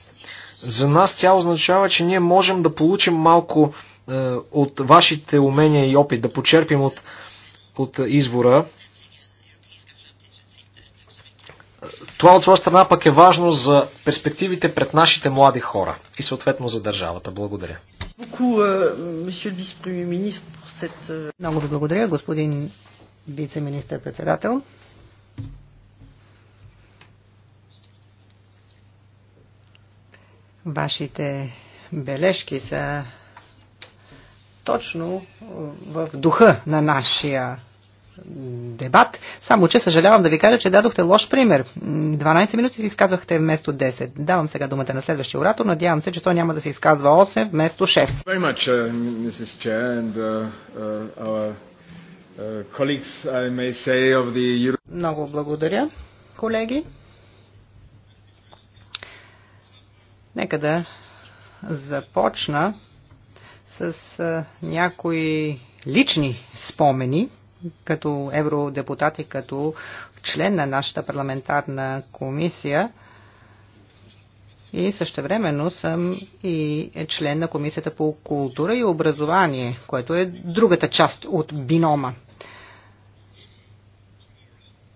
За нас тя означава, че ние можем да получим малко е, от вашите умения и опит, да почерпим от, от извора Това от своя страна пък е важно за перспективите пред нашите млади хора и съответно за държавата. Благодаря. Euh, euh, Много ви благодаря, господин вице-министър-председател. Вашите бележки са точно в духа на нашия дебат. Само, че съжалявам да ви кажа, че дадохте лош пример. 12 минути си изказвахте вместо 10. Давам сега думата на следващия оратор. Надявам се, че той няма да се изказва 8 вместо 6. Very much, uh, Mrs. Chair, and, uh, uh, uh The... Много благодаря, колеги. Нека да започна с някои лични спомени като евродепутат и като член на нашата парламентарна комисия. И същевременно съм и член на Комисията по култура и образование, което е другата част от бинома.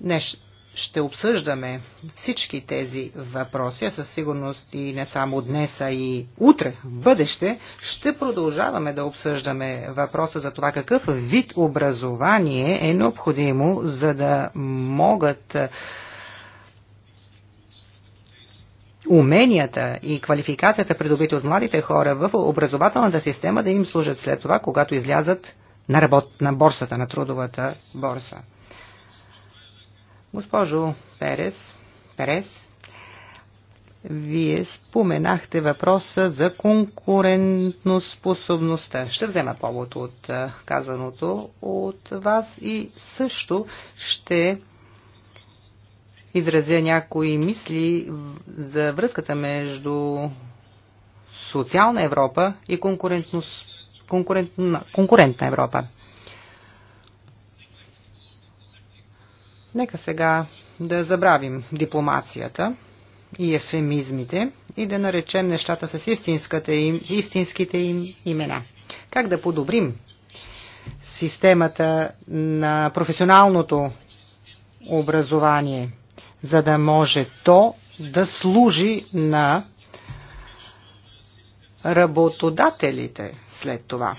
Днес ще обсъждаме всички тези въпроси, а със сигурност и не само днес, а и утре, в бъдеще, ще продължаваме да обсъждаме въпроса за това какъв вид образование е необходимо, за да могат уменията и квалификацията, придобити от младите хора в образователната система, да им служат след това, когато излязат на, работ, на борсата, на трудовата борса. Госпожо Перес, Перес, вие споменахте въпроса за конкурентноспособността. Ще взема повод от казаното от вас и също ще изразя някои мисли за връзката между социална Европа и конкурентна, конкурентна Европа. Нека сега да забравим дипломацията и ефемизмите и да наречем нещата с им, истинските им имена. Как да подобрим системата на професионалното образование, за да може то да служи на работодателите след това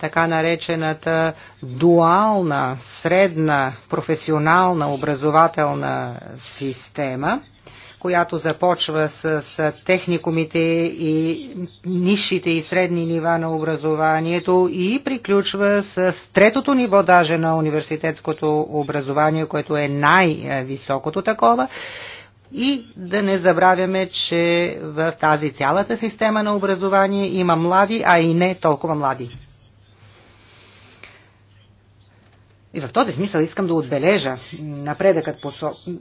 така наречената дуална, средна, професионална образователна система – която започва с техникумите и нишите и средни нива на образованието и приключва с третото ниво даже на университетското образование, което е най-високото такова. И да не забравяме, че в тази цялата система на образование има млади, а и не толкова млади. И в този смисъл искам да отбележа напредъкът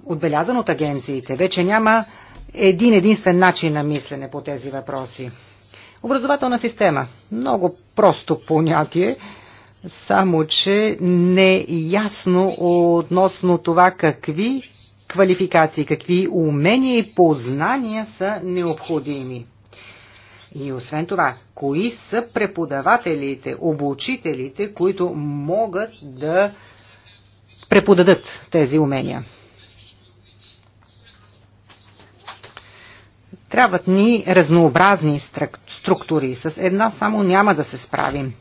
отбелязан от агенциите. Вече няма един единствен начин на мислене по тези въпроси. Образователна система. Много просто понятие, само че не е ясно относно това какви квалификации, какви умения и познания са необходими. И освен това, кои са преподавателите, обучителите, които могат да преподадат тези умения? Трябват ни разнообразни структури. С една само няма да се справим.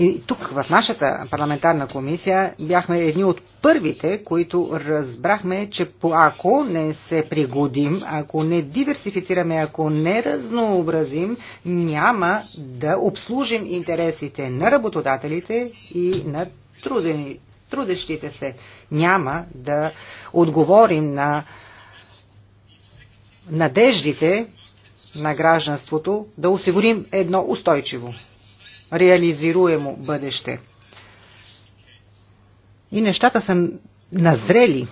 И тук, в нашата парламентарна комисия, бяхме едни от първите, които разбрахме, че ако не се пригодим, ако не диверсифицираме, ако не разнообразим, няма да обслужим интересите на работодателите и на трудени, трудещите се. Няма да отговорим на надеждите на гражданството да осигурим едно устойчиво реализируемо бъдеще. И нещата са назрели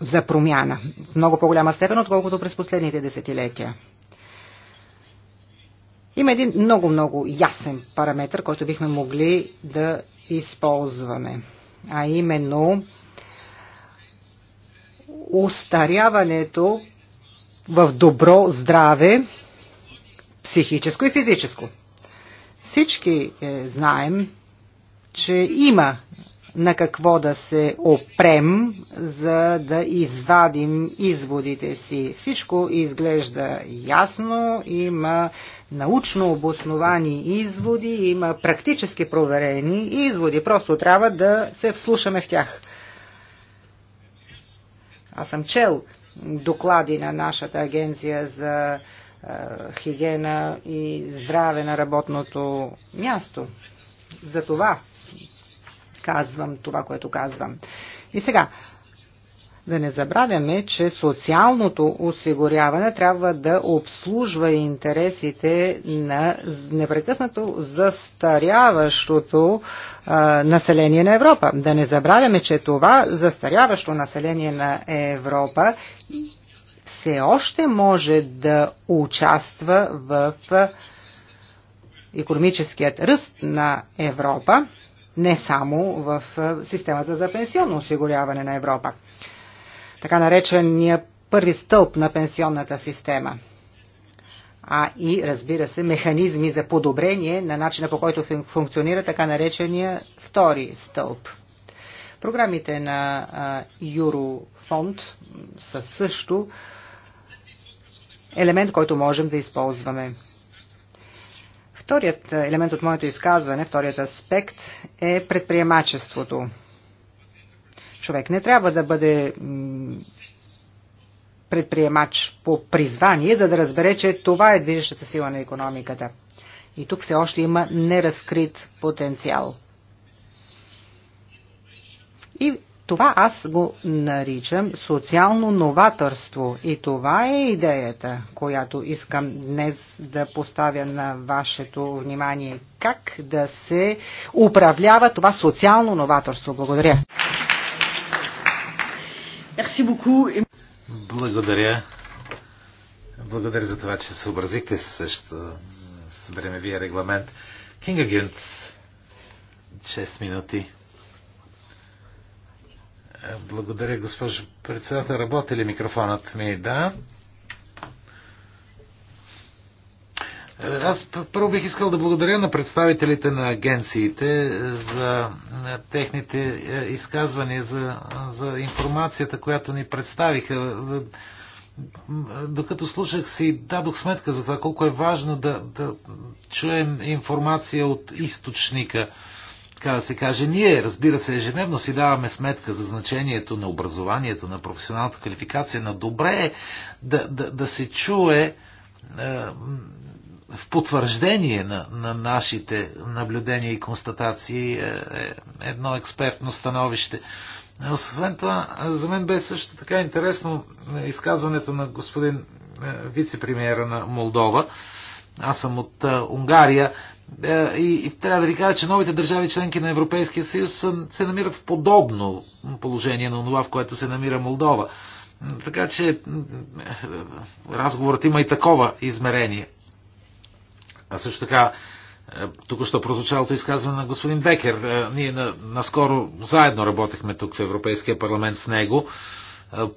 за промяна в много по-голяма степен, отколкото през последните десетилетия. Има един много-много ясен параметр, който бихме могли да използваме, а именно устаряването в добро здраве, психическо и физическо. Всички е, знаем, че има на какво да се опрем, за да извадим изводите си. Всичко изглежда ясно, има научно обосновани изводи, има практически проверени изводи. Просто трябва да се вслушаме в тях. Аз съм чел доклади на нашата агенция за е, хигиена и здраве на работното място. За това казвам това, което казвам. И сега, да не забравяме, че социалното осигуряване трябва да обслужва интересите на непрекъснато застаряващото а, е, население на Европа. Да не забравяме, че това застаряващо население на Европа все още може да участва в економическият ръст на Европа, не само в системата за пенсионно осигуряване на Европа. Така наречения първи стълб на пенсионната система а и, разбира се, механизми за подобрение на начина по който функционира така наречения втори стълб. Програмите на Юрофонд са също елемент, който можем да използваме. Вторият елемент от моето изказване, вторият аспект е предприемачеството. Човек не трябва да бъде предприемач по призвание, за да разбере, че това е движещата сила на економиката. И тук все още има неразкрит потенциал. И това аз го наричам социално новаторство и това е идеята, която искам днес да поставя на вашето внимание. Как да се управлява това социално новаторство? Благодаря. Благодаря. Благодаря за това, че се съобразихте също с времевия регламент. Кинга Гюнц, 6 минути. Благодаря, госпожо председател. Работи ли микрофонът ми? Да. Аз първо бих искал да благодаря на представителите на агенциите е, за е, техните е, изказвания, за, за информацията, която ни представиха. Докато слушах си, дадох сметка за това колко е важно да, да чуем информация от източника така да се каже, ние, разбира се, ежедневно си даваме сметка за значението на образованието, на професионалната квалификация, на добре е да, да, да се чуе е, в потвърждение на, на нашите наблюдения и констатации е, е, едно експертно становище. Освен това, за мен бе също така интересно изказването на господин вице на Молдова. Аз съм от Унгария. Е, и, и трябва да ви кажа, че новите държави членки на Европейския съюз са, се намират в подобно положение на това, в което се намира Молдова. Така че е, разговорът има и такова измерение. А също така, е, тук що прозвучалото изказване на господин Бекер. Ние наскоро заедно работехме тук в Европейския парламент с него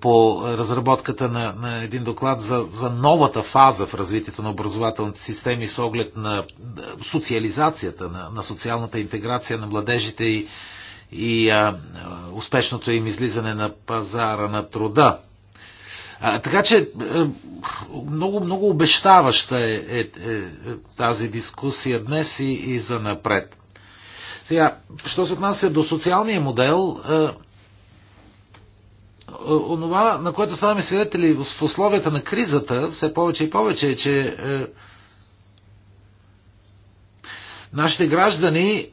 по разработката на, на един доклад за, за новата фаза в развитието на образователните системи с оглед на социализацията, на, на социалната интеграция на младежите и, и а, успешното им излизане на пазара на труда. А, така че много, много обещаваща е, е, е тази дискусия днес и, и за напред. Сега, що се отнася до социалния модел, е, онова, на което ставаме свидетели в условията на кризата, все повече и повече, е, че е, нашите граждани е,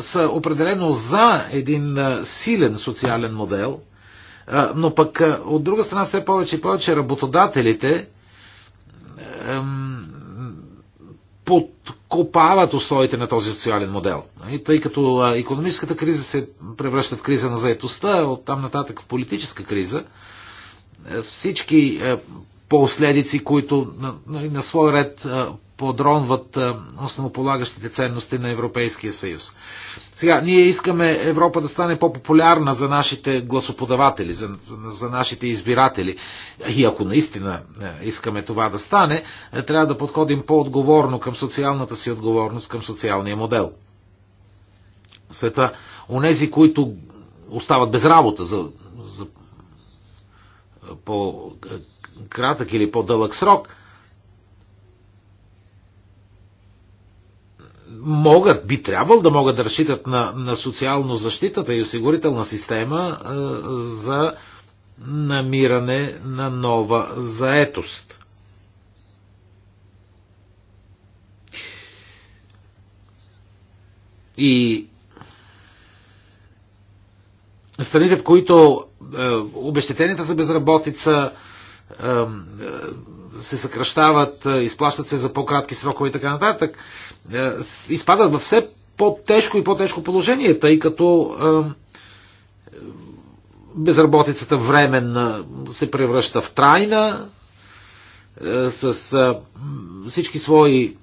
са определено за един е, силен социален модел, но пък от друга страна все повече и повече работодателите е, под подкопават устоите на този социален модел. И тъй като економическата криза се превръща в криза на заетостта, оттам нататък в политическа криза, е, всички е, последици, които на, на, на свой ред е, подронват е, основополагащите ценности на Европейския съюз. Сега, ние искаме Европа да стане по-популярна за нашите гласоподаватели, за, за нашите избиратели. И ако наистина е, искаме това да стане, е, трябва да подходим по-отговорно към социалната си отговорност, към социалния модел. Света, онези, които остават без работа за, за по-кратък или по-дълъг срок, могат, би трябвало да могат да разчитат на, на социално защитата и осигурителна система е, за намиране на нова заетост. И страните, в които е, обещетенията за безработица е, е, се съкръщават, изплащат се за по-кратки срокове и така нататък, изпадат във все по-тежко и по-тежко положение, тъй като безработицата временна се превръща в трайна, с всички свои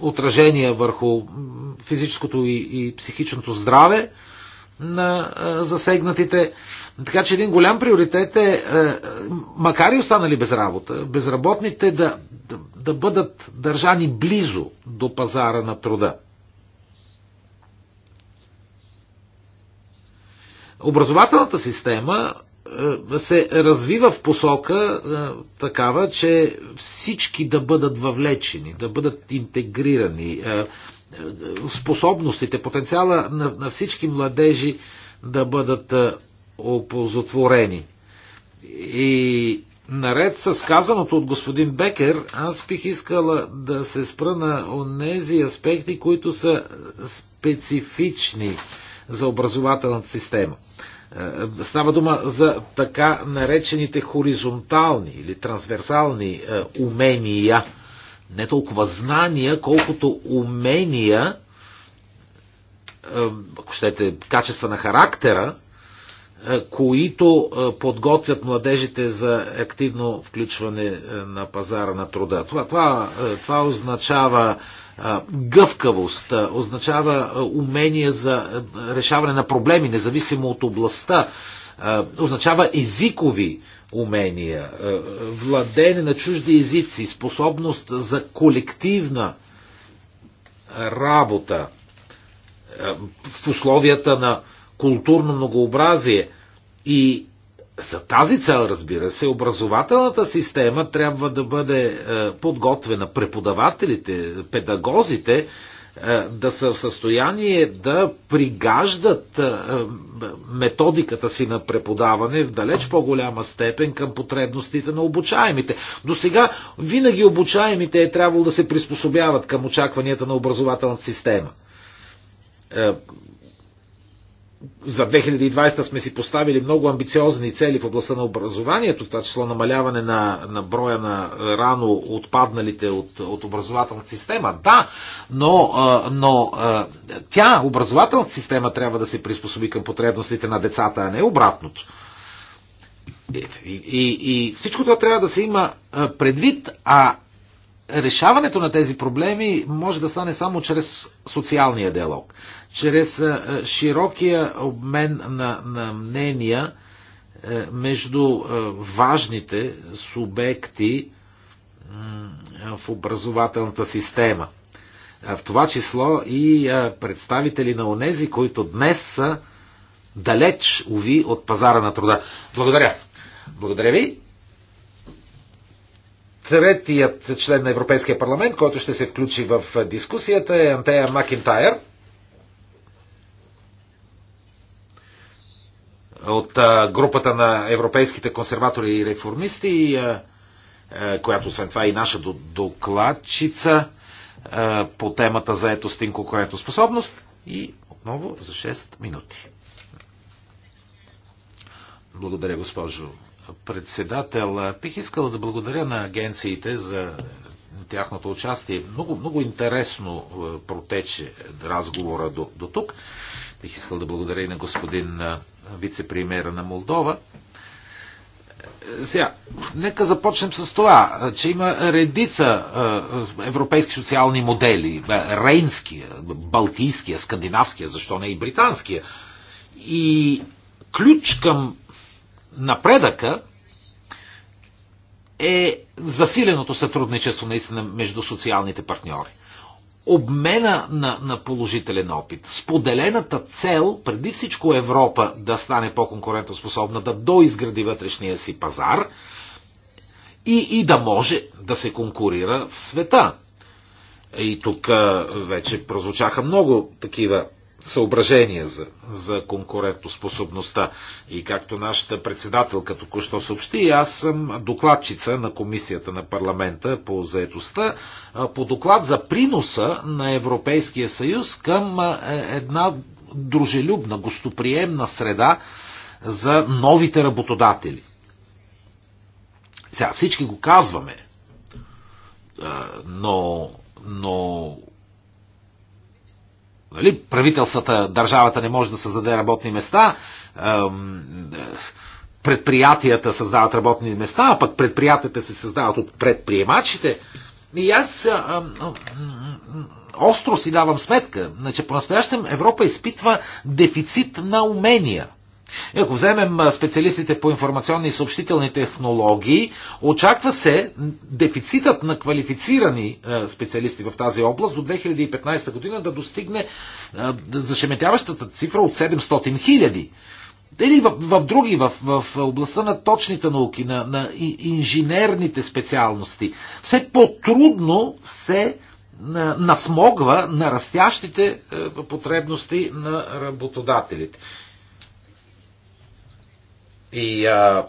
отражения върху физическото и психичното здраве, на засегнатите. Така че един голям приоритет е, е, макар и останали без работа, безработните да, да, да бъдат държани близо до пазара на труда. Образователната система е, се развива в посока е, такава, че всички да бъдат въвлечени, да бъдат интегрирани способностите, потенциала на, на всички младежи да бъдат оползотворени. И наред с казаното от господин Бекер, аз бих искала да се спра на тези аспекти, които са специфични за образователната система. Става дума за така наречените хоризонтални или трансверсални умения – не толкова знания, колкото умения, ако щете, качества на характера, е, които е, подготвят младежите за активно включване е, на пазара на труда. Това, това, това означава гъвкавост, означава умение за решаване на проблеми, независимо от областта, означава езикови умения, е, е, владение на чужди езици, способност за колективна работа е, в условията на културно многообразие. И за тази цел, разбира се, образователната система трябва да бъде подготвена. Преподавателите, педагозите е, да са в състояние да пригаждат е, методиката си на преподаване в далеч по-голяма степен към потребностите на обучаемите. До сега винаги обучаемите е трябвало да се приспособяват към очакванията на образователната система е, за 2020 сме си поставили много амбициозни цели в областта на образованието, в това число намаляване на, на броя на рано отпадналите от, от образователната система. Да, но, но тя, образователната система, трябва да се приспособи към потребностите на децата, а не обратното. И, и, и всичко това трябва да се има предвид, а решаването на тези проблеми може да стане само чрез социалния диалог, чрез широкия обмен на, на мнения между важните субекти в образователната система. В това число и представители на онези, които днес са далеч, уви, от пазара на труда. Благодаря. Благодаря ви. Третият член на Европейския парламент, който ще се включи в дискусията е Антея Макинтайр. от групата на европейските консерватори и реформисти, която освен това е и наша докладчица по темата за етост и конкурентоспособност. И отново за 6 минути. Благодаря, госпожо председател. Бих искал да благодаря на агенциите за тяхното участие. Много, много интересно е, протече разговора до, до тук. Бих искал да благодаря и на господин е, вице-премьера на Молдова. Е, сега, нека започнем с това, че има редица европейски социални модели. Рейнския, балтийския, скандинавския, защо не и британския. И ключ към напредъка е засиленото сътрудничество наистина между социалните партньори. Обмена на, на положителен опит, споделената цел, преди всичко Европа да стане по-конкурентоспособна, да доизгради вътрешния си пазар и, и да може да се конкурира в света. И тук вече прозвучаха много такива съображения за, за конкурентоспособността. И както нашата председателка току-що съобщи, аз съм докладчица на Комисията на парламента по заедостта по доклад за приноса на Европейския съюз към е, една дружелюбна, гостоприемна среда за новите работодатели. Сега всички го казваме, но, но Нали? Правителствата, държавата не може да създаде работни места, предприятията създават работни места, а пък предприятията се създават от предприемачите. И аз а, а, а, остро си давам сметка, че значи, по-настоящем Европа изпитва дефицит на умения. И е, ако вземем специалистите по информационни и съобщителни технологии, очаква се дефицитът на квалифицирани специалисти в тази област до 2015 година да достигне зашеметяващата цифра от 700 хиляди. Или в, в други, в, в областта на точните науки, на, на инженерните специалности. Все по-трудно се насмогва на растящите потребности на работодателите. И а,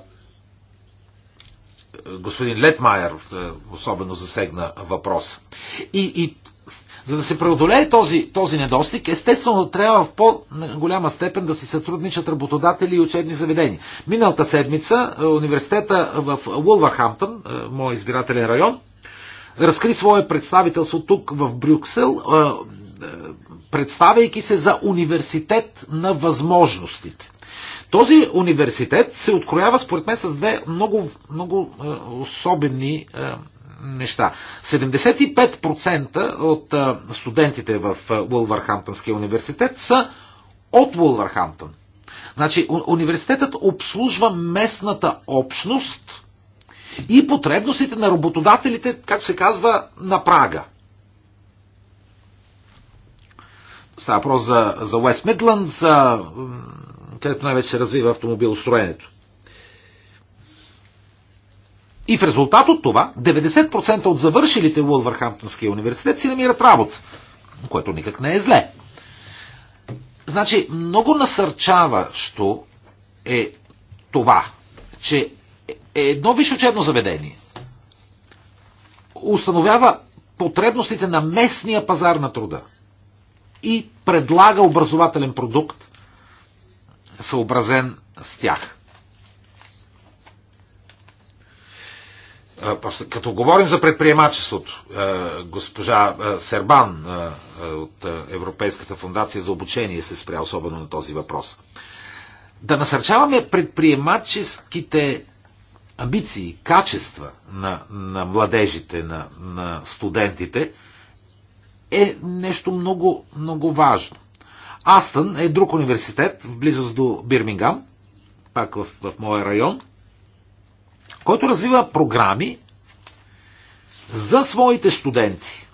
господин Летмайер е, особено засегна въпроса. И, и за да се преодолее този, този недостиг, естествено трябва в по-голяма степен да се сътрудничат работодатели и учебни заведения. Миналата седмица е, университета в Уолвахамптън, е, мой избирателен район, разкри свое представителство тук в Брюксел, представяйки се за университет на възможностите. Този университет се откроява според мен с две много, много е, особени е, неща. 75% от е, студентите в е, Уолвърхамптънския университет са от Уолвърхамптън. Значи университетът обслужва местната общност и потребностите на работодателите, както се казва, на прага. Става въпрос за, за West Midlands, за където най-вече се развива автомобилостроенето. И в резултат от това 90% от завършилите Уолвърхамптонския университет си намират работа, което никак не е зле. Значи, много насърчаващо е това, че е едно висше учебно заведение установява потребностите на местния пазар на труда и предлага образователен продукт, съобразен с тях. Като говорим за предприемачеството, госпожа Сербан от Европейската фундация за обучение се спря особено на този въпрос. Да насърчаваме предприемаческите амбиции, качества на, на младежите, на, на студентите е нещо много, много важно. Астън е друг университет в близост до Бирмингам, пак в, в моя район, който развива програми за своите студенти.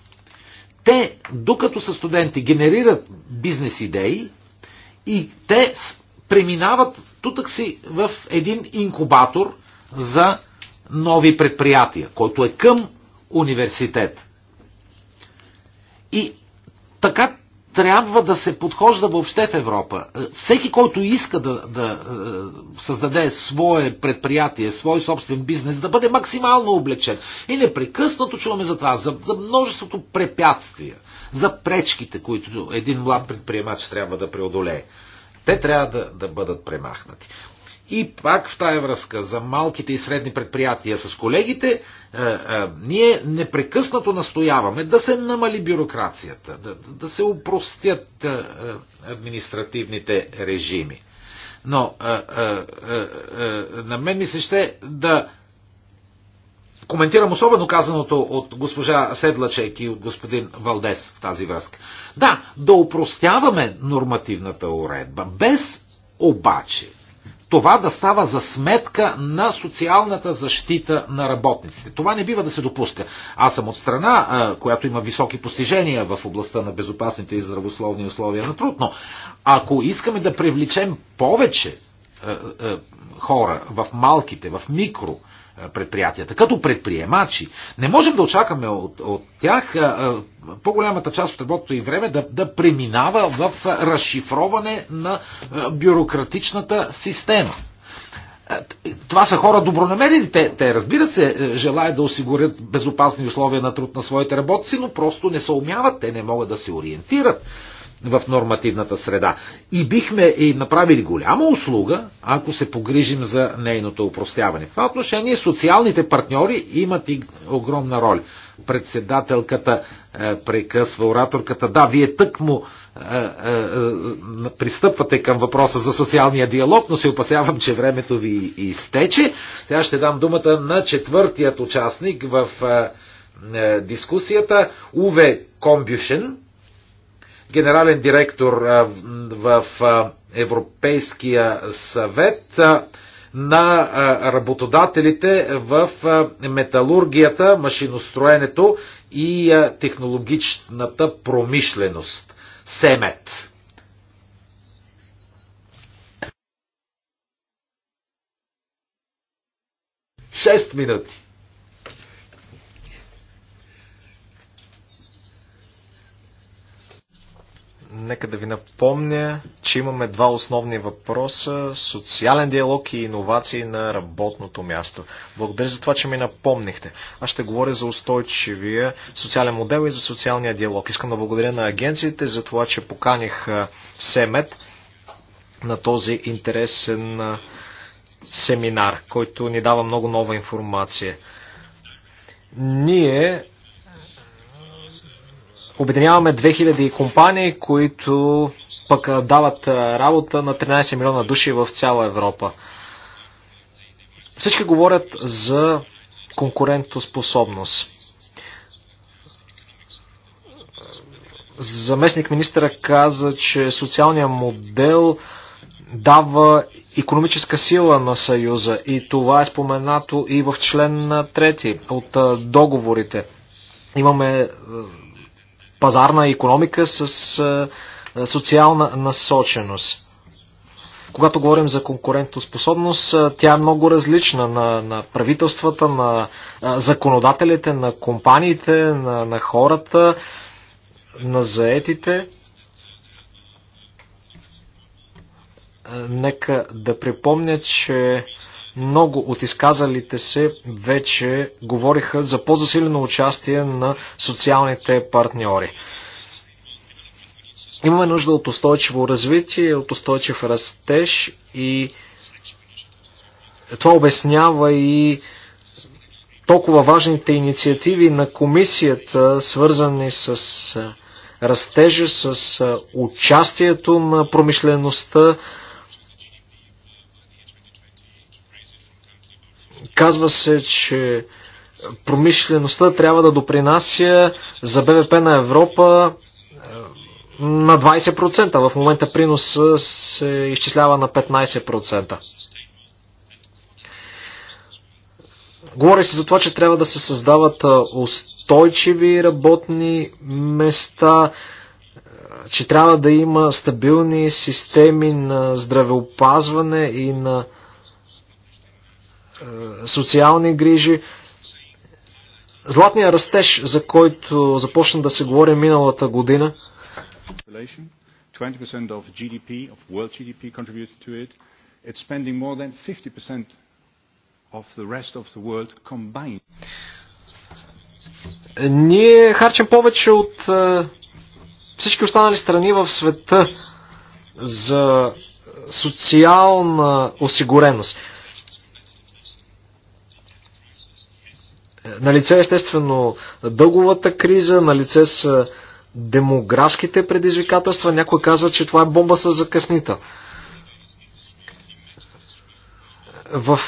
Те, докато са студенти, генерират бизнес идеи и те преминават тутък си в един инкубатор за нови предприятия, който е към университет. И така трябва да се подхожда въобще в Европа. Е, всеки, който иска да, да е, създаде свое предприятие, свой собствен бизнес, да бъде максимално облечен. И непрекъснато чуваме за това, за, за множеството препятствия, за пречките, които един млад предприемач трябва да преодолее. Те трябва да, да бъдат премахнати. И пак в тая връзка за малките и средни предприятия с колегите, е, е, ние непрекъснато настояваме да се намали бюрокрацията, да, да се упростят е, е административните режими. Но е, е, е, е, на мен ми се ще да коментирам особено казаното от госпожа Седлачек и от господин Валдес в тази връзка. Да, да упростяваме нормативната уредба, без обаче това да става за сметка на социалната защита на работниците. Това не бива да се допуска. Аз съм от страна, която има високи постижения в областта на безопасните и здравословни условия на труд, но ако искаме да привлечем повече хора в малките, в микро предприятията, като предприемачи. Не можем да очакваме от, от тях по-голямата част от работното им време да, да преминава в разшифроване на бюрократичната система. Е, това са хора добронамерени. Те, те, разбира се, е, желаят да осигурят безопасни условия на труд на своите работници, но просто не се умяват. Те не могат да се ориентират в нормативната среда. И бихме и направили голяма услуга, ако се погрижим за нейното упростяване. В това отношение социалните партньори имат и огромна роля. Председателката е, прекъсва ораторката. Да, вие тъкмо е, е, е, пристъпвате към въпроса за социалния диалог, но се опасявам, че времето ви изтече. Сега ще дам думата на четвъртият участник в е, е, дискусията, Уве Комбюшен генерален директор в Европейския съвет на работодателите в металургията, машиностроенето и технологичната промишленост. СЕМЕТ. Шест минути. Нека да ви напомня, че имаме два основни въпроса – социален диалог и иновации на работното място. Благодаря за това, че ми напомнихте. Аз ще говоря за устойчивия социален модел и за социалния диалог. Искам да благодаря на агенциите за това, че поканих СЕМЕТ на този интересен семинар, който ни дава много нова информация. Ние Обединяваме 2000 компании, които пък дават работа на 13 милиона души в цяла Европа. Всички говорят за конкурентоспособност. Заместник министра каза, че социалният модел дава економическа сила на Съюза и това е споменато и в член 3 от договорите. Имаме пазарна економика с социална насоченост. Когато говорим за конкурентоспособност, тя е много различна на, на правителствата, на законодателите, на компаниите, на, на хората, на заетите. Нека да припомня, че много от изказалите се вече говориха за по-засилено участие на социалните партньори. Имаме нужда от устойчиво развитие, от устойчив растеж и това обяснява и толкова важните инициативи на комисията, свързани с растежа, с участието на промишлеността, Казва се, че промишлеността трябва да допринася за БВП на Европа е, на 20%. В момента принос се изчислява на 15%. Говори се за това, че трябва да се създават е, устойчиви работни места, е, че трябва да има стабилни системи на здравеопазване и на е, социални грижи. Златния растеж, за който започна да се говори миналата година, 20% of GDP, of world GDP contributed to it. It's spending more than 50% of the rest of the world combined. Ние харчим повече от е, всички останали страни в света за социална осигуреност. Налице лице естествено дълговата криза, налице са демографските предизвикателства. Някой казва, че това е бомба с закъснита. В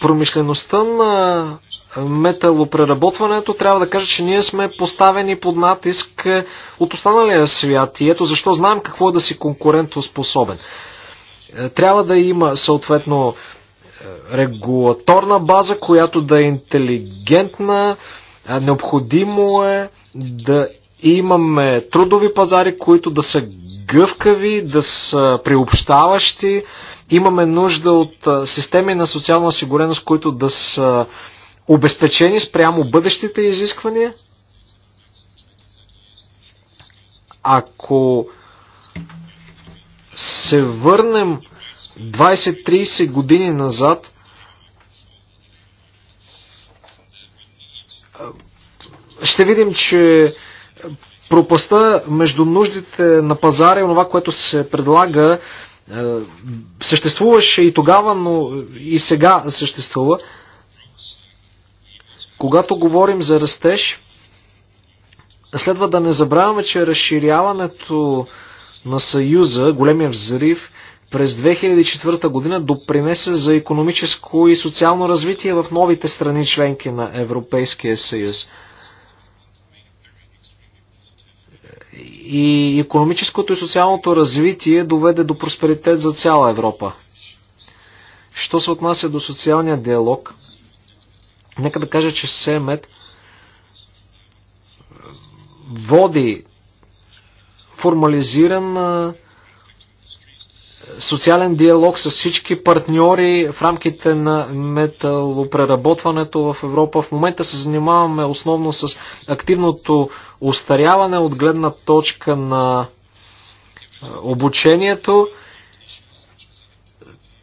промишлеността на металопреработването, трябва да кажа, че ние сме поставени под натиск е, от останалия свят и ето защо знаем какво е да си конкурентоспособен. Е, трябва да има съответно регулаторна база, която да е интелигентна. Необходимо е да имаме трудови пазари, които да са гъвкави, да са приобщаващи. Имаме нужда от системи на социална осигуреност, които да са обезпечени спрямо бъдещите изисквания. Ако се върнем 20-30 години назад ще видим, че пропаста между нуждите на пазара и това, което се предлага, съществуваше и тогава, но и сега съществува. Когато говорим за растеж, следва да не забравяме, че разширяването на Съюза, големия взрив, през 2004 година допринесе за економическо и социално развитие в новите страни членки на Европейския съюз. И економическото и социалното развитие доведе до просперитет за цяла Европа. Що се отнася до социалния диалог, нека да кажа, че СЕМЕТ води формализиран социален диалог с всички партньори в рамките на металопреработването в Европа. В момента се занимаваме основно с активното устаряване от гледна точка на обучението.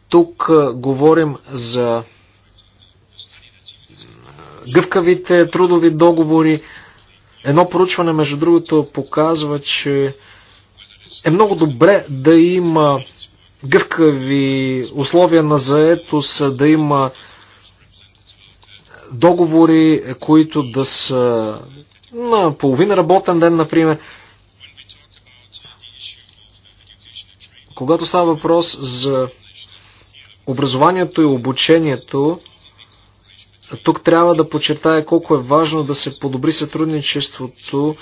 Тук говорим за гъвкавите трудови договори. Едно проучване, между другото, показва, че е много добре да има гъвкави условия на заетост, да има договори, които да са на половина работен ден, например. Когато става въпрос за образованието и обучението, тук трябва да подчертая колко е важно да се подобри сътрудничеството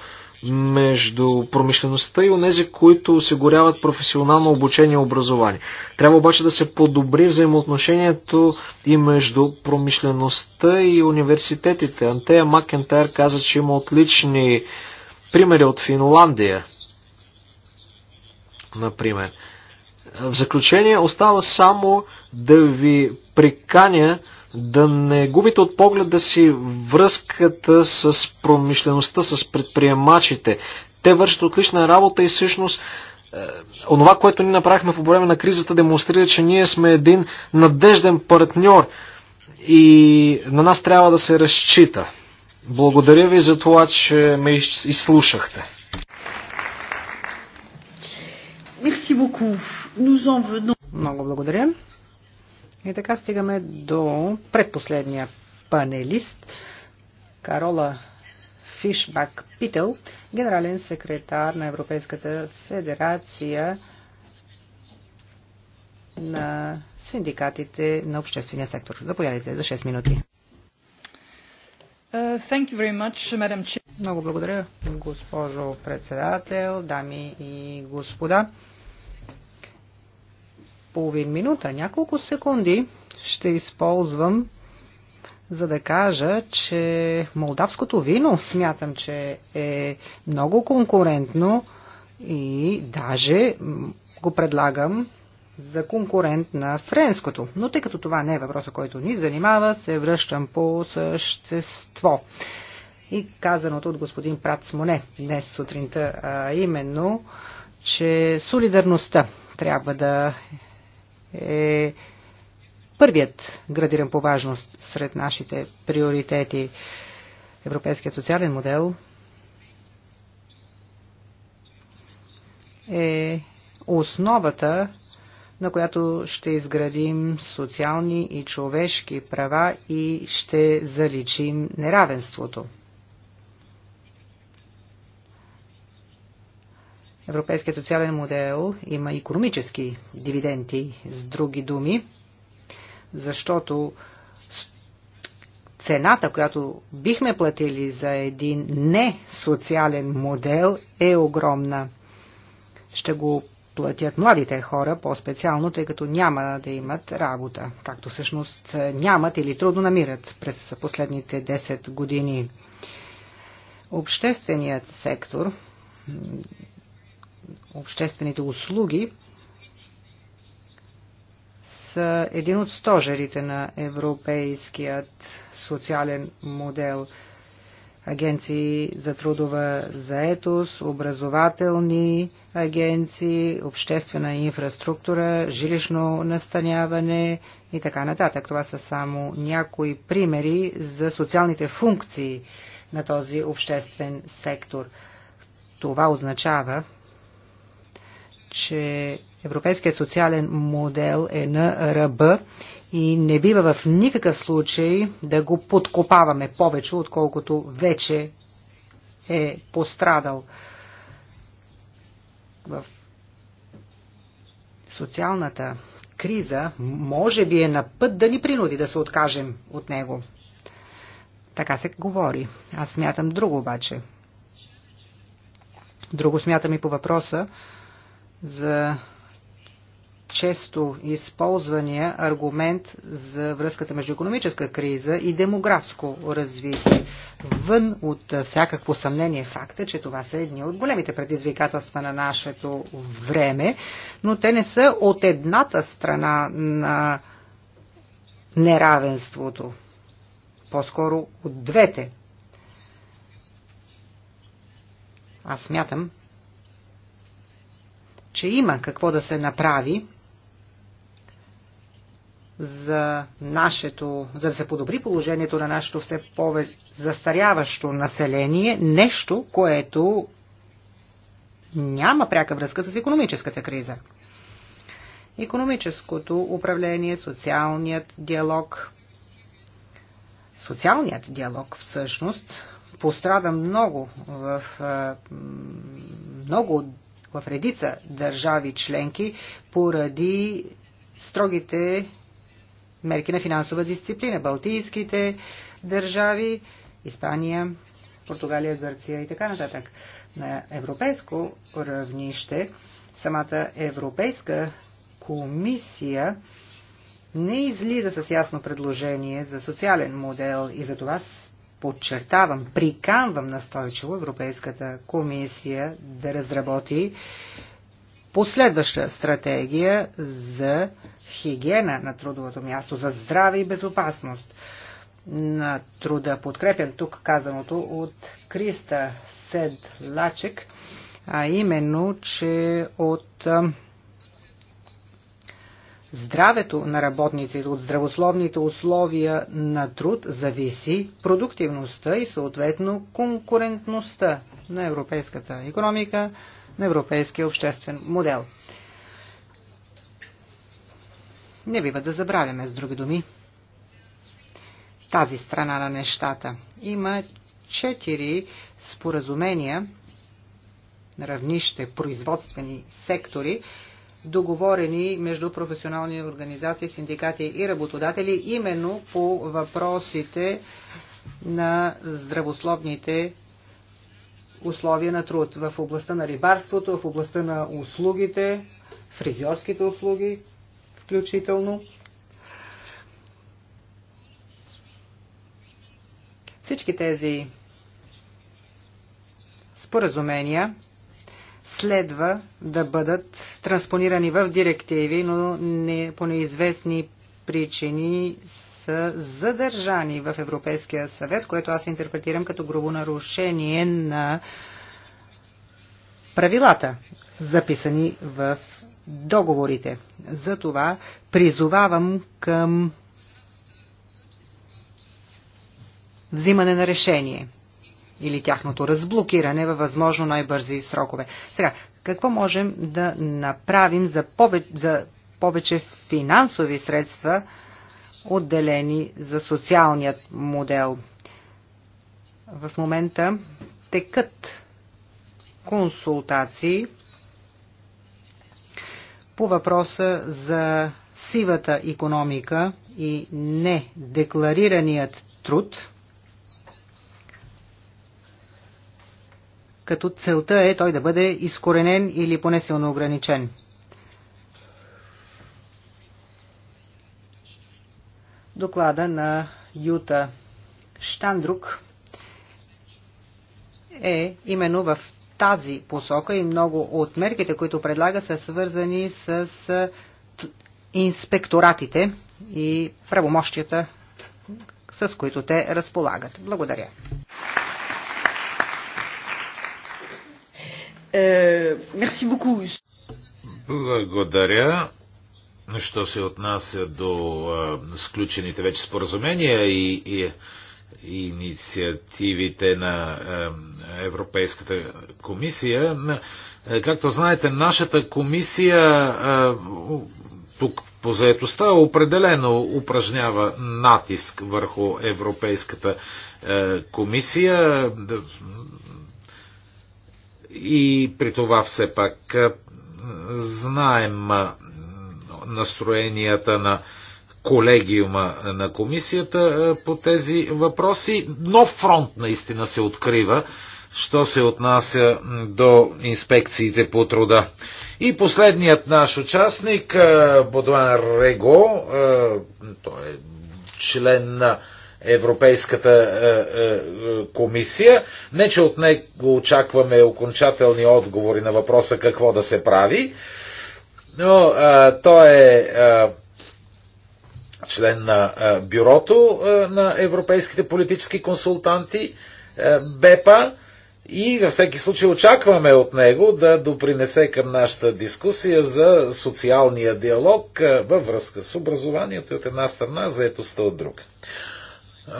между промишлеността и онези, които осигуряват професионално обучение и образование. Трябва обаче да се подобри взаимоотношението и между промишлеността и университетите. Антея Макентайр каза, че има отлични примери от Финландия, например. В заключение остава само да ви приканя да не губите от погледа си връзката с промишлеността, с предприемачите. Те вършат отлична работа и всъщност е, онова, което ни направихме по време на кризата, демонстрира, че ние сме един надежден партньор и на нас трябва да се разчита. Благодаря ви за това, че ме изслушахте. Много благодаря. И така стигаме до предпоследния панелист Карола Фишбак Пител, генерален секретар на Европейската федерация на синдикатите на обществения сектор. Заповядайте за 6 минути. Uh, much, Много благодаря, госпожо председател, дами и господа половин минута, няколко секунди ще използвам за да кажа, че молдавското вино смятам, че е много конкурентно и даже го предлагам за конкурент на френското. Но тъй като това не е въпроса, който ни занимава, се връщам по същество. И казаното от господин Прат Смоне днес сутринта, а именно, че солидарността трябва да е първият градиран по важност сред нашите приоритети. Европейският социален модел е основата, на която ще изградим социални и човешки права и ще заличим неравенството. Европейският социален модел има економически дивиденти, с други думи, защото цената, която бихме платили за един не социален модел е огромна. Ще го платят младите хора по-специално, тъй като няма да имат работа, както всъщност нямат или трудно намират през последните 10 години. Общественият сектор обществените услуги са един от стожерите на европейският социален модел. Агенции за трудова заетост, образователни агенции, обществена инфраструктура, жилищно настаняване и така нататък. Това са само някои примери за социалните функции на този обществен сектор. Това означава, че европейският социален модел е на ръба и не бива в никакъв случай да го подкопаваме повече, отколкото вече е пострадал. В социалната криза може би е на път да ни принуди да се откажем от него. Така се говори. Аз смятам друго обаче. Друго смятам и по въпроса за често използвания аргумент за връзката между економическа криза и демографско развитие. Вън от всякакво съмнение факта, че това са едни от големите предизвикателства на нашето време, но те не са от едната страна на неравенството, по-скоро от двете. Аз смятам, че има какво да се направи за нашето, за да се подобри положението на нашето все повече застаряващо население, нещо, което няма пряка връзка с економическата криза. Економическото управление, социалният диалог, социалният диалог всъщност пострада много в много в редица държави членки поради строгите мерки на финансова дисциплина. Балтийските държави, Испания, Португалия, Гърция и така нататък. На европейско равнище самата Европейска комисия не излиза с ясно предложение за социален модел и за това подчертавам, приканвам настойчиво Европейската комисия да разработи последваща стратегия за хигиена на трудовото място, за здраве и безопасност на труда. Подкрепям тук казаното от Криста Седлачек, а именно, че от здравето на работниците, от здравословните условия на труд зависи продуктивността и съответно конкурентността на европейската економика, на европейския обществен модел. Не бива да забравяме, с други думи, тази страна на нещата. Има четири споразумения на равнище производствени сектори, договорени между професионални организации, синдикати и работодатели, именно по въпросите на здравословните условия на труд в областта на рибарството, в областта на услугите, фризьорските услуги включително. Всички тези споразумения следва да бъдат транспонирани в директиви, но не, по неизвестни причини са задържани в Европейския съвет, което аз интерпретирам като грубо нарушение на правилата, записани в договорите. Затова призовавам към взимане на решение – или тяхното разблокиране във възможно най-бързи срокове. Сега, какво можем да направим за повече, за повече финансови средства, отделени за социалният модел? В момента текат консултации по въпроса за сивата економика и недекларираният труд – като целта е той да бъде изкоренен или поне силно ограничен. Доклада на Юта Штандрук е именно в тази посока и много от мерките, които предлага, са свързани с инспекторатите и правомощията, с които те разполагат. Благодаря. Мерси beaucoup. Благодаря. Що се отнася до а, сключените вече споразумения и, и инициативите на Европейската комисия. Както знаете, нашата комисия тук по заедостта определено упражнява натиск върху Европейската комисия. И при това все пак знаем настроенията на колегиума на комисията по тези въпроси. Но фронт наистина се открива, що се отнася до инспекциите по труда. И последният наш участник, Бодуан Рего, той е член на Европейската е, е, е, комисия. Не, че от него очакваме окончателни отговори на въпроса какво да се прави, но а, той е а, член на а, бюрото а, на европейските политически консултанти а, БЕПА и във всеки случай очакваме от него да допринесе към нашата дискусия за социалния диалог а, във връзка с образованието от една страна, заетостта от друга.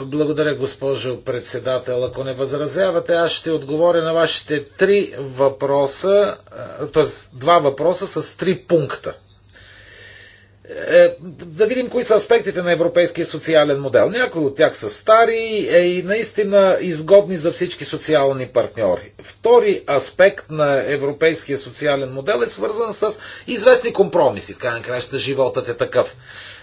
Благодаря, госпожо председател. Ако не възразявате, аз ще отговоря на вашите три въпроса, е, т.е. два въпроса с три пункта. Е, да видим кои са аспектите на европейския социален модел. Някои от тях са стари е, и наистина изгодни за всички социални партньори. Втори аспект на европейския социален модел е свързан с известни компромиси. В крайна краща животът е такъв.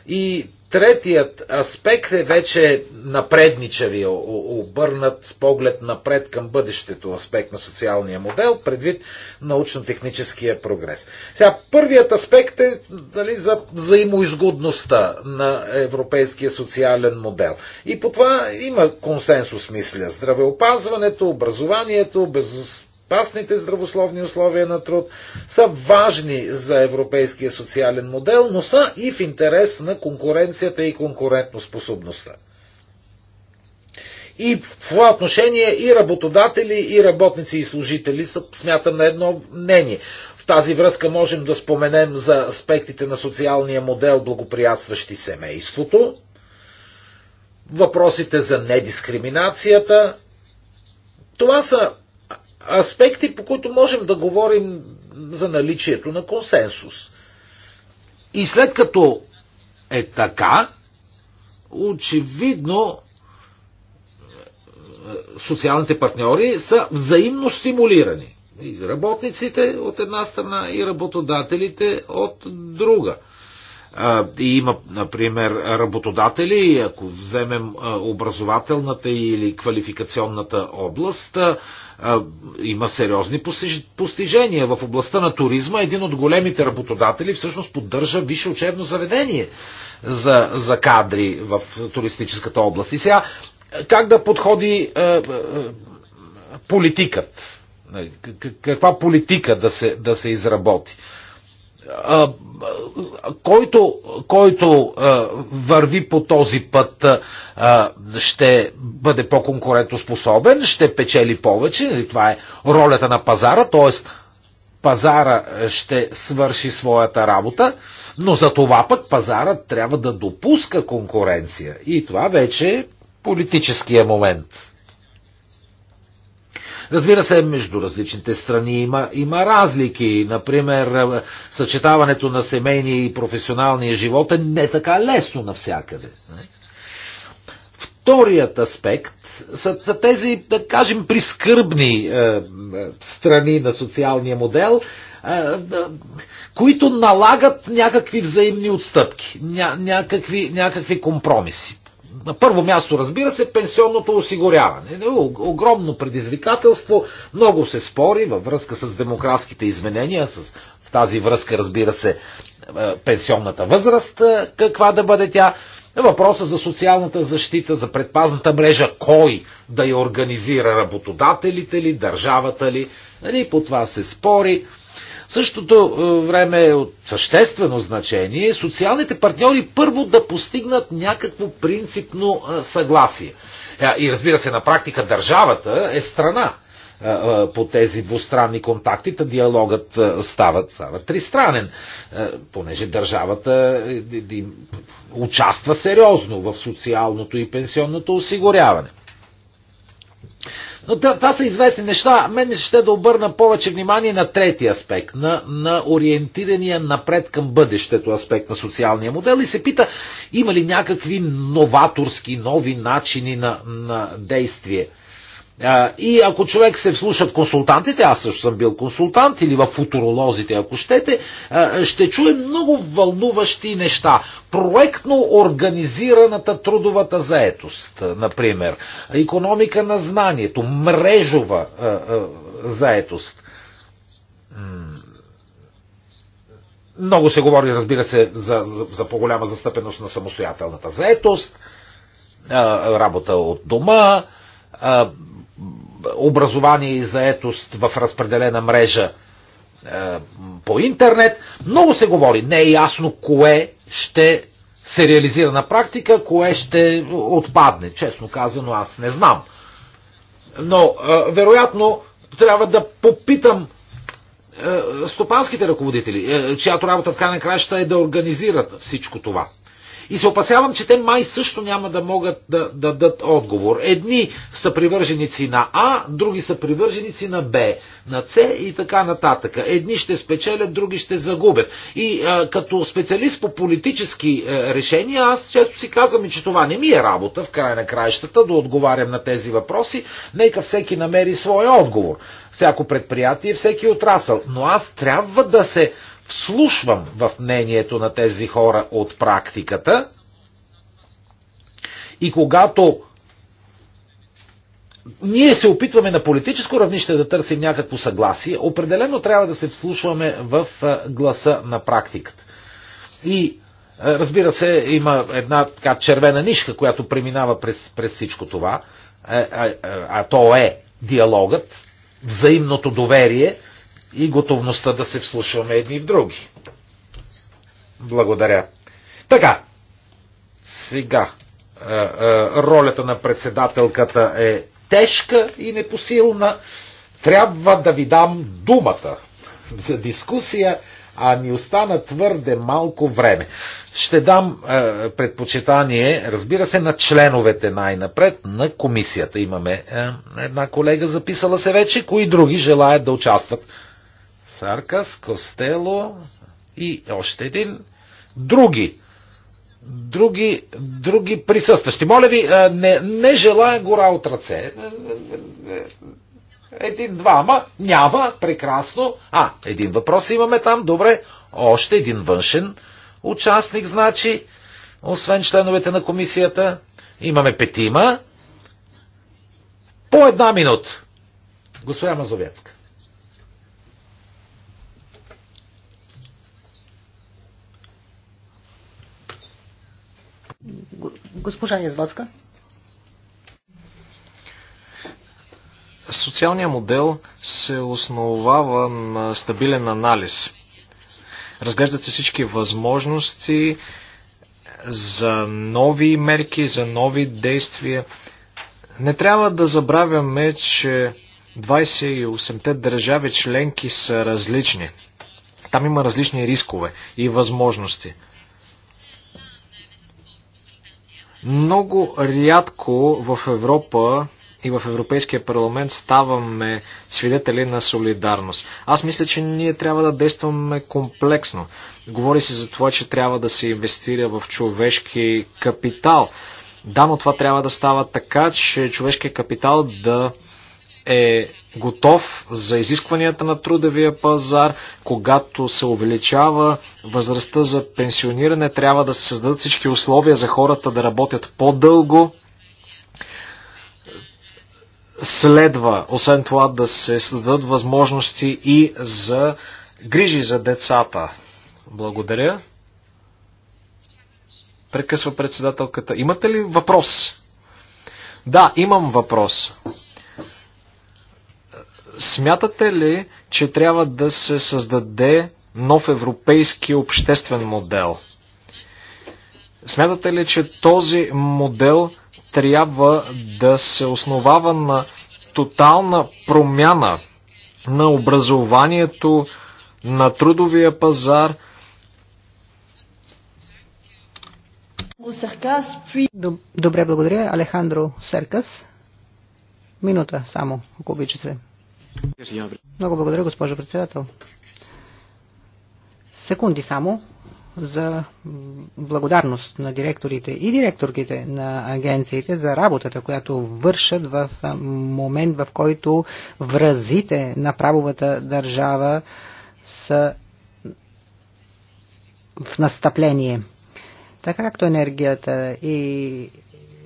И Третият аспект е вече напредничавия, обърнат с поглед напред към бъдещето аспект на социалния модел, предвид научно-техническия прогрес. Сега, първият аспект е дали, за взаимоизгодността на европейския социален модел. И по това има консенсус, мисля. Здравеопазването, образованието, без безопасните здравословни условия на труд са важни за европейския социален модел, но са и в интерес на конкуренцията и конкурентоспособността. И в това отношение и работодатели, и работници и служители са, смятам, на едно мнение. В тази връзка можем да споменем за аспектите на социалния модел, благоприятстващи семейството, въпросите за недискриминацията. Това са аспекти, по които можем да говорим за наличието на консенсус. И след като е така, очевидно социалните партньори са взаимно стимулирани. И работниците от една страна, и работодателите от друга – и има, например, работодатели, ако вземем образователната или квалификационната област, има сериозни постижения. В областта на туризма един от големите работодатели всъщност поддържа висше учебно заведение за, за кадри в туристическата област. И сега, как да подходи политикът? Нали, каква политика да се, да се изработи? който, който върви по този път ще бъде по-конкурентоспособен, ще печели повече, нали, това е ролята на пазара, т.е. пазара ще свърши своята работа, но за това пък пазара трябва да допуска конкуренция. И това вече е политическия момент. Разбира се, между различните страни има, има разлики. Например, е, съчетаването на семейния и професионалния живот е не така лесно навсякъде. Вторият аспект са, са тези, да кажем, прискърбни е, е, страни на социалния модел, е, е, които налагат някакви взаимни отстъпки, ня, някакви, някакви компромиси. На първо място, разбира се, пенсионното осигуряване. е Огромно предизвикателство, много се спори във връзка с демографските изменения, с, в тази връзка, разбира се, е, пенсионната възраст, е, каква да бъде тя. Въпроса за социалната защита, за предпазната мрежа, кой да я организира, работодателите ли, държавата ли, нали, по това се спори. В същото е, време е от съществено значение социалните партньори първо да постигнат някакво принципно е, съгласие. Е, и разбира се, на практика държавата е страна по тези двустранни контакти, та диалогът става, става тристранен, понеже държавата участва сериозно в социалното и пенсионното осигуряване. Но Това са известни неща. Мен ще да обърна повече внимание на третия аспект, на, на ориентирания напред към бъдещето аспект на социалния модел и се пита има ли някакви новаторски, нови начини на, на действие. И ако човек се вслуша в консултантите, аз също съм бил консултант, или в футуролозите, ако щете, ще чуе много вълнуващи неща. Проектно организираната трудовата заетост, например, економика на знанието, мрежова заетост. Много се говори, разбира се, за, за, за по-голяма застъпеност на самостоятелната заетост, работа от дома, образование и заетост в разпределена мрежа е, по интернет. Много се говори. Не е ясно кое ще се реализира на практика, кое ще отпадне. Честно казано, аз не знам. Но, е, вероятно, трябва да попитам е, стопанските ръководители, чиято работа в крайна краща е да организират всичко това. И се опасявам, че те май също няма да могат да, да дадат отговор. Едни са привърженици на А, други са привърженици на Б, на С и така нататък. Едни ще спечелят, други ще загубят. И а, като специалист по политически а, решения, аз често си казвам, че това не ми е работа в края на краищата да отговарям на тези въпроси. Нека всеки намери своя отговор. Всяко предприятие, всеки отрасъл. Но аз трябва да се вслушвам в мнението на тези хора от практиката и когато ние се опитваме на политическо равнище да търсим някакво съгласие, определено трябва да се вслушваме в гласа на практиката. И разбира се, има една така червена нишка, която преминава през, през всичко това, а, а, а то е диалогът, взаимното доверие, и готовността да се вслушваме едни в други. Благодаря. Така, сега е, е, ролята на председателката е тежка и непосилна. Трябва да ви дам думата за дискусия, а ни остана твърде малко време. Ще дам е, предпочитание, разбира се, на членовете най-напред на комисията. Имаме е, една колега записала се вече, кои други желаят да участват Саркас, Костело и още един. Други. Други, други присъстващи. Моля ви, не, не желая гора от ръце. Един-двама. Няма. Прекрасно. А, един въпрос имаме там. Добре. Още един външен участник, значи, освен членовете на комисията. Имаме петима. По една минута. Госпожа Мазовецка. Госпожа Язводска. Социалният модел се основава на стабилен анализ. Разглеждат се всички възможности за нови мерки, за нови действия. Не трябва да забравяме, че 28-те държави членки са различни. Там има различни рискове и възможности. Много рядко в Европа и в Европейския парламент ставаме свидетели на солидарност. Аз мисля, че ние трябва да действаме комплексно. Говори се за това, че трябва да се инвестира в човешки капитал. Да, но това трябва да става така, че човешкият капитал да е готов за изискванията на трудовия пазар, когато се увеличава възрастта за пенсиониране, трябва да се създадат всички условия за хората да работят по-дълго. Следва, освен това, да се създадат възможности и за грижи за децата. Благодаря. Прекъсва председателката. Имате ли въпрос? Да, имам въпрос. Смятате ли, че трябва да се създаде нов европейски обществен модел? Смятате ли, че този модел трябва да се основава на тотална промяна на образованието, на трудовия пазар. Добре, благодаря. Алехандро Серкас. Минута само, ако обичате. Много благодаря, госпожо председател. Секунди само за благодарност на директорите и директорките на агенциите за работата, която вършат в момент, в който вразите на правовата държава са в настъпление. Така както енергията и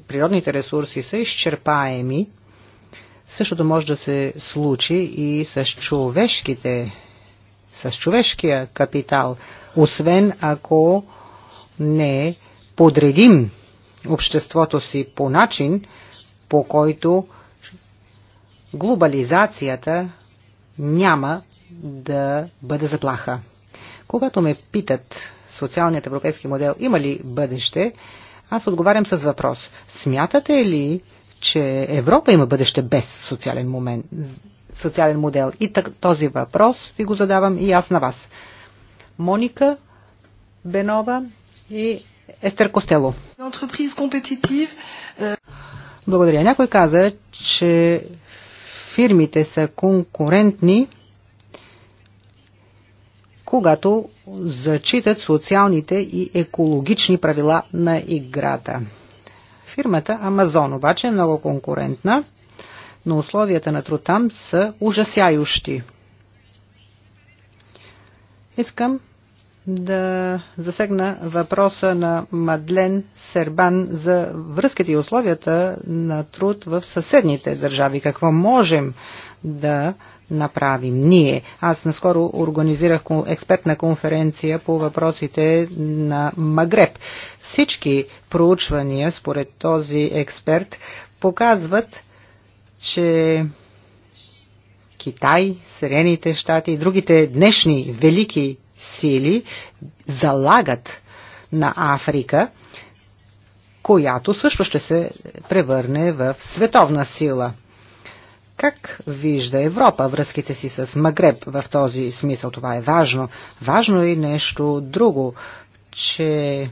природните ресурси са изчерпаеми, Същото може да се случи и с човешките, с човешкия капитал, освен ако не подредим обществото си по начин, по който глобализацията няма да бъде заплаха. Когато ме питат социалният европейски модел има ли бъдеще, аз отговарям с въпрос. Смятате ли, че Европа има бъдеще без социален, момент, социален модел? И так, този въпрос ви го задавам и аз на вас. Моника Бенова и Естер Костело. Э, Благодаря. Някой каза, че фирмите са конкурентни, когато зачитат социалните и екологични правила на играта. Фирмата Амазон обаче е много конкурентна, но условията на труд там са ужасяющи. Искам да засегна въпроса на Мадлен Сербан за връзките и условията на труд в съседните държави. Какво можем да направим ние. Аз наскоро организирах експертна конференция по въпросите на Магреб. Всички проучвания, според този експерт, показват, че Китай, Съединените щати и другите днешни велики сили залагат на Африка, която също ще се превърне в световна сила. Как вижда Европа връзките си с Магреб в този смисъл? Това е важно. Важно е и нещо друго, че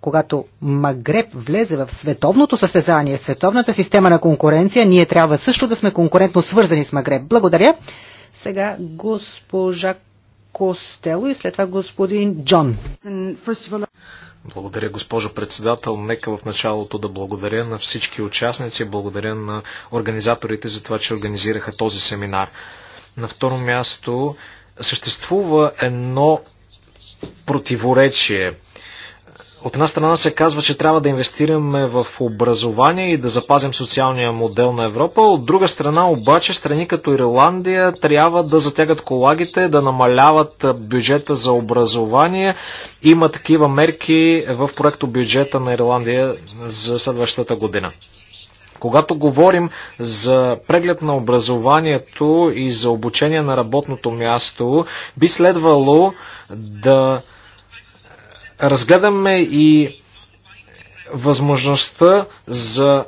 когато Магреб влезе в световното състезание, световната система на конкуренция, ние трябва също да сме конкурентно свързани с Магреб. Благодаря. Сега госпожа Костело и след това господин Джон. Благодаря, госпожо председател. Нека в началото да благодаря на всички участници, благодаря на организаторите за това, че организираха този семинар. На второ място съществува едно противоречие от една страна се казва, че трябва да инвестираме в образование и да запазим социалния модел на Европа. От друга страна обаче страни като Ирландия трябва да затягат колагите, да намаляват бюджета за образование. Има такива мерки в проекто бюджета на Ирландия за следващата година. Когато говорим за преглед на образованието и за обучение на работното място, би следвало да разгледаме и възможността за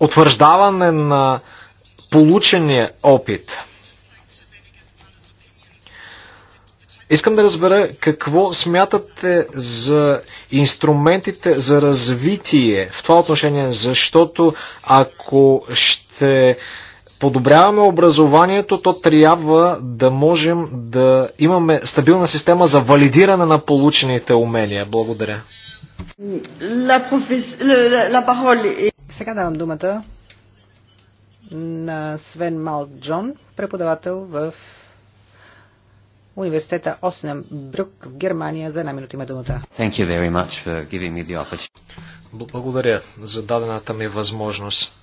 утвърждаване на получения опит. Искам да разбера какво смятате за инструментите за развитие в това отношение, защото ако ще подобряваме образованието, то трябва да можем да имаме стабилна система за валидиране на получените умения. Благодаря. Сега давам думата на Свен Малк Джон, преподавател в университета Оснем Брюк в Германия. За една минута има думата. Благодаря за дадената ми възможност.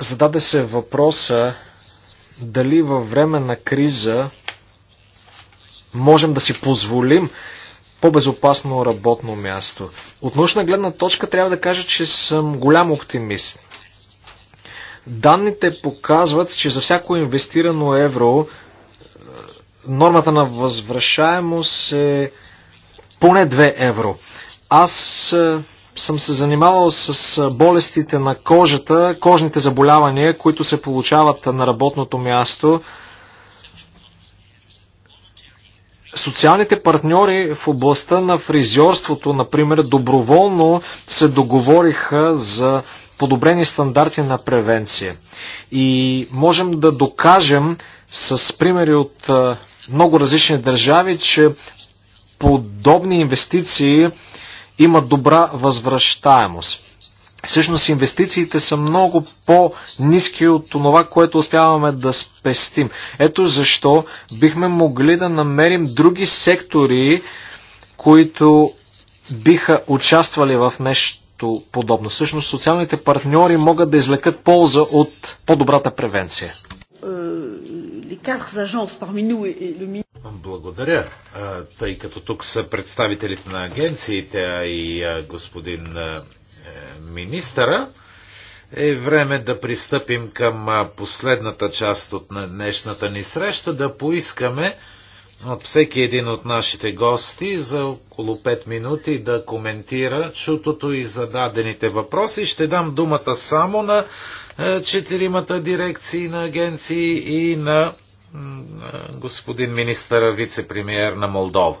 Зададе се въпроса дали във време на криза можем да си позволим по-безопасно работно място. От научна гледна точка трябва да кажа, че съм голям оптимист. Данните показват, че за всяко инвестирано евро е, нормата на възвръщаемост е поне 2 евро. Аз е, съм се занимавал с болестите на кожата, кожните заболявания, които се получават на работното място. Социалните партньори в областта на фризьорството, например, доброволно се договориха за подобрени стандарти на превенция. И можем да докажем с примери от много различни държави, че подобни инвестиции има добра възвръщаемост. Всъщност инвестициите са много по-низки от това, което успяваме да спестим. Ето защо бихме могли да намерим други сектори, които биха участвали в нещо подобно. Всъщност социалните партньори могат да извлекат полза от по-добрата превенция. Euh, благодаря, тъй като тук са представителите на агенциите, а и господин е, министъра. Е време да пристъпим към последната част от днешната ни среща, да поискаме от всеки един от нашите гости за около 5 минути да коментира чутото и зададените въпроси. Ще дам думата само на е, четиримата дирекции на агенции и на господин министър вице-премьер на Молдова.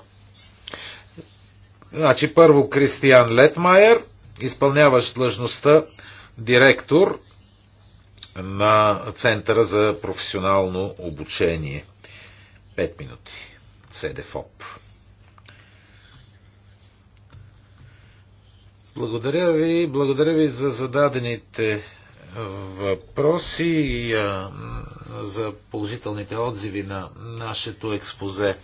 Значи първо Кристиан Летмайер, изпълняващ длъжността директор на Центъра за професионално обучение. Пет минути. СДФОП. Благодаря ви, благодаря ви за зададените въпроси за положителните отзиви на нашето експозе.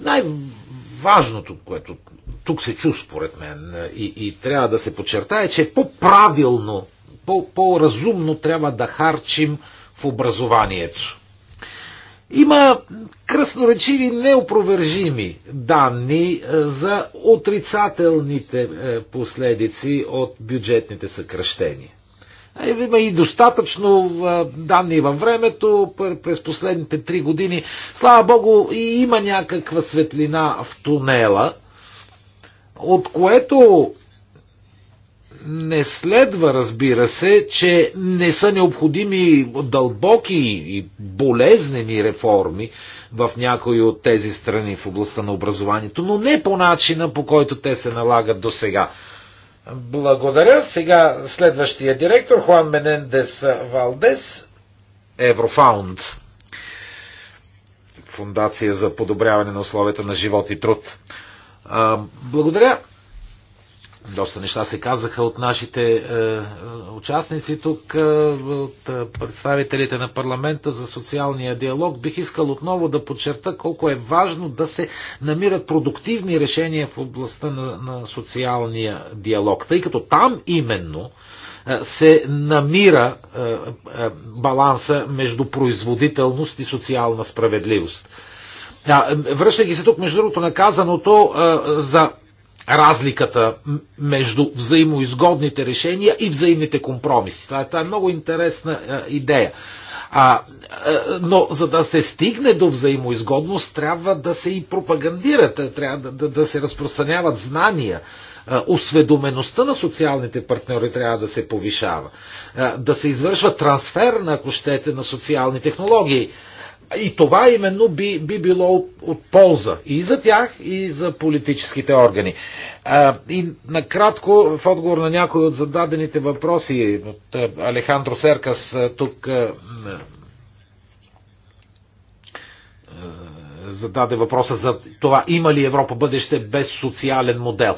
Най-важното, което тук се чу според мен и, и трябва да се подчертае, е, че по-правилно, по-разумно -по трябва да харчим в образованието има кръсноречиви неопровержими данни е, за отрицателните е, последици от бюджетните съкръщения. Има и достатъчно е, данни във времето, през последните три години. Слава Богу, и има някаква светлина в тунела, от което не следва, разбира се, че не са необходими дълбоки и болезнени реформи в някои от тези страни в областта на образованието, но не по начина, по който те се налагат до сега. Благодаря. Сега следващия директор, Хуан Менендес Валдес, Еврофаунд, Фундация за подобряване на условията на живот и труд. Благодаря. Доста неща се казаха от нашите е, участници тук, е, от е, представителите на парламента за социалния диалог. Бих искал отново да подчерта колко е важно да се намират продуктивни решения в областта на, на социалния диалог, тъй като там именно е, се намира е, баланса между производителност и социална справедливост. връщайки се тук, между другото, наказаното за разликата между взаимоизгодните решения и взаимните компромиси. Това е, това е много интересна е, идея. А, е, но за да се стигне до взаимоизгодност, трябва да се и пропагандират, трябва да, да, да се разпространяват знания. Е, осведомеността на социалните партньори трябва да се повишава, е, да се извършва трансфер, на, ако щете, на социални технологии и това именно би, би било от, от полза и за тях, и за политическите органи. А, и накратко, в отговор на някои от зададените въпроси от Алехандро Серкас тук а, а, зададе въпроса за това има ли Европа бъдеще без социален модел.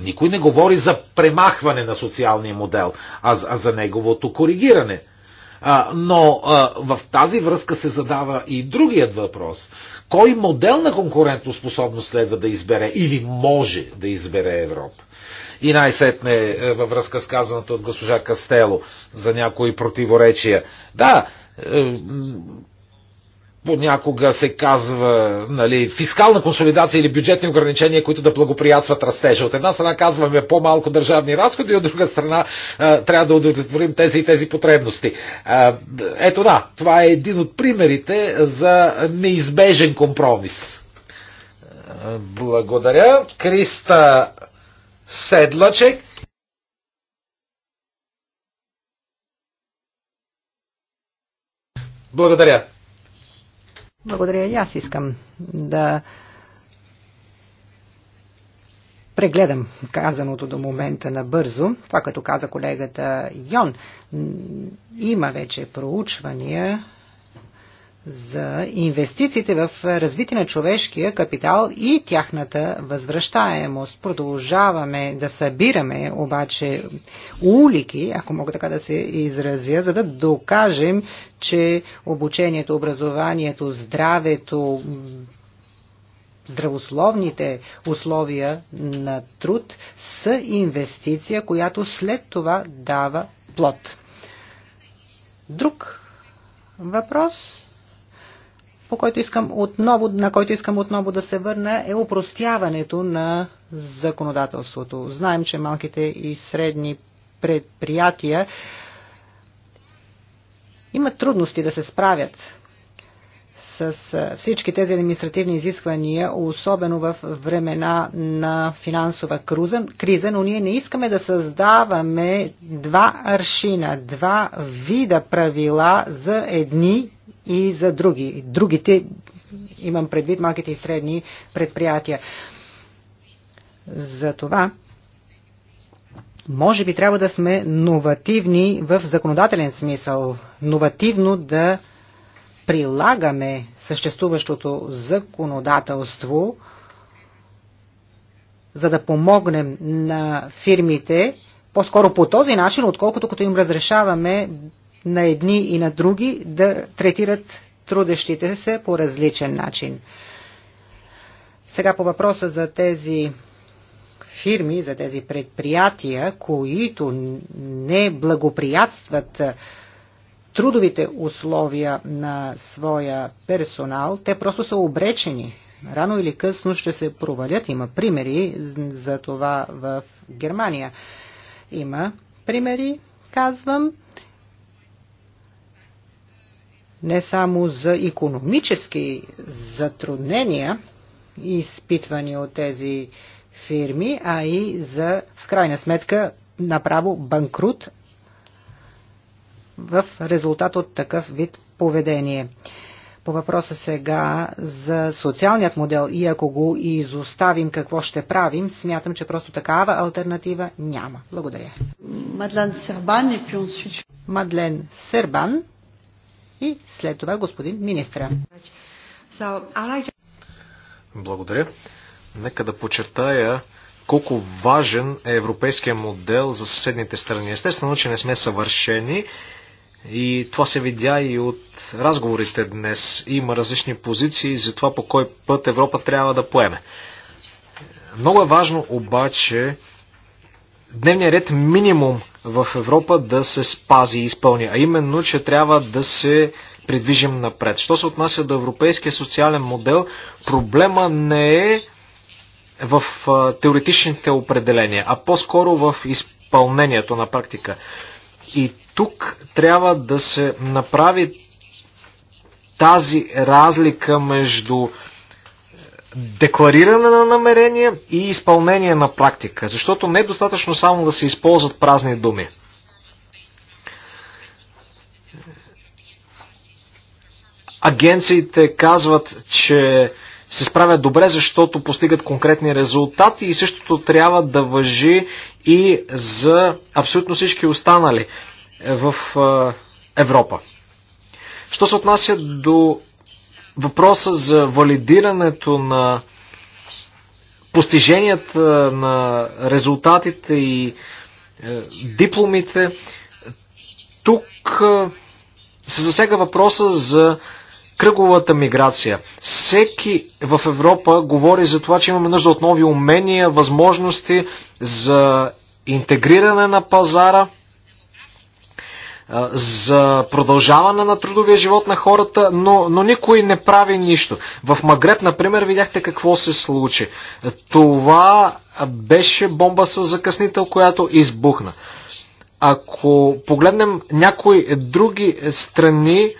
Никой не говори за премахване на социалния модел, а, а за неговото коригиране – но в тази връзка се задава и другият въпрос. Кой модел на конкурентоспособност следва да избере или може да избере Европа? И най-сетне е, във връзка с казаното от госпожа Кастело за някои противоречия. Да, е, понякога се казва нали, фискална консолидация или бюджетни ограничения, които да благоприятстват растежа. От една страна казваме по-малко държавни разходи, от друга страна а, трябва да удовлетворим тези и тези потребности. А, ето да, това е един от примерите за неизбежен компромис. Благодаря. Криста Седлачек. Благодаря. Благодаря. И аз искам да прегледам казаното до момента набързо. Това, като каза колегата Йон, има вече проучвания за инвестициите в развитие на човешкия капитал и тяхната възвръщаемост. Продължаваме да събираме обаче улики, ако мога така да се изразя, за да докажем, че обучението, образованието, здравето, здравословните условия на труд са инвестиция, която след това дава плод. Друг въпрос по който искам отново, на който искам отново да се върна, е упростяването на законодателството. Знаем, че малките и средни предприятия имат трудности да се справят с всички тези административни изисквания, особено в времена на финансова криза, но ние не искаме да създаваме два аршина, два вида правила за едни и за други. Другите, имам предвид малките и средни предприятия. За това може би трябва да сме новативни в законодателен смисъл, новативно да прилагаме съществуващото законодателство, за да помогнем на фирмите, по-скоро по този начин, отколкото като им разрешаваме на едни и на други да третират трудещите се по различен начин. Сега по въпроса за тези фирми, за тези предприятия, които не благоприятстват трудовите условия на своя персонал, те просто са обречени. Рано или късно ще се провалят. Има примери за това в Германия. Има примери, казвам, не само за економически затруднения, изпитвани от тези фирми, а и за, в крайна сметка, направо банкрут в резултат от такъв вид поведение. По въпроса сега за социалният модел и ако го изоставим, какво ще правим, смятам, че просто такава альтернатива няма. Благодаря. Мадлен Сербан. И след това господин министра. Благодаря. Нека да почертая колко важен е европейския модел за съседните страни. Естествено, че не сме съвършени и това се видя и от разговорите днес. Има различни позиции за това по кой път Европа трябва да поеме. Много е важно обаче дневният ред минимум в Европа да се спази и изпълни, а именно, че трябва да се придвижим напред. Що се отнася до европейския социален модел, проблема не е в теоретичните определения, а по-скоро в изпълнението на практика. И тук трябва да се направи тази разлика между деклариране на намерения и изпълнение на практика, защото не е достатъчно само да се използват празни думи. Агенциите казват, че се справят добре, защото постигат конкретни резултати и същото трябва да въжи и за абсолютно всички останали в е, Европа. Що се отнася до въпроса за валидирането на постиженията на резултатите и е, дипломите. Тук е, се засяга въпроса за кръговата миграция. Всеки в Европа говори за това, че имаме нужда от нови умения, възможности за интегриране на пазара за продължаване на трудовия живот на хората, но, но никой не прави нищо. В Магреб, например, видяхте какво се случи. Това беше бомба с закъснител, която избухна. Ако погледнем някои други страни,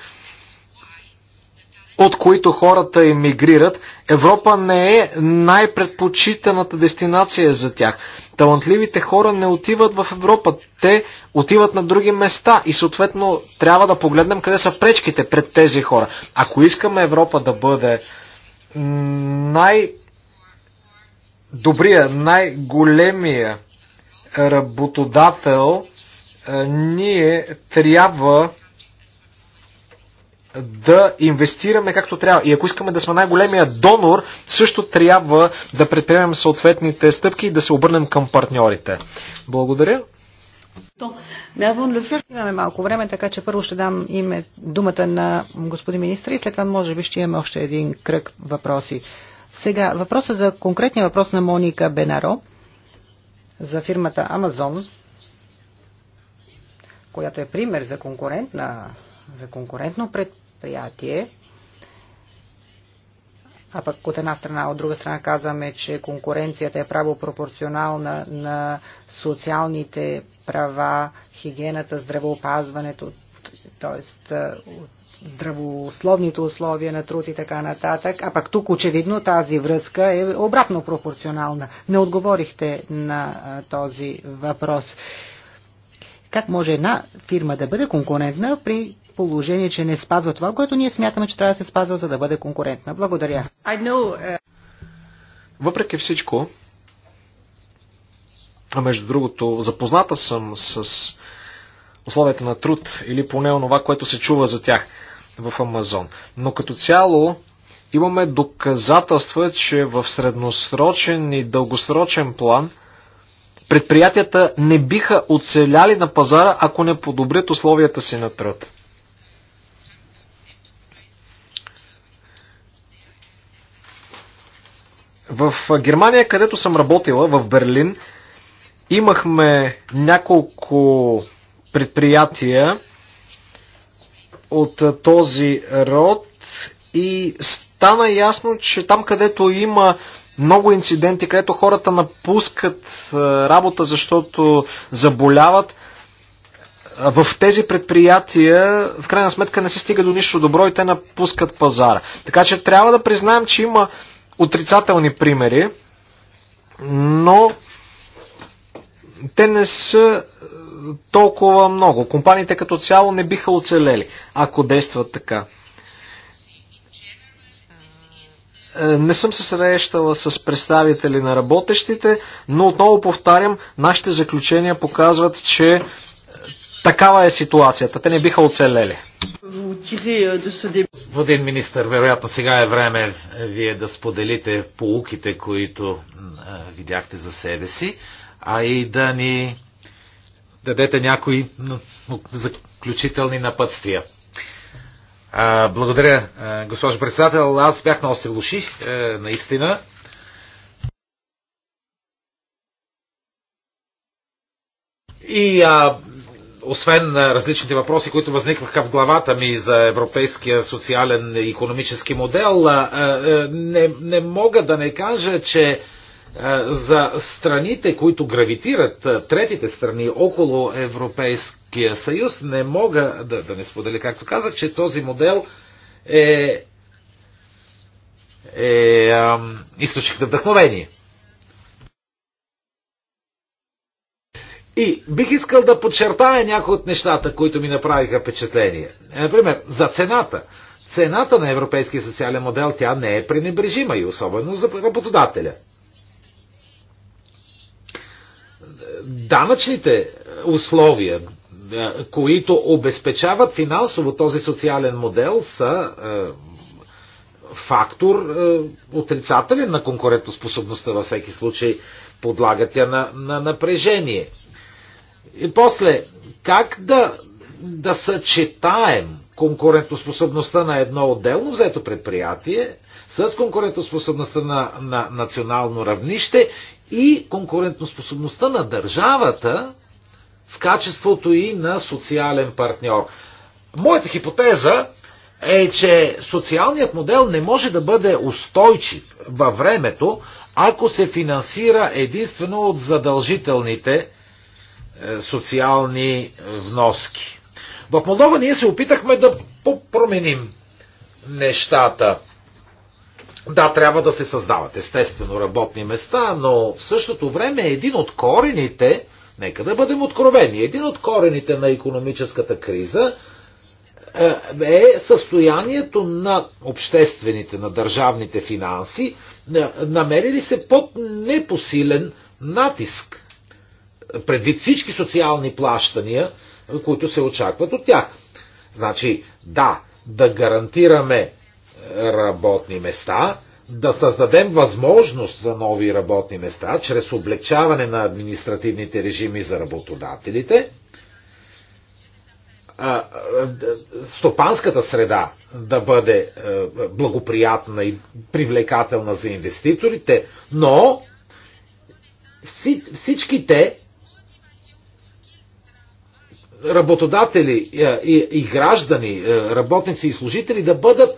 от които хората емигрират, Европа не е най-предпочитаната дестинация за тях. Талантливите хора не отиват в Европа, те отиват на други места и съответно трябва да погледнем къде са пречките пред тези хора. Ако искаме Европа да бъде най- добрия, най-големия работодател, е, ние трябва да инвестираме както трябва. И ако искаме да сме най-големия донор, също трябва да предприемем съответните стъпки и да се обърнем към партньорите. Благодаря. Имаме малко време, така че първо ще дам име, думата на господин министр и след това може би ще имаме още един кръг въпроси. Сега, въпросът за конкретния въпрос на Моника Бенаро за фирмата Амазон, която е пример за на, за конкурентно пред, предприятие. А пък от една страна, от друга страна казваме, че конкуренцията е право пропорционална на социалните права, хигиената, здравеопазването, т.е. здравословните условия на труд и така нататък. А пък тук очевидно тази връзка е обратно пропорционална. Не отговорихте на този въпрос. Как може една фирма да бъде конкурентна при положение, че не спазва това, което ние смятаме, че трябва да се спазва, за да бъде конкурентна. Благодаря. Know... Uh, Въпреки всичко, а между другото, запозната съм с условията на труд или поне онова, което се чува за тях в Амазон. Но като цяло имаме доказателства, че в средносрочен и дългосрочен план предприятията не биха оцеляли на пазара, ако не подобрят условията си на труд. В Германия, където съм работила, в Берлин, имахме няколко предприятия от този род и стана ясно, че там където има много инциденти, където хората напускат работа, защото заболяват, в тези предприятия в крайна сметка не се стига до нищо добро и те напускат пазара. Така че трябва да признаем, че има отрицателни примери, но те не са е, толкова много. Компаниите като цяло не биха оцелели, ако действат така. Е, не съм се срещала с представители на работещите, но отново повтарям, нашите заключения показват, че Такава е ситуацията. Те не биха оцелели. Господин министр, вероятно сега е време е, вие да споделите полуките, които видяхте за себе си, а и да ни дадете някои заключителни напътствия. А, благодаря, госпожо председател. Аз бях на остри луши, е, наистина. И а, освен различните въпроси, които възникваха в главата ми за европейския социален и економически модел, не, не мога да не кажа, че за страните, които гравитират, третите страни около Европейския съюз, не мога да, да не споделя, както казах, че този модел е, е, е източник на вдъхновение. И бих искал да подчертая някои от нещата, които ми направиха впечатление. Е, например, за цената. Цената на европейския социален модел тя не е пренебрежима и особено за работодателя. Данъчните условия, е, които обезпечават финансово този социален модел, са е, фактор отрицателен на конкурентоспособността във всеки случай. Подлагат я на, на напрежение. И после, как да, да съчетаем конкурентоспособността на едно отделно взето предприятие с конкурентоспособността на, на национално равнище и конкурентоспособността на държавата в качеството и на социален партньор. Моята хипотеза е, че социалният модел не може да бъде устойчив във времето, ако се финансира единствено от задължителните е, социални вноски. В Молдова ние се опитахме да променим нещата. Да, трябва да се създават естествено работни места, но в същото време един от корените, нека да бъдем откровени, един от корените на економическата криза е, е състоянието на обществените, на държавните финанси, е, намерили се под непосилен натиск предвид всички социални плащания, които се очакват от тях. Значи, да, да гарантираме работни места, да създадем възможност за нови работни места, чрез облегчаване на административните режими за работодателите, стопанската среда да бъде благоприятна и привлекателна за инвеститорите, но всички те работодатели е, и, и граждани, е, работници и служители да бъдат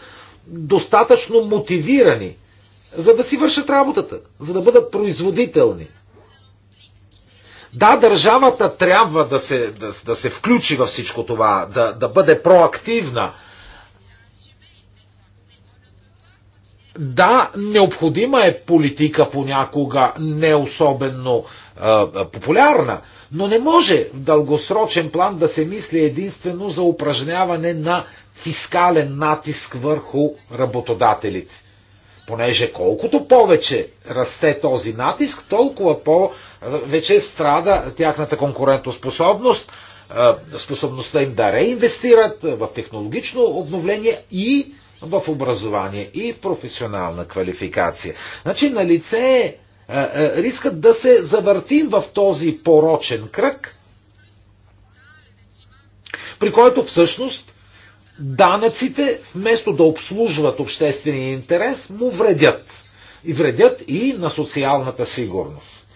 достатъчно мотивирани, за да си вършат работата, за да бъдат производителни. Да, държавата трябва да се, да, да се включи във всичко това, да, да бъде проактивна. Да, необходима е политика понякога, не особено е, е популярна, но не може в дългосрочен план да се мисли единствено за упражняване на фискален натиск върху работодателите. Понеже колкото повече расте този натиск, толкова повече страда тяхната конкурентоспособност, способността им да реинвестират в технологично обновление и в образование и в професионална квалификация. Значи на лице е е, е, рискът да се завъртим в този порочен кръг, при който всъщност данъците, вместо да обслужват обществения интерес, му вредят. И вредят и на социалната сигурност.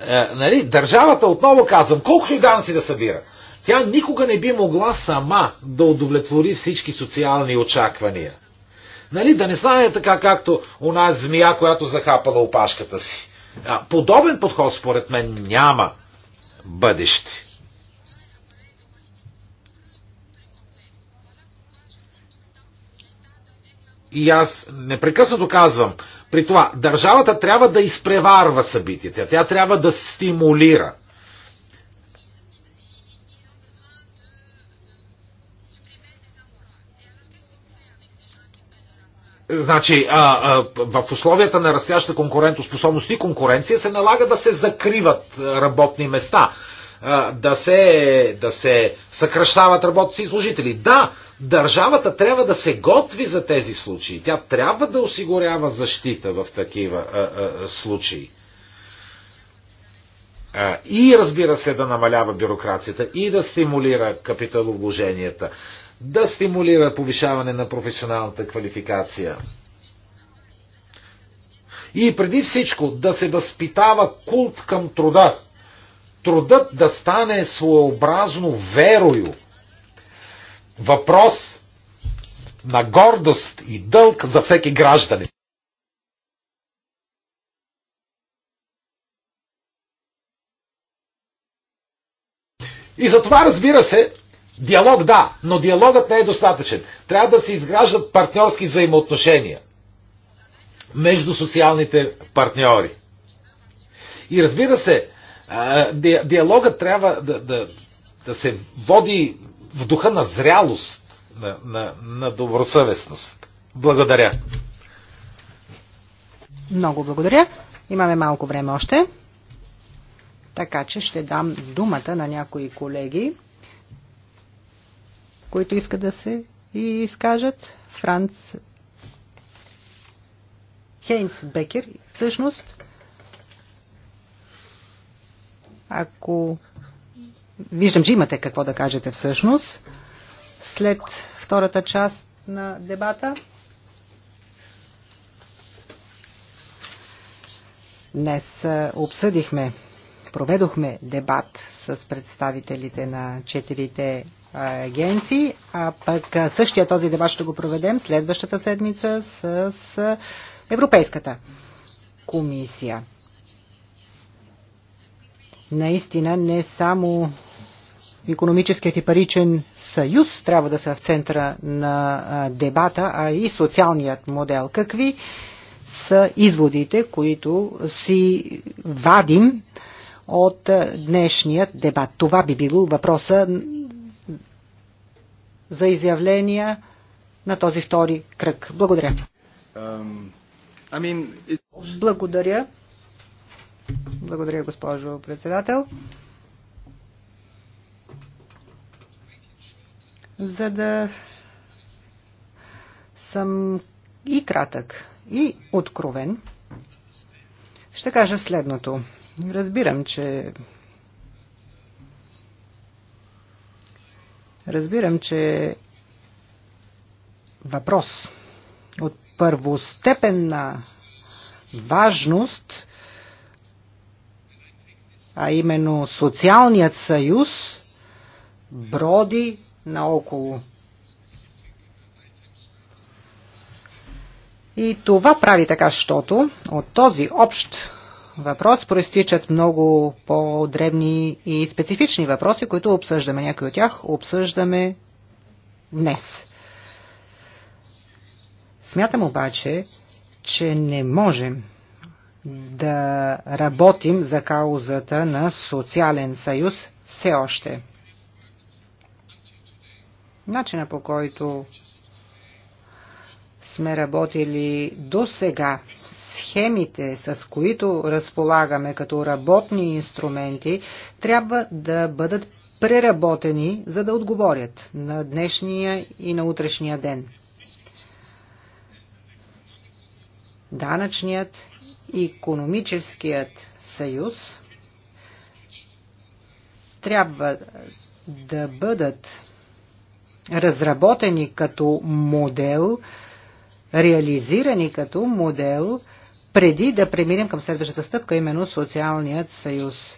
Е, нали, държавата, отново казвам, колкото и данъци да събира, тя никога не би могла сама да удовлетвори всички социални очаквания. Нали, да не стане така, както она змия, която захапала опашката си. Подобен подход, според мен, няма бъдеще. И аз непрекъснато казвам, при това държавата трябва да изпреварва събитията, тя трябва да стимулира. Значи, а, а, в условията на растяща конкурентоспособност и конкуренция се налага да се закриват работни места, а, да, се, да се съкръщават работници и служители. Да, държавата трябва да се готви за тези случаи. Тя трябва да осигурява защита в такива а, а, случаи. И разбира се да намалява бюрокрацията и да стимулира капиталовложенията да стимулира повишаване на професионалната квалификация. И преди всичко да се възпитава култ към труда. Трудът да стане своеобразно верою. Въпрос на гордост и дълг за всеки гражданин. И затова, разбира се, Диалог да, но диалогът не е достатъчен. Трябва да се изграждат партньорски взаимоотношения между социалните партньори. И разбира се, диалогът трябва да, да, да се води в духа на зрялост, на, на, на добросъвестност. Благодаря. Много благодаря. Имаме малко време още. Така че ще дам думата на някои колеги които искат да се изкажат. Франц Хейнс Бекер. Всъщност, ако виждам, че имате какво да кажете всъщност, след втората част на дебата. Днес обсъдихме проведохме дебат с представителите на четирите агенции, а пък същия този дебат ще го проведем следващата седмица с Европейската комисия. Наистина не само економическият и паричен съюз трябва да са в центъра на дебата, а и социалният модел. Какви са изводите, които си вадим от е, днешният дебат. Това би било въпроса за изявления на този втори кръг. Благодаря. Благодаря. Благодаря, госпожо председател. За да съм и кратък, и откровен, ще кажа следното. Разбирам, че Разбирам, че въпрос от първостепенна важност, а именно социалният съюз, броди наоколо. И това прави така, щото от този общ въпрос проистичат много по-дребни и специфични въпроси, които обсъждаме. Някои от тях обсъждаме днес. Смятам обаче, че не можем да работим за каузата на социален съюз все още. Начина по който сме работили до сега схемите, с които разполагаме като работни инструменти, трябва да бъдат преработени, за да отговорят на днешния и на утрешния ден. Данъчният и економическият съюз трябва да бъдат разработени като модел, реализирани като модел преди да преминем към следващата стъпка, именно социалният съюз.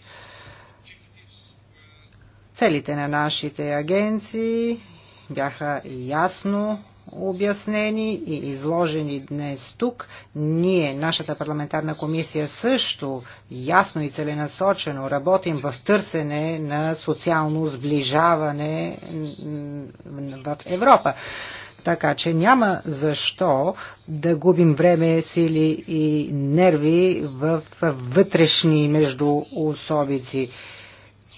Целите на нашите агенции бяха ясно обяснени и изложени днес тук. Ние, нашата парламентарна комисия също ясно и целенасочено работим в търсене на социално сближаване в Европа. Така че няма защо да губим време, сили и нерви в вътрешни между особици.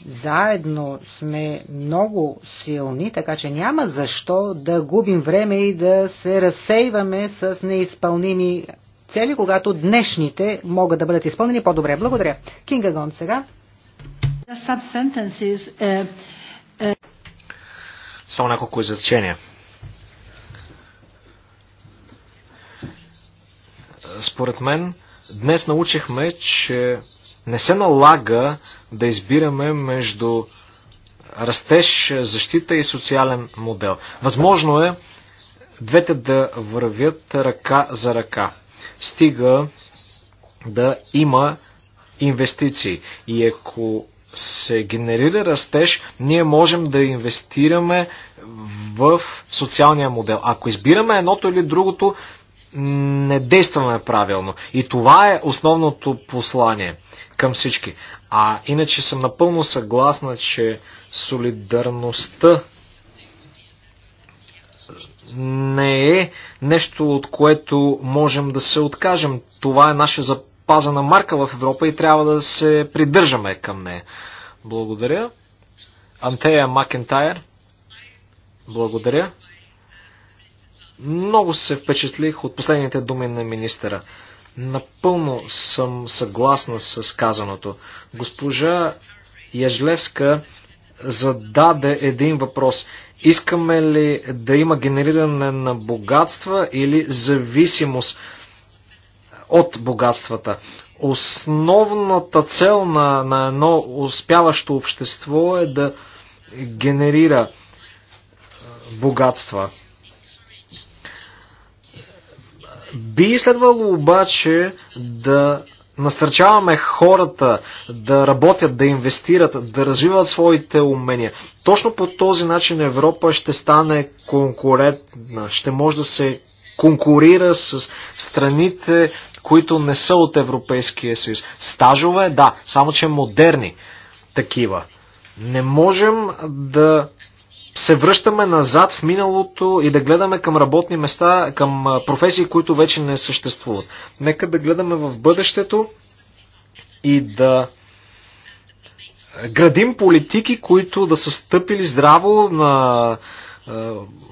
Заедно сме много силни, така че няма защо да губим време и да се разсейваме с неизпълними цели, когато днешните могат да бъдат изпълнени по-добре. Благодаря. Кинга Гон сега. Uh, uh, Само няколко изречения. Според мен, днес научихме, че не се налага да избираме между растеж, защита и социален модел. Възможно е двете да вървят ръка за ръка. Стига да има инвестиции. И ако се генерира растеж, ние можем да инвестираме в социалния модел. Ако избираме едното или другото, не действаме правилно. И това е основното послание към всички. А иначе съм напълно съгласна, че солидарността не е нещо, от което можем да се откажем. Това е наша запазена марка в Европа и трябва да се придържаме към нея. Благодаря. Антея Макентайр. Благодаря. Много се впечатлих от последните думи на министъра. Напълно съм съгласна с казаното. Госпожа Яжлевска зададе един въпрос. Искаме ли да има генериране на богатства или зависимост от богатствата? Основната цел на, на едно успяващо общество е да генерира богатства. Би следвало обаче да насърчаваме хората да работят, да инвестират, да развиват своите умения. Точно по този начин Европа ще стане конкурентна, ще може да се конкурира с страните, които не са от Европейския съюз. Стажове, да, само че модерни такива. Не можем да се връщаме назад в миналото и да гледаме към работни места, към професии, които вече не съществуват. Нека да гледаме в бъдещето и да градим политики, които да са стъпили здраво на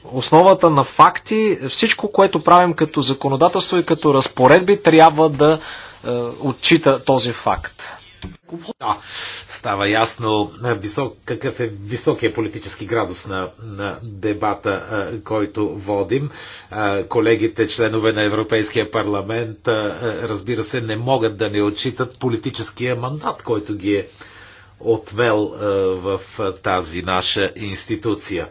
основата на факти. Всичко, което правим като законодателство и като разпоредби, трябва да отчита този факт. Да, става ясно е, висок, какъв е високия политически градус на, на дебата, е, който водим. Е, колегите, членове на Европейския парламент, разбира се, не могат да не отчитат политическия мандат, който ги е отвел в тази наша институция.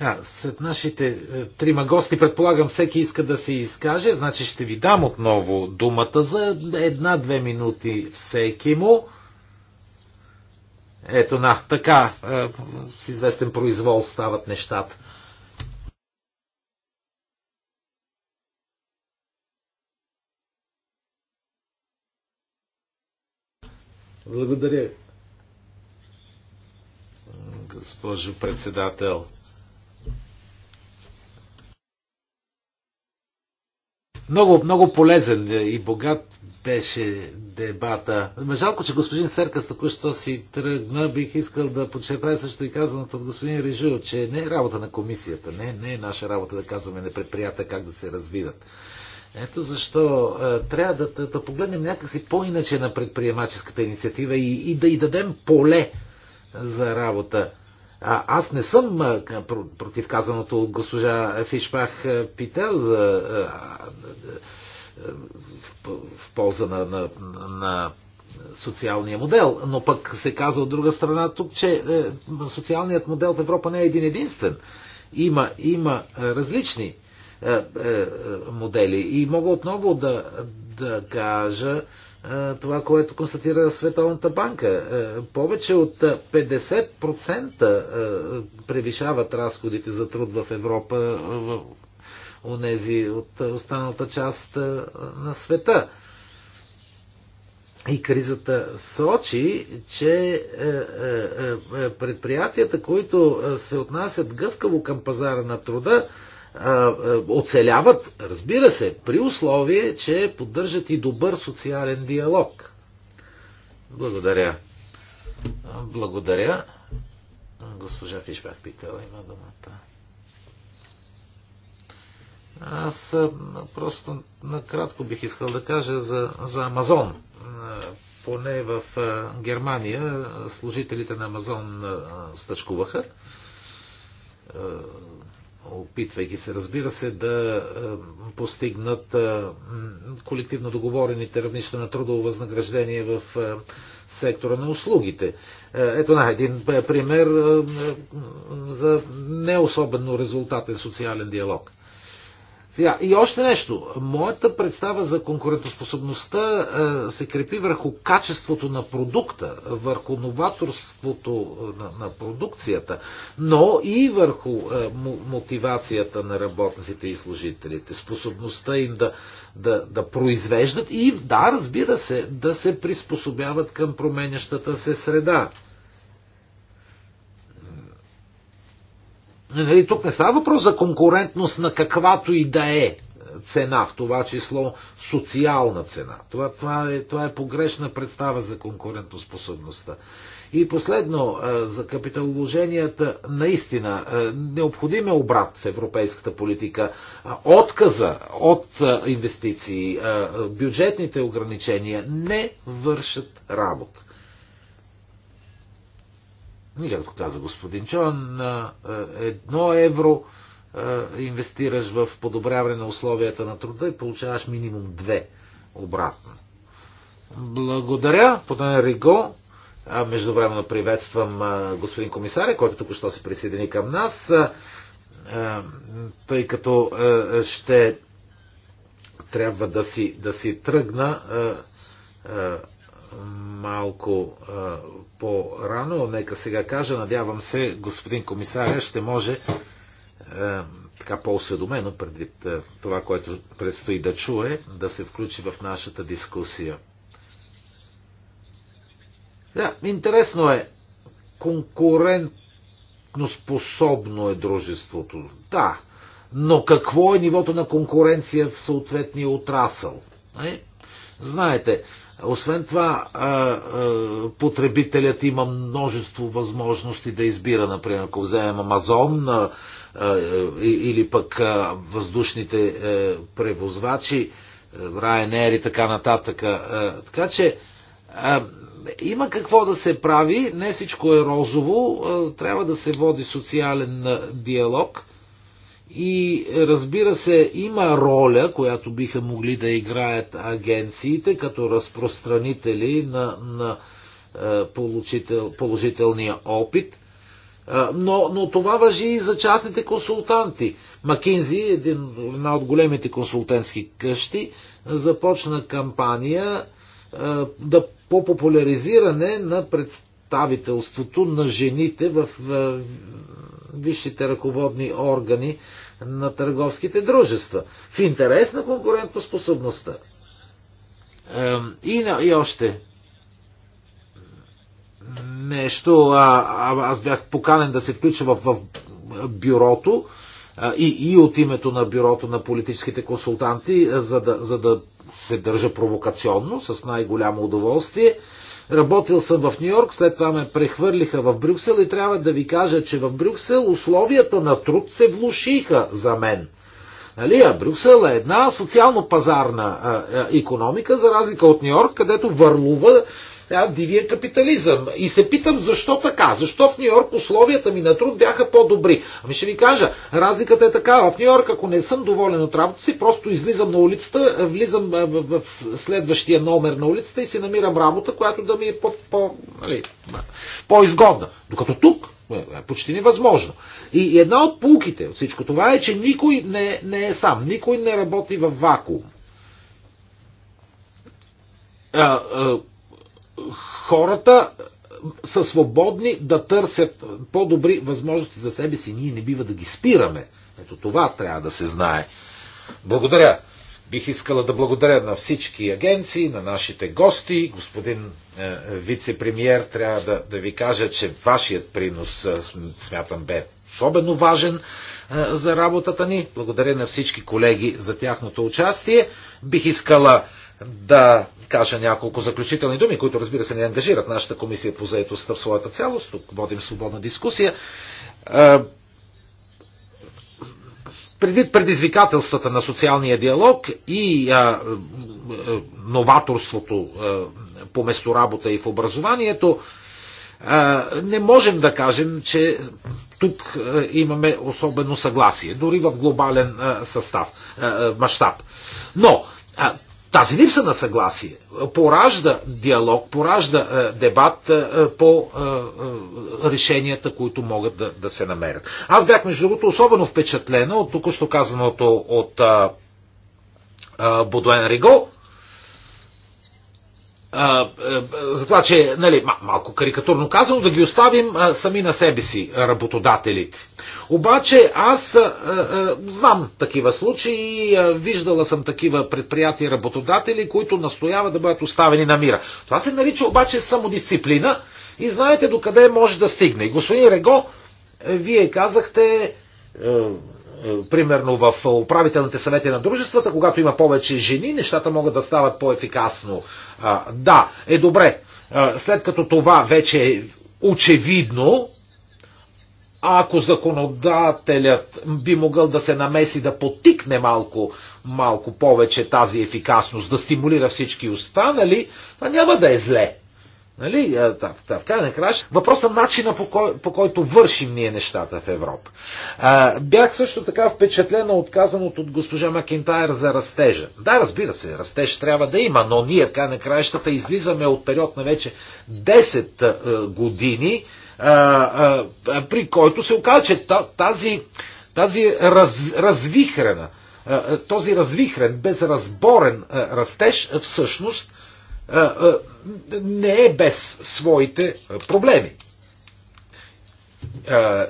Така, след нашите е, трима гости, предполагам, всеки иска да се изкаже, значи ще ви дам отново думата за една-две минути всеки му. Ето на, така, е, с известен произвол стават нещата. Благодаря, госпожо председател. Много, много полезен и богат беше дебата. Жалко, че господин Серкас току-що си тръгна. Бих искал да подчертая също и казаното от господин Режу, че не е работа на комисията, не, не е наша работа да казваме на предприятия как да се развиват. Ето защо е, трябва да, да, да погледнем някакси по-иначе на предприемаческата инициатива и, и да й дадем поле за работа. А, аз не съм а, против казаното от госпожа Фишпах Пител за, в, в полза на, на, на социалния модел, но пък се казва от друга страна тук, че е, социалният модел в Европа не е един единствен. Има, има различни е, е, модели. И мога отново да, да кажа, това, което констатира Световната банка. Повече от 50% превишават разходите за труд в Европа в онези от останалата част на света. И кризата сочи, че предприятията, които се отнасят гъвкаво към пазара на труда, оцеляват, разбира се, при условие, че поддържат и добър социален диалог. Благодаря. Благодаря. Госпожа Фишбак питала, има думата. Аз просто накратко бих искал да кажа за, за Амазон. Поне в Германия служителите на Амазон стъчкуваха опитвайки се, разбира се, да постигнат колективно договорените равнища на трудово възнаграждение в сектора на услугите. Ето на един пример за не особено резултатен социален диалог. Сега, и още нещо. Моята представа за конкурентоспособността е, се крепи върху качеството на продукта, върху новаторството е, на, на продукцията, но и върху е, мотивацията на работниците и служителите, способността им да, да, да произвеждат и, да, разбира се, да се приспособяват към променящата се среда. Нали, тук не става въпрос за конкурентност на каквато и да е цена, в това число социална цена. Това, това, е, това е погрешна представа за конкурентоспособността. И последно, е, за капиталоложенията наистина, е, необходим е обрат в европейската политика. Отказа от е, инвестиции, бюджетните ограничения не вършат работа. И както каза господин Чон, едно евро инвестираш в подобряване на условията на труда и получаваш минимум две обратно. Благодаря, поне Риго. Междувременно приветствам господин комисаря, който току-що се присъедини към нас, тъй като ще трябва да си, да си тръгна малко по-рано. Нека сега кажа, надявам се, господин комисаря ще може така по-осведомено предвид това, което предстои да чуе, да се включи в нашата дискусия. Да, интересно е. Конкурентно способно е дружеството. Да. Но какво е нивото на конкуренция в съответния отрасъл? Е? Знаете, освен това, потребителят има множество възможности да избира, например, ако вземем Амазон или пък въздушните е, превозвачи, е, Ryanair и така нататък. Така че има какво да се прави, не всичко е розово, трябва да се води социален диалог – и разбира се, има роля, която биха могли да играят агенциите като разпространители на, на е, положител, положителния опит. Е, но, но това въжи и за частните консултанти. Макинзи, една от големите консултантски къщи, започна кампания е, да, по популяризиране на представителството на жените в висшите ръководни органи на търговските дружества. В интерес на конкурентоспособността. И, и още нещо. А, а, аз бях поканен да се включа в, в бюрото а, и, и от името на бюрото на политическите консултанти, за да, за да се държа провокационно, с най-голямо удоволствие. А, Работил съм в Нью Йорк, след това ме прехвърлиха в Брюксел и трябва да ви кажа, че в Брюксел условията на труд се влушиха за мен. Нали, а Брюксел е една социално-пазарна економика, за разлика от Нью-Йорк, където върлува а, дивия капитализъм. И се питам защо така? Защо в Нью Йорк условията ми на труд бяха по-добри? Ами ще ви кажа, разликата е такава. В Нью Йорк, ако не съм доволен от работа си, просто излизам на улицата, влизам в, в, в следващия номер на улицата и си намирам работа, която да ми е по, по, нали, по-изгодна. Докато тук, е, е, почти невъзможно. И една от пулките от всичко това е, че никой не, не е сам, никой не работи в вакуум. А, а, хората са свободни да търсят по-добри възможности за себе си. Ние не бива да ги спираме. Ето това трябва да се знае. Благодаря. Бих искала да благодаря на всички агенции, на нашите гости. Господин е, вице-премьер, трябва да, да ви кажа, че вашият принос, е, смятам, бе особено важен е, за работата ни. Благодаря на всички колеги за тяхното участие. Бих искала да кажа няколко заключителни думи, които разбира се не ангажират нашата комисия по заедостта в своята цялост. Тук водим свободна дискусия. Е, предвид предизвикателствата на социалния диалог и а, е, е, новаторството а, по месторабота и в образованието, а, не можем да кажем, че тук а, имаме особено съгласие, дори в глобален а, състав, а, мащаб. Но а, тази липса на съгласие поражда диалог, поражда е, дебат е, е, по решенията, които могат да, да се намерят. Аз бях, между другото, особено впечатлена от току-що казаното от Бодуен Риго, е, за това, че, нали, малко карикатурно казано, да ги оставим сами на себе си, работодателите. Обаче аз знам такива случаи, виждала съм такива предприятия и работодатели, които настояват да бъдат оставени на мира. Това се нарича обаче самодисциплина и знаете докъде може да стигне. Господин Рего, вие казахте е, е, примерно в управителните съвети на дружествата, когато има повече жени, нещата могат да стават по-ефикасно. Да, е добре. Е, след като това вече е очевидно, а ако законодателят би могъл да се намеси да потикне малко, малко повече тази ефикасност, да стимулира всички останали, няма да е зле. Нали? Е, в крайна краш, въпроса е начина по, кой, по който вършим ние нещата в Европа. А, бях също така впечатлена от казаното от госпожа Макентайр за растежа. Да, разбира се, растеж трябва да има, но ние в крайна краищата излизаме от период на вече 10 години, а, а, при който се оказа, че тази, тази раз, развихрена, този развихрен, безразборен растеж всъщност не е без своите проблеми.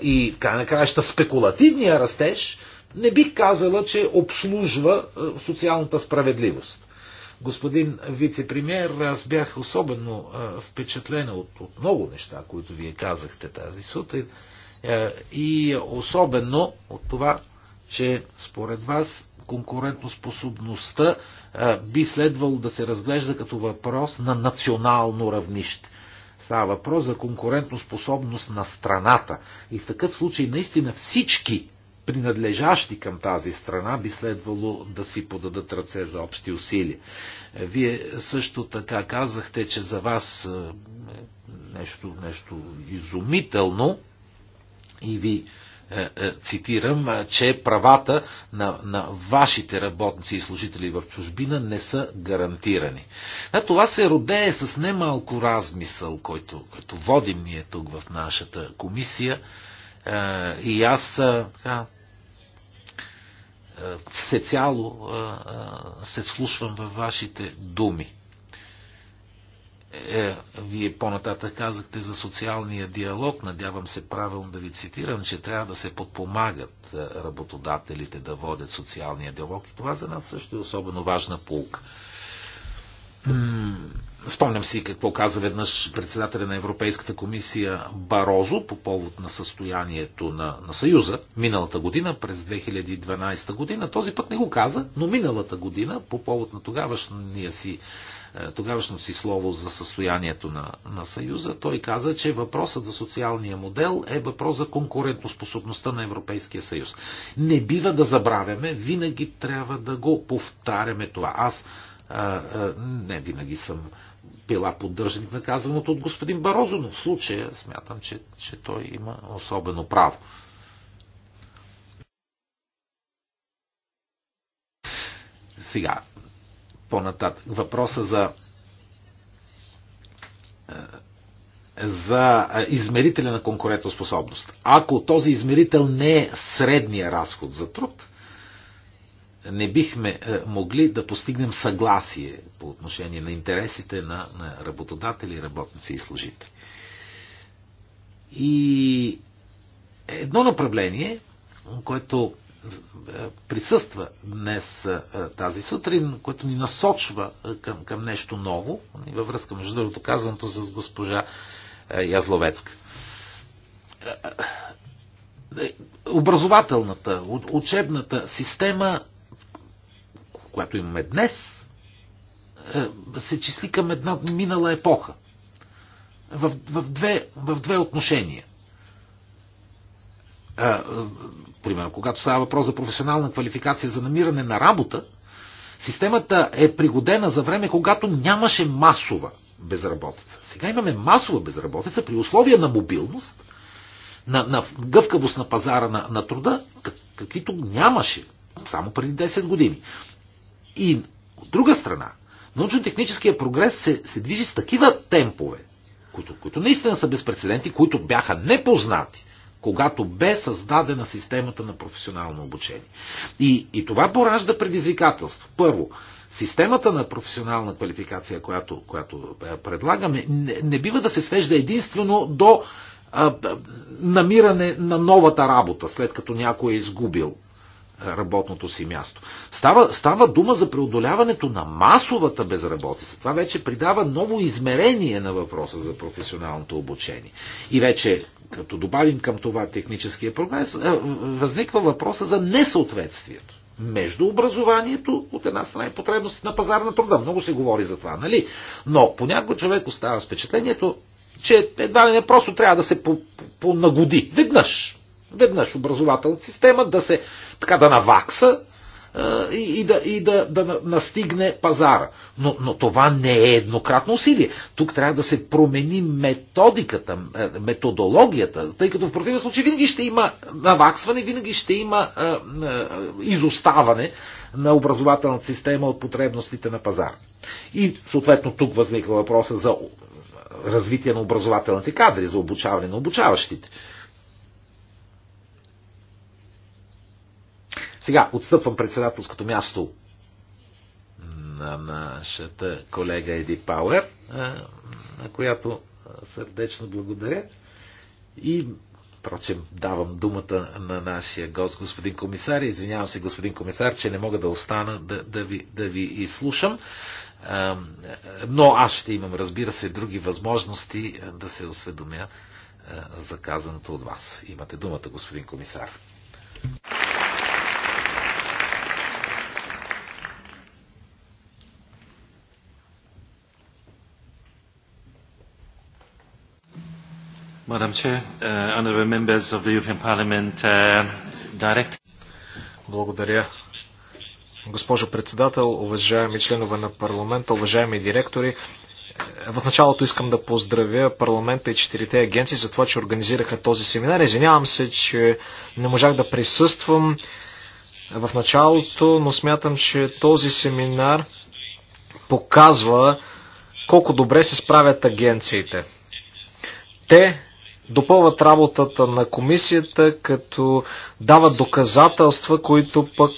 И край на краища спекулативния растеж не бих казала, че обслужва социалната справедливост. Господин вице-премьер, аз бях особено впечатлен от, от много неща, които вие казахте тази сутрин. И особено от това, че според вас конкурентоспособността би следвало да се разглежда като въпрос на национално равнище. Става въпрос за конкурентоспособност на страната. И в такъв случай наистина всички принадлежащи към тази страна, би следвало да си подадат ръце за общи усилия. Вие също така казахте, че за вас е, нещо, нещо изумително и ви е, е, цитирам, че правата на, на вашите работници и служители в чужбина не са гарантирани. А това се родее с немалко размисъл, който, който водим ние тук в нашата комисия. Е, и аз така, всецяло се вслушвам във вашите думи. Е, вие по-нататък казахте за социалния диалог. Надявам се правилно да ви цитирам, че трябва да се подпомагат е, работодателите да водят социалния диалог. И това за нас също е особено важна полка. Спомням си какво каза веднъж председателя на Европейската комисия Барозо по повод на състоянието на, на Съюза миналата година, през 2012 година. Този път не го каза, но миналата година по повод на тогавашния си е, тогавашното си слово за състоянието на, на Съюза, той каза, че въпросът за социалния модел е въпрос за конкурентоспособността на Европейския съюз. Не бива да забравяме, винаги трябва да го повтаряме това. Аз а, е, а, е, не винаги съм била поддържаник на казаното от господин Барозо, но в случая смятам, че, че той има особено право. Сега, по-нататък. Въпроса за е, за е, измерителя на конкурентоспособност. Ако този измерител не е средния разход за труд, не бихме е, могли да постигнем съгласие по отношение на интересите на, работодатели, работници и служители. И едно направление, което присъства днес тази сутрин, което ни насочва към, към нещо ново, във връзка, между другото, казаното с госпожа Язловецка. Образователната, учебната система, която имаме днес, се числи към една минала епоха. В, в, две, в две отношения примерно, когато става въпрос за професионална квалификация за намиране на работа, системата е пригодена за време, когато нямаше масова безработица. Сега имаме масова безработица при условия на мобилност, на, на гъвкавост на пазара на, на труда, как, каквито нямаше само преди 10 години. И от друга страна, научно-техническия прогрес се, се движи с такива темпове, които, които наистина са безпредседенти, които бяха непознати когато бе създадена системата на професионално обучение. И, и това поражда предизвикателство. Първо, системата на професионална квалификация, която, която е, предлагаме, не, не бива да се свежда единствено до а, намиране на новата работа, след като някой е изгубил работното си място. Става, става дума за преодоляването на масовата безработица. Това вече придава ново измерение на въпроса за професионалното обучение. И вече, като добавим към това техническия прогрес, е, възниква въпроса за несъответствието между образованието, от една страна и потребностите на пазар на труда. Много се говори за това, нали? Но понякога човек остава с впечатлението, че едва ли не просто трябва да се понагоди. Веднъж веднъж образователната система да се така да навакса и, и, да, и да, да настигне пазара. Но, но това не е еднократно усилие. Тук трябва да се промени методиката, е, методологията, тъй като в противен случай винаги ще има наваксване, винаги ще има а, е, а, е, изоставане на образователната система от потребностите на пазара. И съответно тук възниква въпроса за развитие на образователните кадри, за обучаване на обучаващите. Сега отстъпвам председателското място на нашата колега Еди Пауер, на която сърдечно благодаря. И, впрочем, давам думата на нашия гост, господин комисар. Извинявам се, господин комисар, че не мога да остана да, да, ви, да ви изслушам. Но аз ще имам, разбира се, други възможности да се осведомя за казаното от вас. Имате думата, господин комисар. Madam Chair, uh, members of the European Parliament, uh, direct... Благодаря. Госпожо председател, уважаеми членове на парламента, уважаеми директори, е, в началото искам да поздравя парламента и четирите агенции за това, че организираха този семинар. Извинявам се, че не можах да присъствам в началото, но смятам, че този семинар показва колко добре се справят агенциите. Те допълват работата на комисията, като дават доказателства, които пък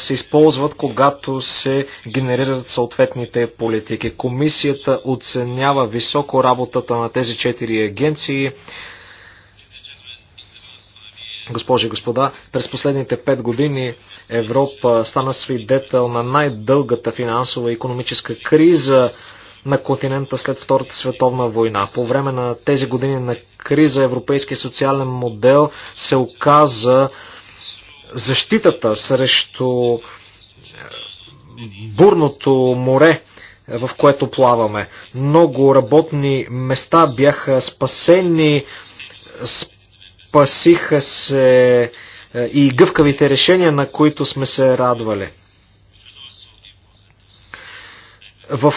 се използват, когато се генерират съответните политики. Комисията оценява високо работата на тези четири агенции. Госпожи и господа, през последните пет години Европа стана свидетел на най-дългата финансова и економическа криза на континента след Втората световна война. По време на тези години на криза европейския социален модел се оказа защитата срещу е, бурното море, е, в което плаваме. Много работни места бяха спасени, спасиха се е, и гъвкавите решения, на които сме се радвали. В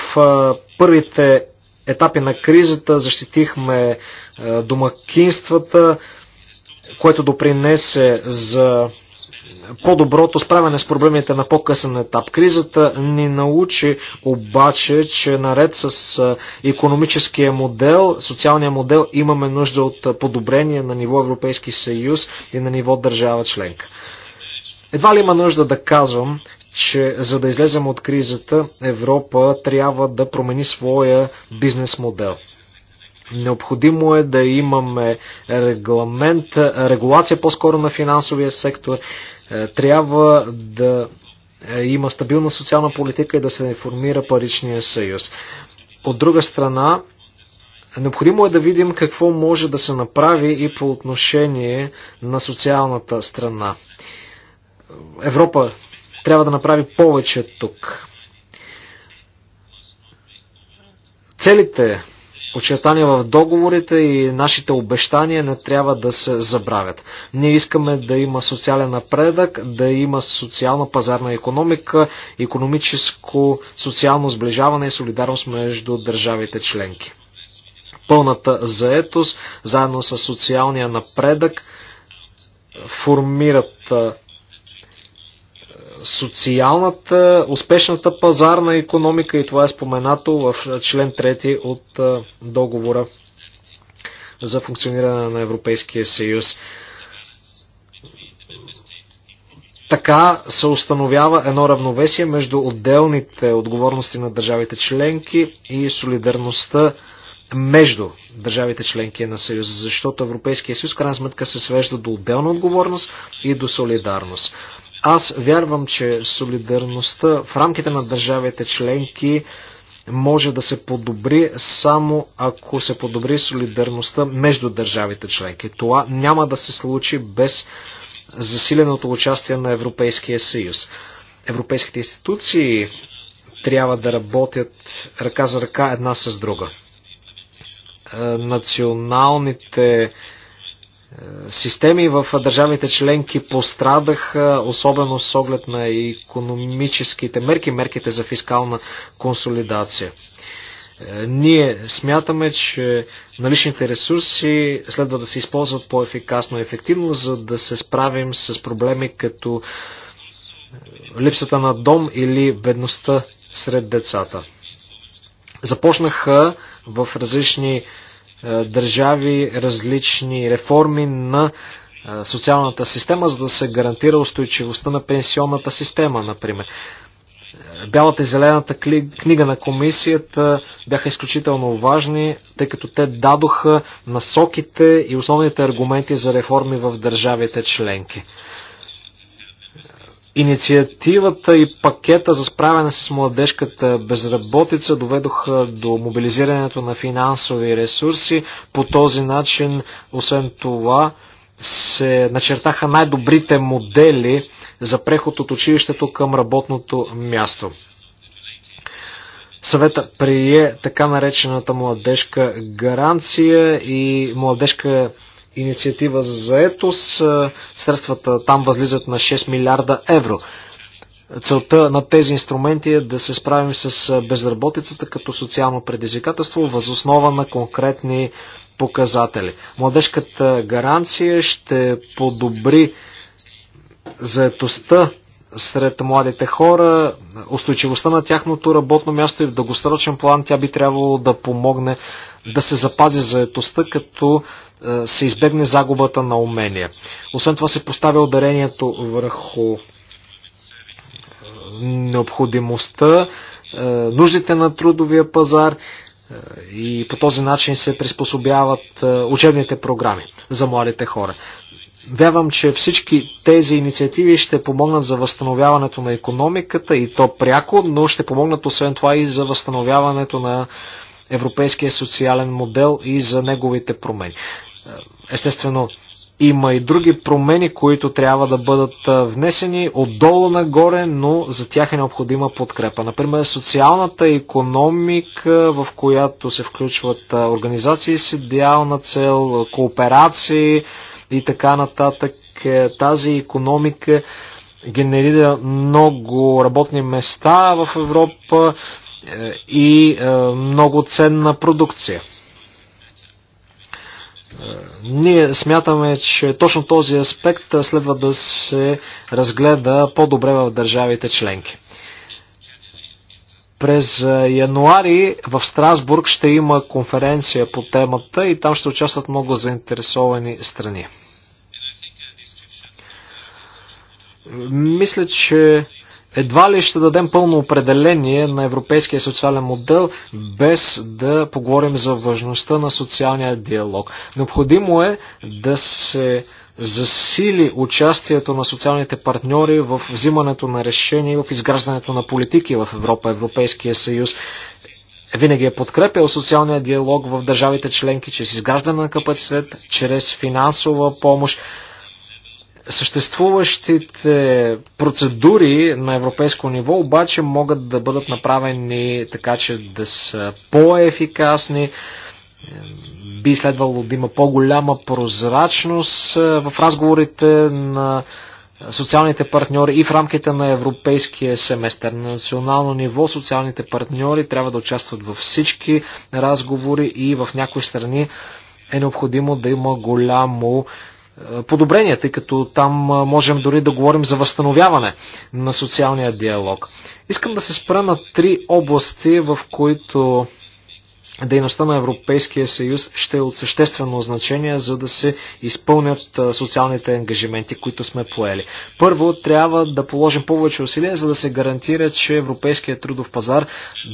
първите етапи на кризата защитихме домакинствата, което допринесе за по-доброто справяне с проблемите на по-късен етап. Кризата ни научи обаче, че наред с економическия модел, социалния модел, имаме нужда от подобрение на ниво Европейски съюз и на ниво държава членка. Едва ли има нужда да казвам, че за да излезем от кризата, Европа трябва да промени своя бизнес модел. Необходимо е да имаме регламент, регулация по-скоро на финансовия сектор. Е, трябва да е, има стабилна социална политика и да се реформира паричния съюз. От друга страна, необходимо е да видим какво може да се направи и по отношение на социалната страна. Европа трябва да направи повече тук. Целите, очертания в договорите и нашите обещания не трябва да се забравят. Ние искаме да има социален напредък, да има социална пазарна економика, економическо, социално сближаване и солидарност между държавите членки. Пълната заетост, заедно с социалния напредък, формират социалната, успешната пазарна економика и това е споменато в член 3 от договора за функциониране на Европейския съюз. Така се установява едно равновесие между отделните отговорности на държавите членки и солидарността между държавите членки на Съюза, защото Европейския съюз крайна сметка се свежда до отделна отговорност и до солидарност. Аз вярвам, че солидарността в рамките на държавите членки може да се подобри само ако се подобри солидарността между държавите членки. Това няма да се случи без засиленото участие на Европейския съюз. Европейските институции трябва да работят ръка за ръка една с друга. Е, националните системи в държавите членки пострадаха, особено с оглед на економическите мерки, мерките за фискална консолидация. Е, ние смятаме, че наличните ресурси следва да се използват по-ефикасно и ефективно, за да се справим с проблеми като липсата на дом или бедността сред децата. Започнаха в различни е, държави различни реформи на е, социалната система, за да се гарантира устойчивостта на пенсионната система, например. Е, бялата и зелената книга на комисията бяха изключително важни, тъй като те дадоха насоките и основните аргументи за реформи в държавите членки. Инициативата и пакета за справяне с младежката безработица доведоха до мобилизирането на финансови ресурси. По този начин, освен това, се начертаха най-добрите модели за преход от училището към работното място. Съвета прие така наречената младежка гаранция и младежка инициатива за заетост. Средствата там възлизат на 6 милиарда евро. Целта на тези инструменти е да се справим с безработицата като социално предизвикателство, възоснова на конкретни показатели. Младежката гаранция ще подобри заетостта сред младите хора, устойчивостта на тяхното работно място и в дългосрочен план тя би трябвало да помогне да се запази заетостта, като е, се избегне загубата на умения. Освен това се поставя ударението върху е, необходимостта, е, нуждите на трудовия пазар и по този начин се приспособяват учебните програми за младите хора. Вярвам, че всички тези инициативи ще помогнат за възстановяването на економиката и то пряко, но ще помогнат освен това и за възстановяването на европейския социален модел и за неговите промени. Естествено, има и други промени, които трябва да бъдат внесени отдолу нагоре, но за тях е необходима подкрепа. Например, социалната економика, в която се включват организации с идеална цел, кооперации, и така нататък. Е, тази економика генерира много работни места в Европа е, и е, много ценна продукция. Ние смятаме, че точно този аспект следва да се разгледа по-добре в държавите членки. През януари в Страсбург ще има конференция по темата и там ще участват много заинтересовани страни. Мисля, че едва ли ще дадем пълно определение на европейския социален модел, без да поговорим за важността на социалния диалог. Необходимо е да се засили участието на социалните партньори в взимането на решения и в изграждането на политики в Европа, Европейския съюз. Винаги е подкрепял социалния диалог в държавите членки чрез изграждане на капацитет, чрез финансова помощ. Съществуващите процедури на европейско ниво обаче могат да бъдат направени така, че да са по-ефикасни. Би следвало да има по-голяма прозрачност в разговорите на социалните партньори и в рамките на европейския семестър. На национално ниво социалните партньори трябва да участват във всички разговори и в някои страни е необходимо да има голямо подобрения, тъй като там можем дори да говорим за възстановяване на социалния диалог. Искам да се спра на три области, в които дейността на Европейския съюз ще е от съществено значение, за да се изпълнят социалните ангажименти, които сме поели. Първо, трябва да положим повече усилия, за да се гарантира, че Европейският трудов пазар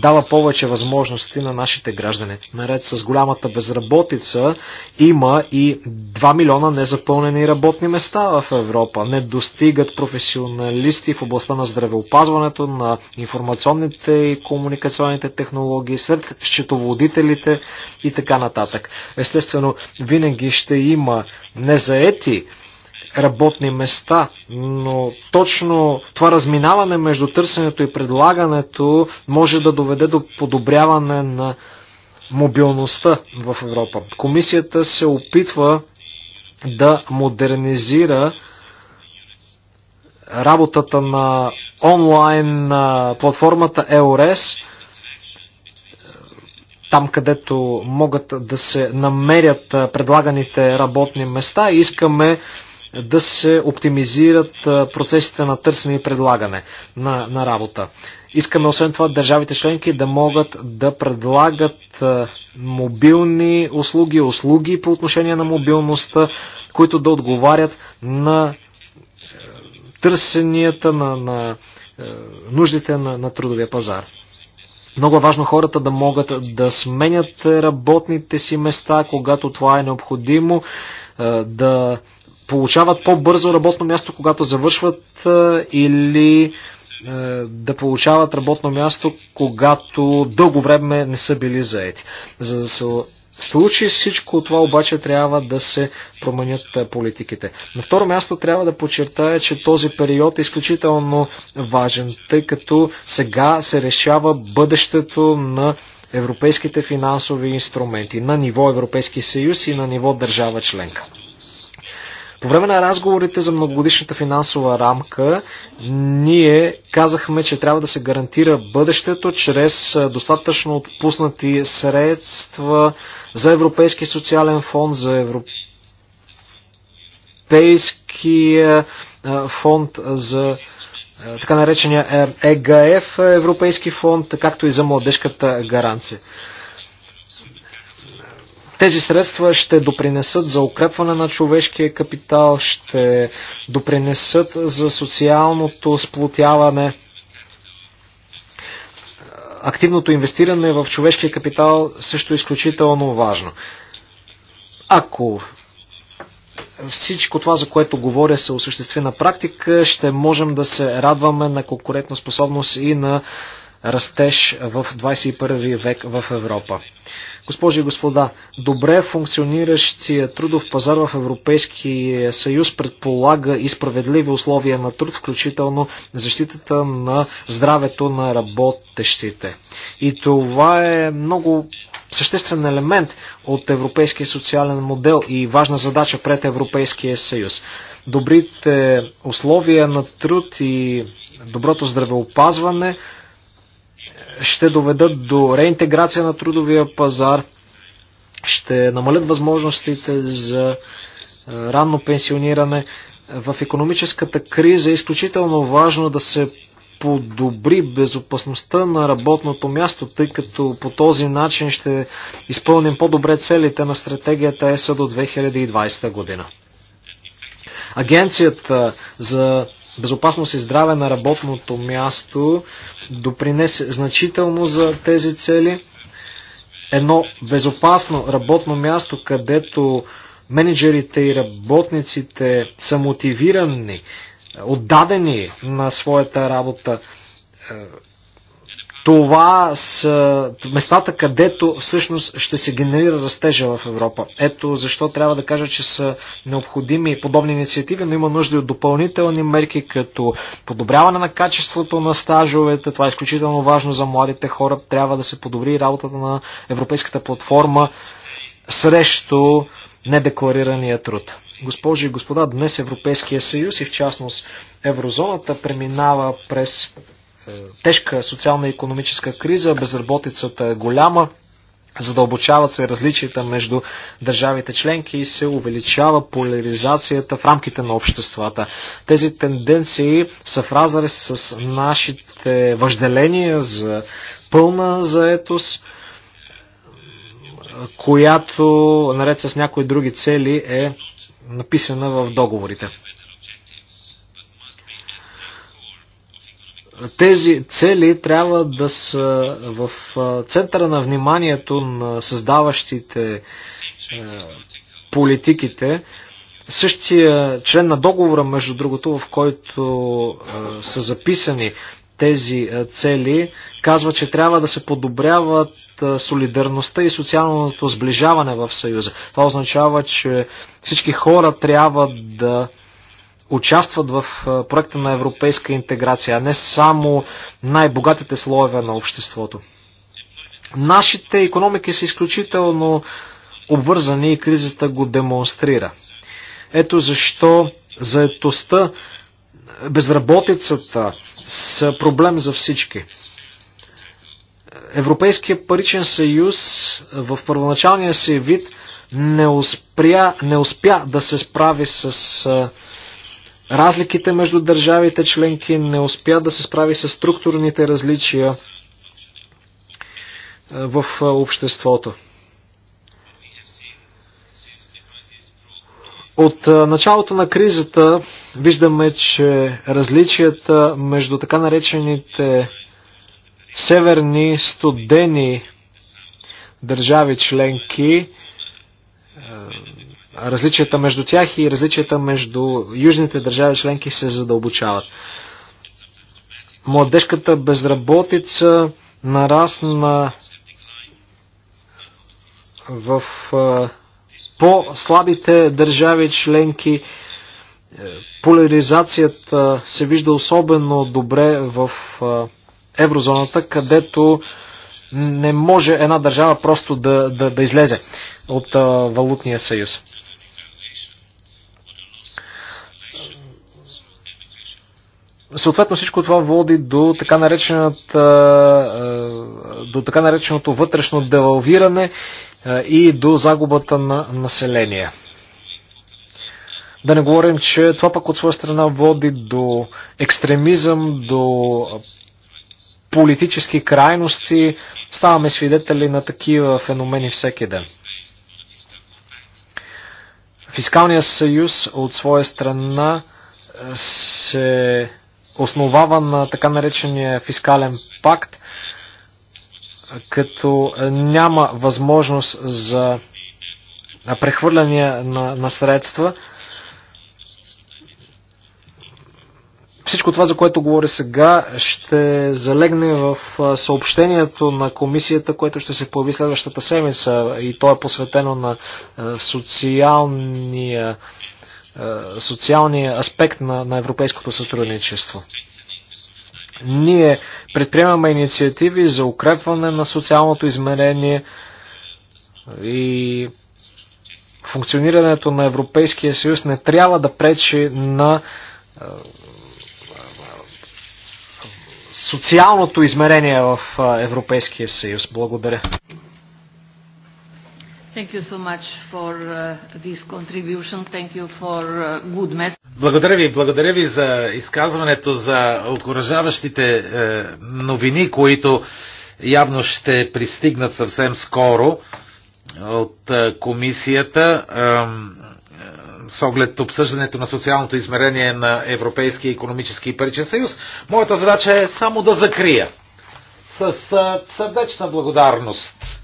дава повече възможности на нашите граждани. Наред с голямата безработица има и 2 милиона незапълнени работни места в Европа. Не достигат професионалисти в областта на здравеопазването, на информационните и комуникационните технологии, сред счетоводите служителите и така нататък. Естествено, винаги ще има незаети работни места, но точно това разминаване между търсенето и предлагането може да доведе до подобряване на мобилността в Европа. Комисията се опитва да модернизира работата на онлайн платформата EORES там, където могат да се намерят предлаганите работни места. Искаме да се оптимизират процесите на търсене и предлагане на, на работа. Искаме освен това държавите членки да могат да предлагат мобилни услуги, услуги по отношение на мобилността, които да отговарят на търсенията, на, на нуждите на, на трудовия пазар. Много е важно хората да могат да сменят работните си места, когато това е необходимо, е, да получават по-бързо работно място, когато завършват е, или е, да получават работно място, когато дълго време не са били заети. За да се в случай всичко това обаче трябва да се променят е, политиките. На второ място трябва да подчертая, че този период е изключително важен, тъй като сега се решава бъдещето на европейските финансови инструменти на ниво Европейски съюз и на ниво държава членка. По време на разговорите за многогодишната финансова рамка, ние казахме, че трябва да се гарантира бъдещето чрез достатъчно отпуснати средства за Европейски социален фонд, за Европейски фонд за така наречения ЕГФ, Европейски фонд, както и за младежката гаранция. Тези средства ще допринесат за укрепване на човешкия капитал, ще допринесат за социалното сплотяване. Активното инвестиране в човешкия капитал също е изключително важно. Ако всичко това, за което говоря, се осъществи на практика, ще можем да се радваме на конкурентоспособност и на растеж в 21 век в Европа. Госпожи и господа, добре функциониращия трудов пазар в Европейския съюз предполага и справедливи условия на труд, включително защитата на здравето на работещите. И това е много съществен елемент от европейския социален модел и важна задача пред Европейския съюз. Добрите условия на труд и доброто здравеопазване – ще доведат до реинтеграция на трудовия пазар, ще намалят възможностите за е, ранно пенсиониране. В економическата криза е изключително важно да се подобри безопасността на работното място, тъй като по този начин ще изпълним по-добре целите на стратегията ЕСА до 2020 година. Агенцията за безопасност и здраве на работното място допринесе значително за тези цели. Едно безопасно работно място, където менеджерите и работниците са мотивирани, отдадени на своята работа, е, това са местата, където всъщност ще се генерира растежа в Европа. Ето защо трябва да кажа, че са необходими подобни инициативи, но има нужда и от допълнителни мерки, като подобряване на качеството на стажовете. Това е изключително важно за младите хора. Трябва да се подобри работата на Европейската платформа срещу недекларирания труд. Госпожи и господа, днес Европейския съюз и в частност еврозоната преминава през е, тежка социална и економическа криза, безработицата е голяма, задълбочават се различията между държавите членки и се увеличава поляризацията в рамките на обществата. Тези тенденции са в разрез с нашите въжделения за пълна заетост, която наред с някои други цели е написана в договорите. тези цели трябва да са в центъра на вниманието на създаващите политиките. Същия член на договора, между другото, в който са записани тези цели, казва, че трябва да се подобряват солидарността и социалното сближаване в Съюза. Това означава, че всички хора трябва да участват в проекта на европейска интеграция, а не само най-богатите слоеве на обществото. Нашите економики са изключително обвързани и кризата го демонстрира. Ето защо заетостта, безработицата са проблем за всички. Европейския паричен съюз в първоначалния си вид не успя, не успя да се справи с разликите между държавите членки, не успя да се справи с структурните различия е, в е, обществото. От е, началото на кризата виждаме, че различията между така наречените северни студени държави членки различията между тях и различията между южните държави членки се задълбочават. Младежката безработица нарасна в по-слабите държави членки. Е, поляризацията се вижда особено добре в еврозоната, където не може една държава просто да, да, да излезе от а, валутния съюз. Съответно всичко това води до така, е, до така нареченото вътрешно девалвиране е, и до загубата на население. Да не говорим, че това пък от своя страна води до екстремизъм, до политически крайности. Ставаме свидетели на такива феномени всеки ден. Фискалният съюз от своя страна се основава на така наречения фискален пакт, като няма възможност за прехвърляне на, на средства. Всичко това, за което говоря сега, ще залегне в съобщението на комисията, което ще се появи следващата седмица и то е посветено на социалния е, социалния аспект на, на европейското сътрудничество. Ние предприемаме инициативи за укрепване на социалното измерение и функционирането на Европейския съюз не трябва да пречи на е, социалното измерение в е, Европейския съюз. Благодаря. Uh, uh, благодаря ви, благодаря ви за изказването, за окоръжаващите е, новини, които явно ще пристигнат съвсем скоро от е, комисията е, с оглед обсъждането на социалното измерение на Европейския економически и паричен съюз. Моята задача е само да закрия с сърдечна благодарност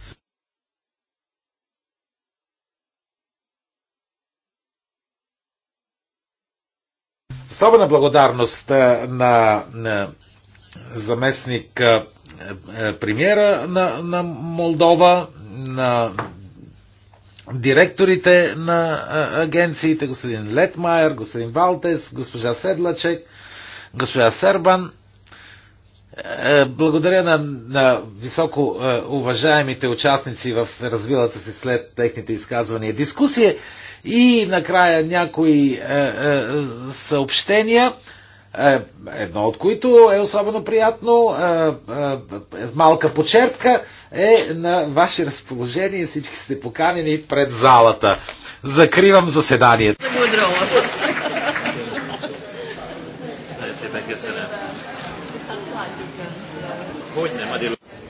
Особена благодарност е, на, на заместник е, е, премиера на, на Молдова, на директорите на агенциите, господин Летмайер, господин Валтес, госпожа Седлачек, госпожа Сербан. Благодаря на, на високо уважаемите участници в развилата си след техните изказвания дискусия. И накрая някои е, е, съобщения, е, едно от които е особено приятно, е, е, малка почерпка е на ваше разположение. Всички сте поканени пред залата. Закривам заседанието. Hogy nem,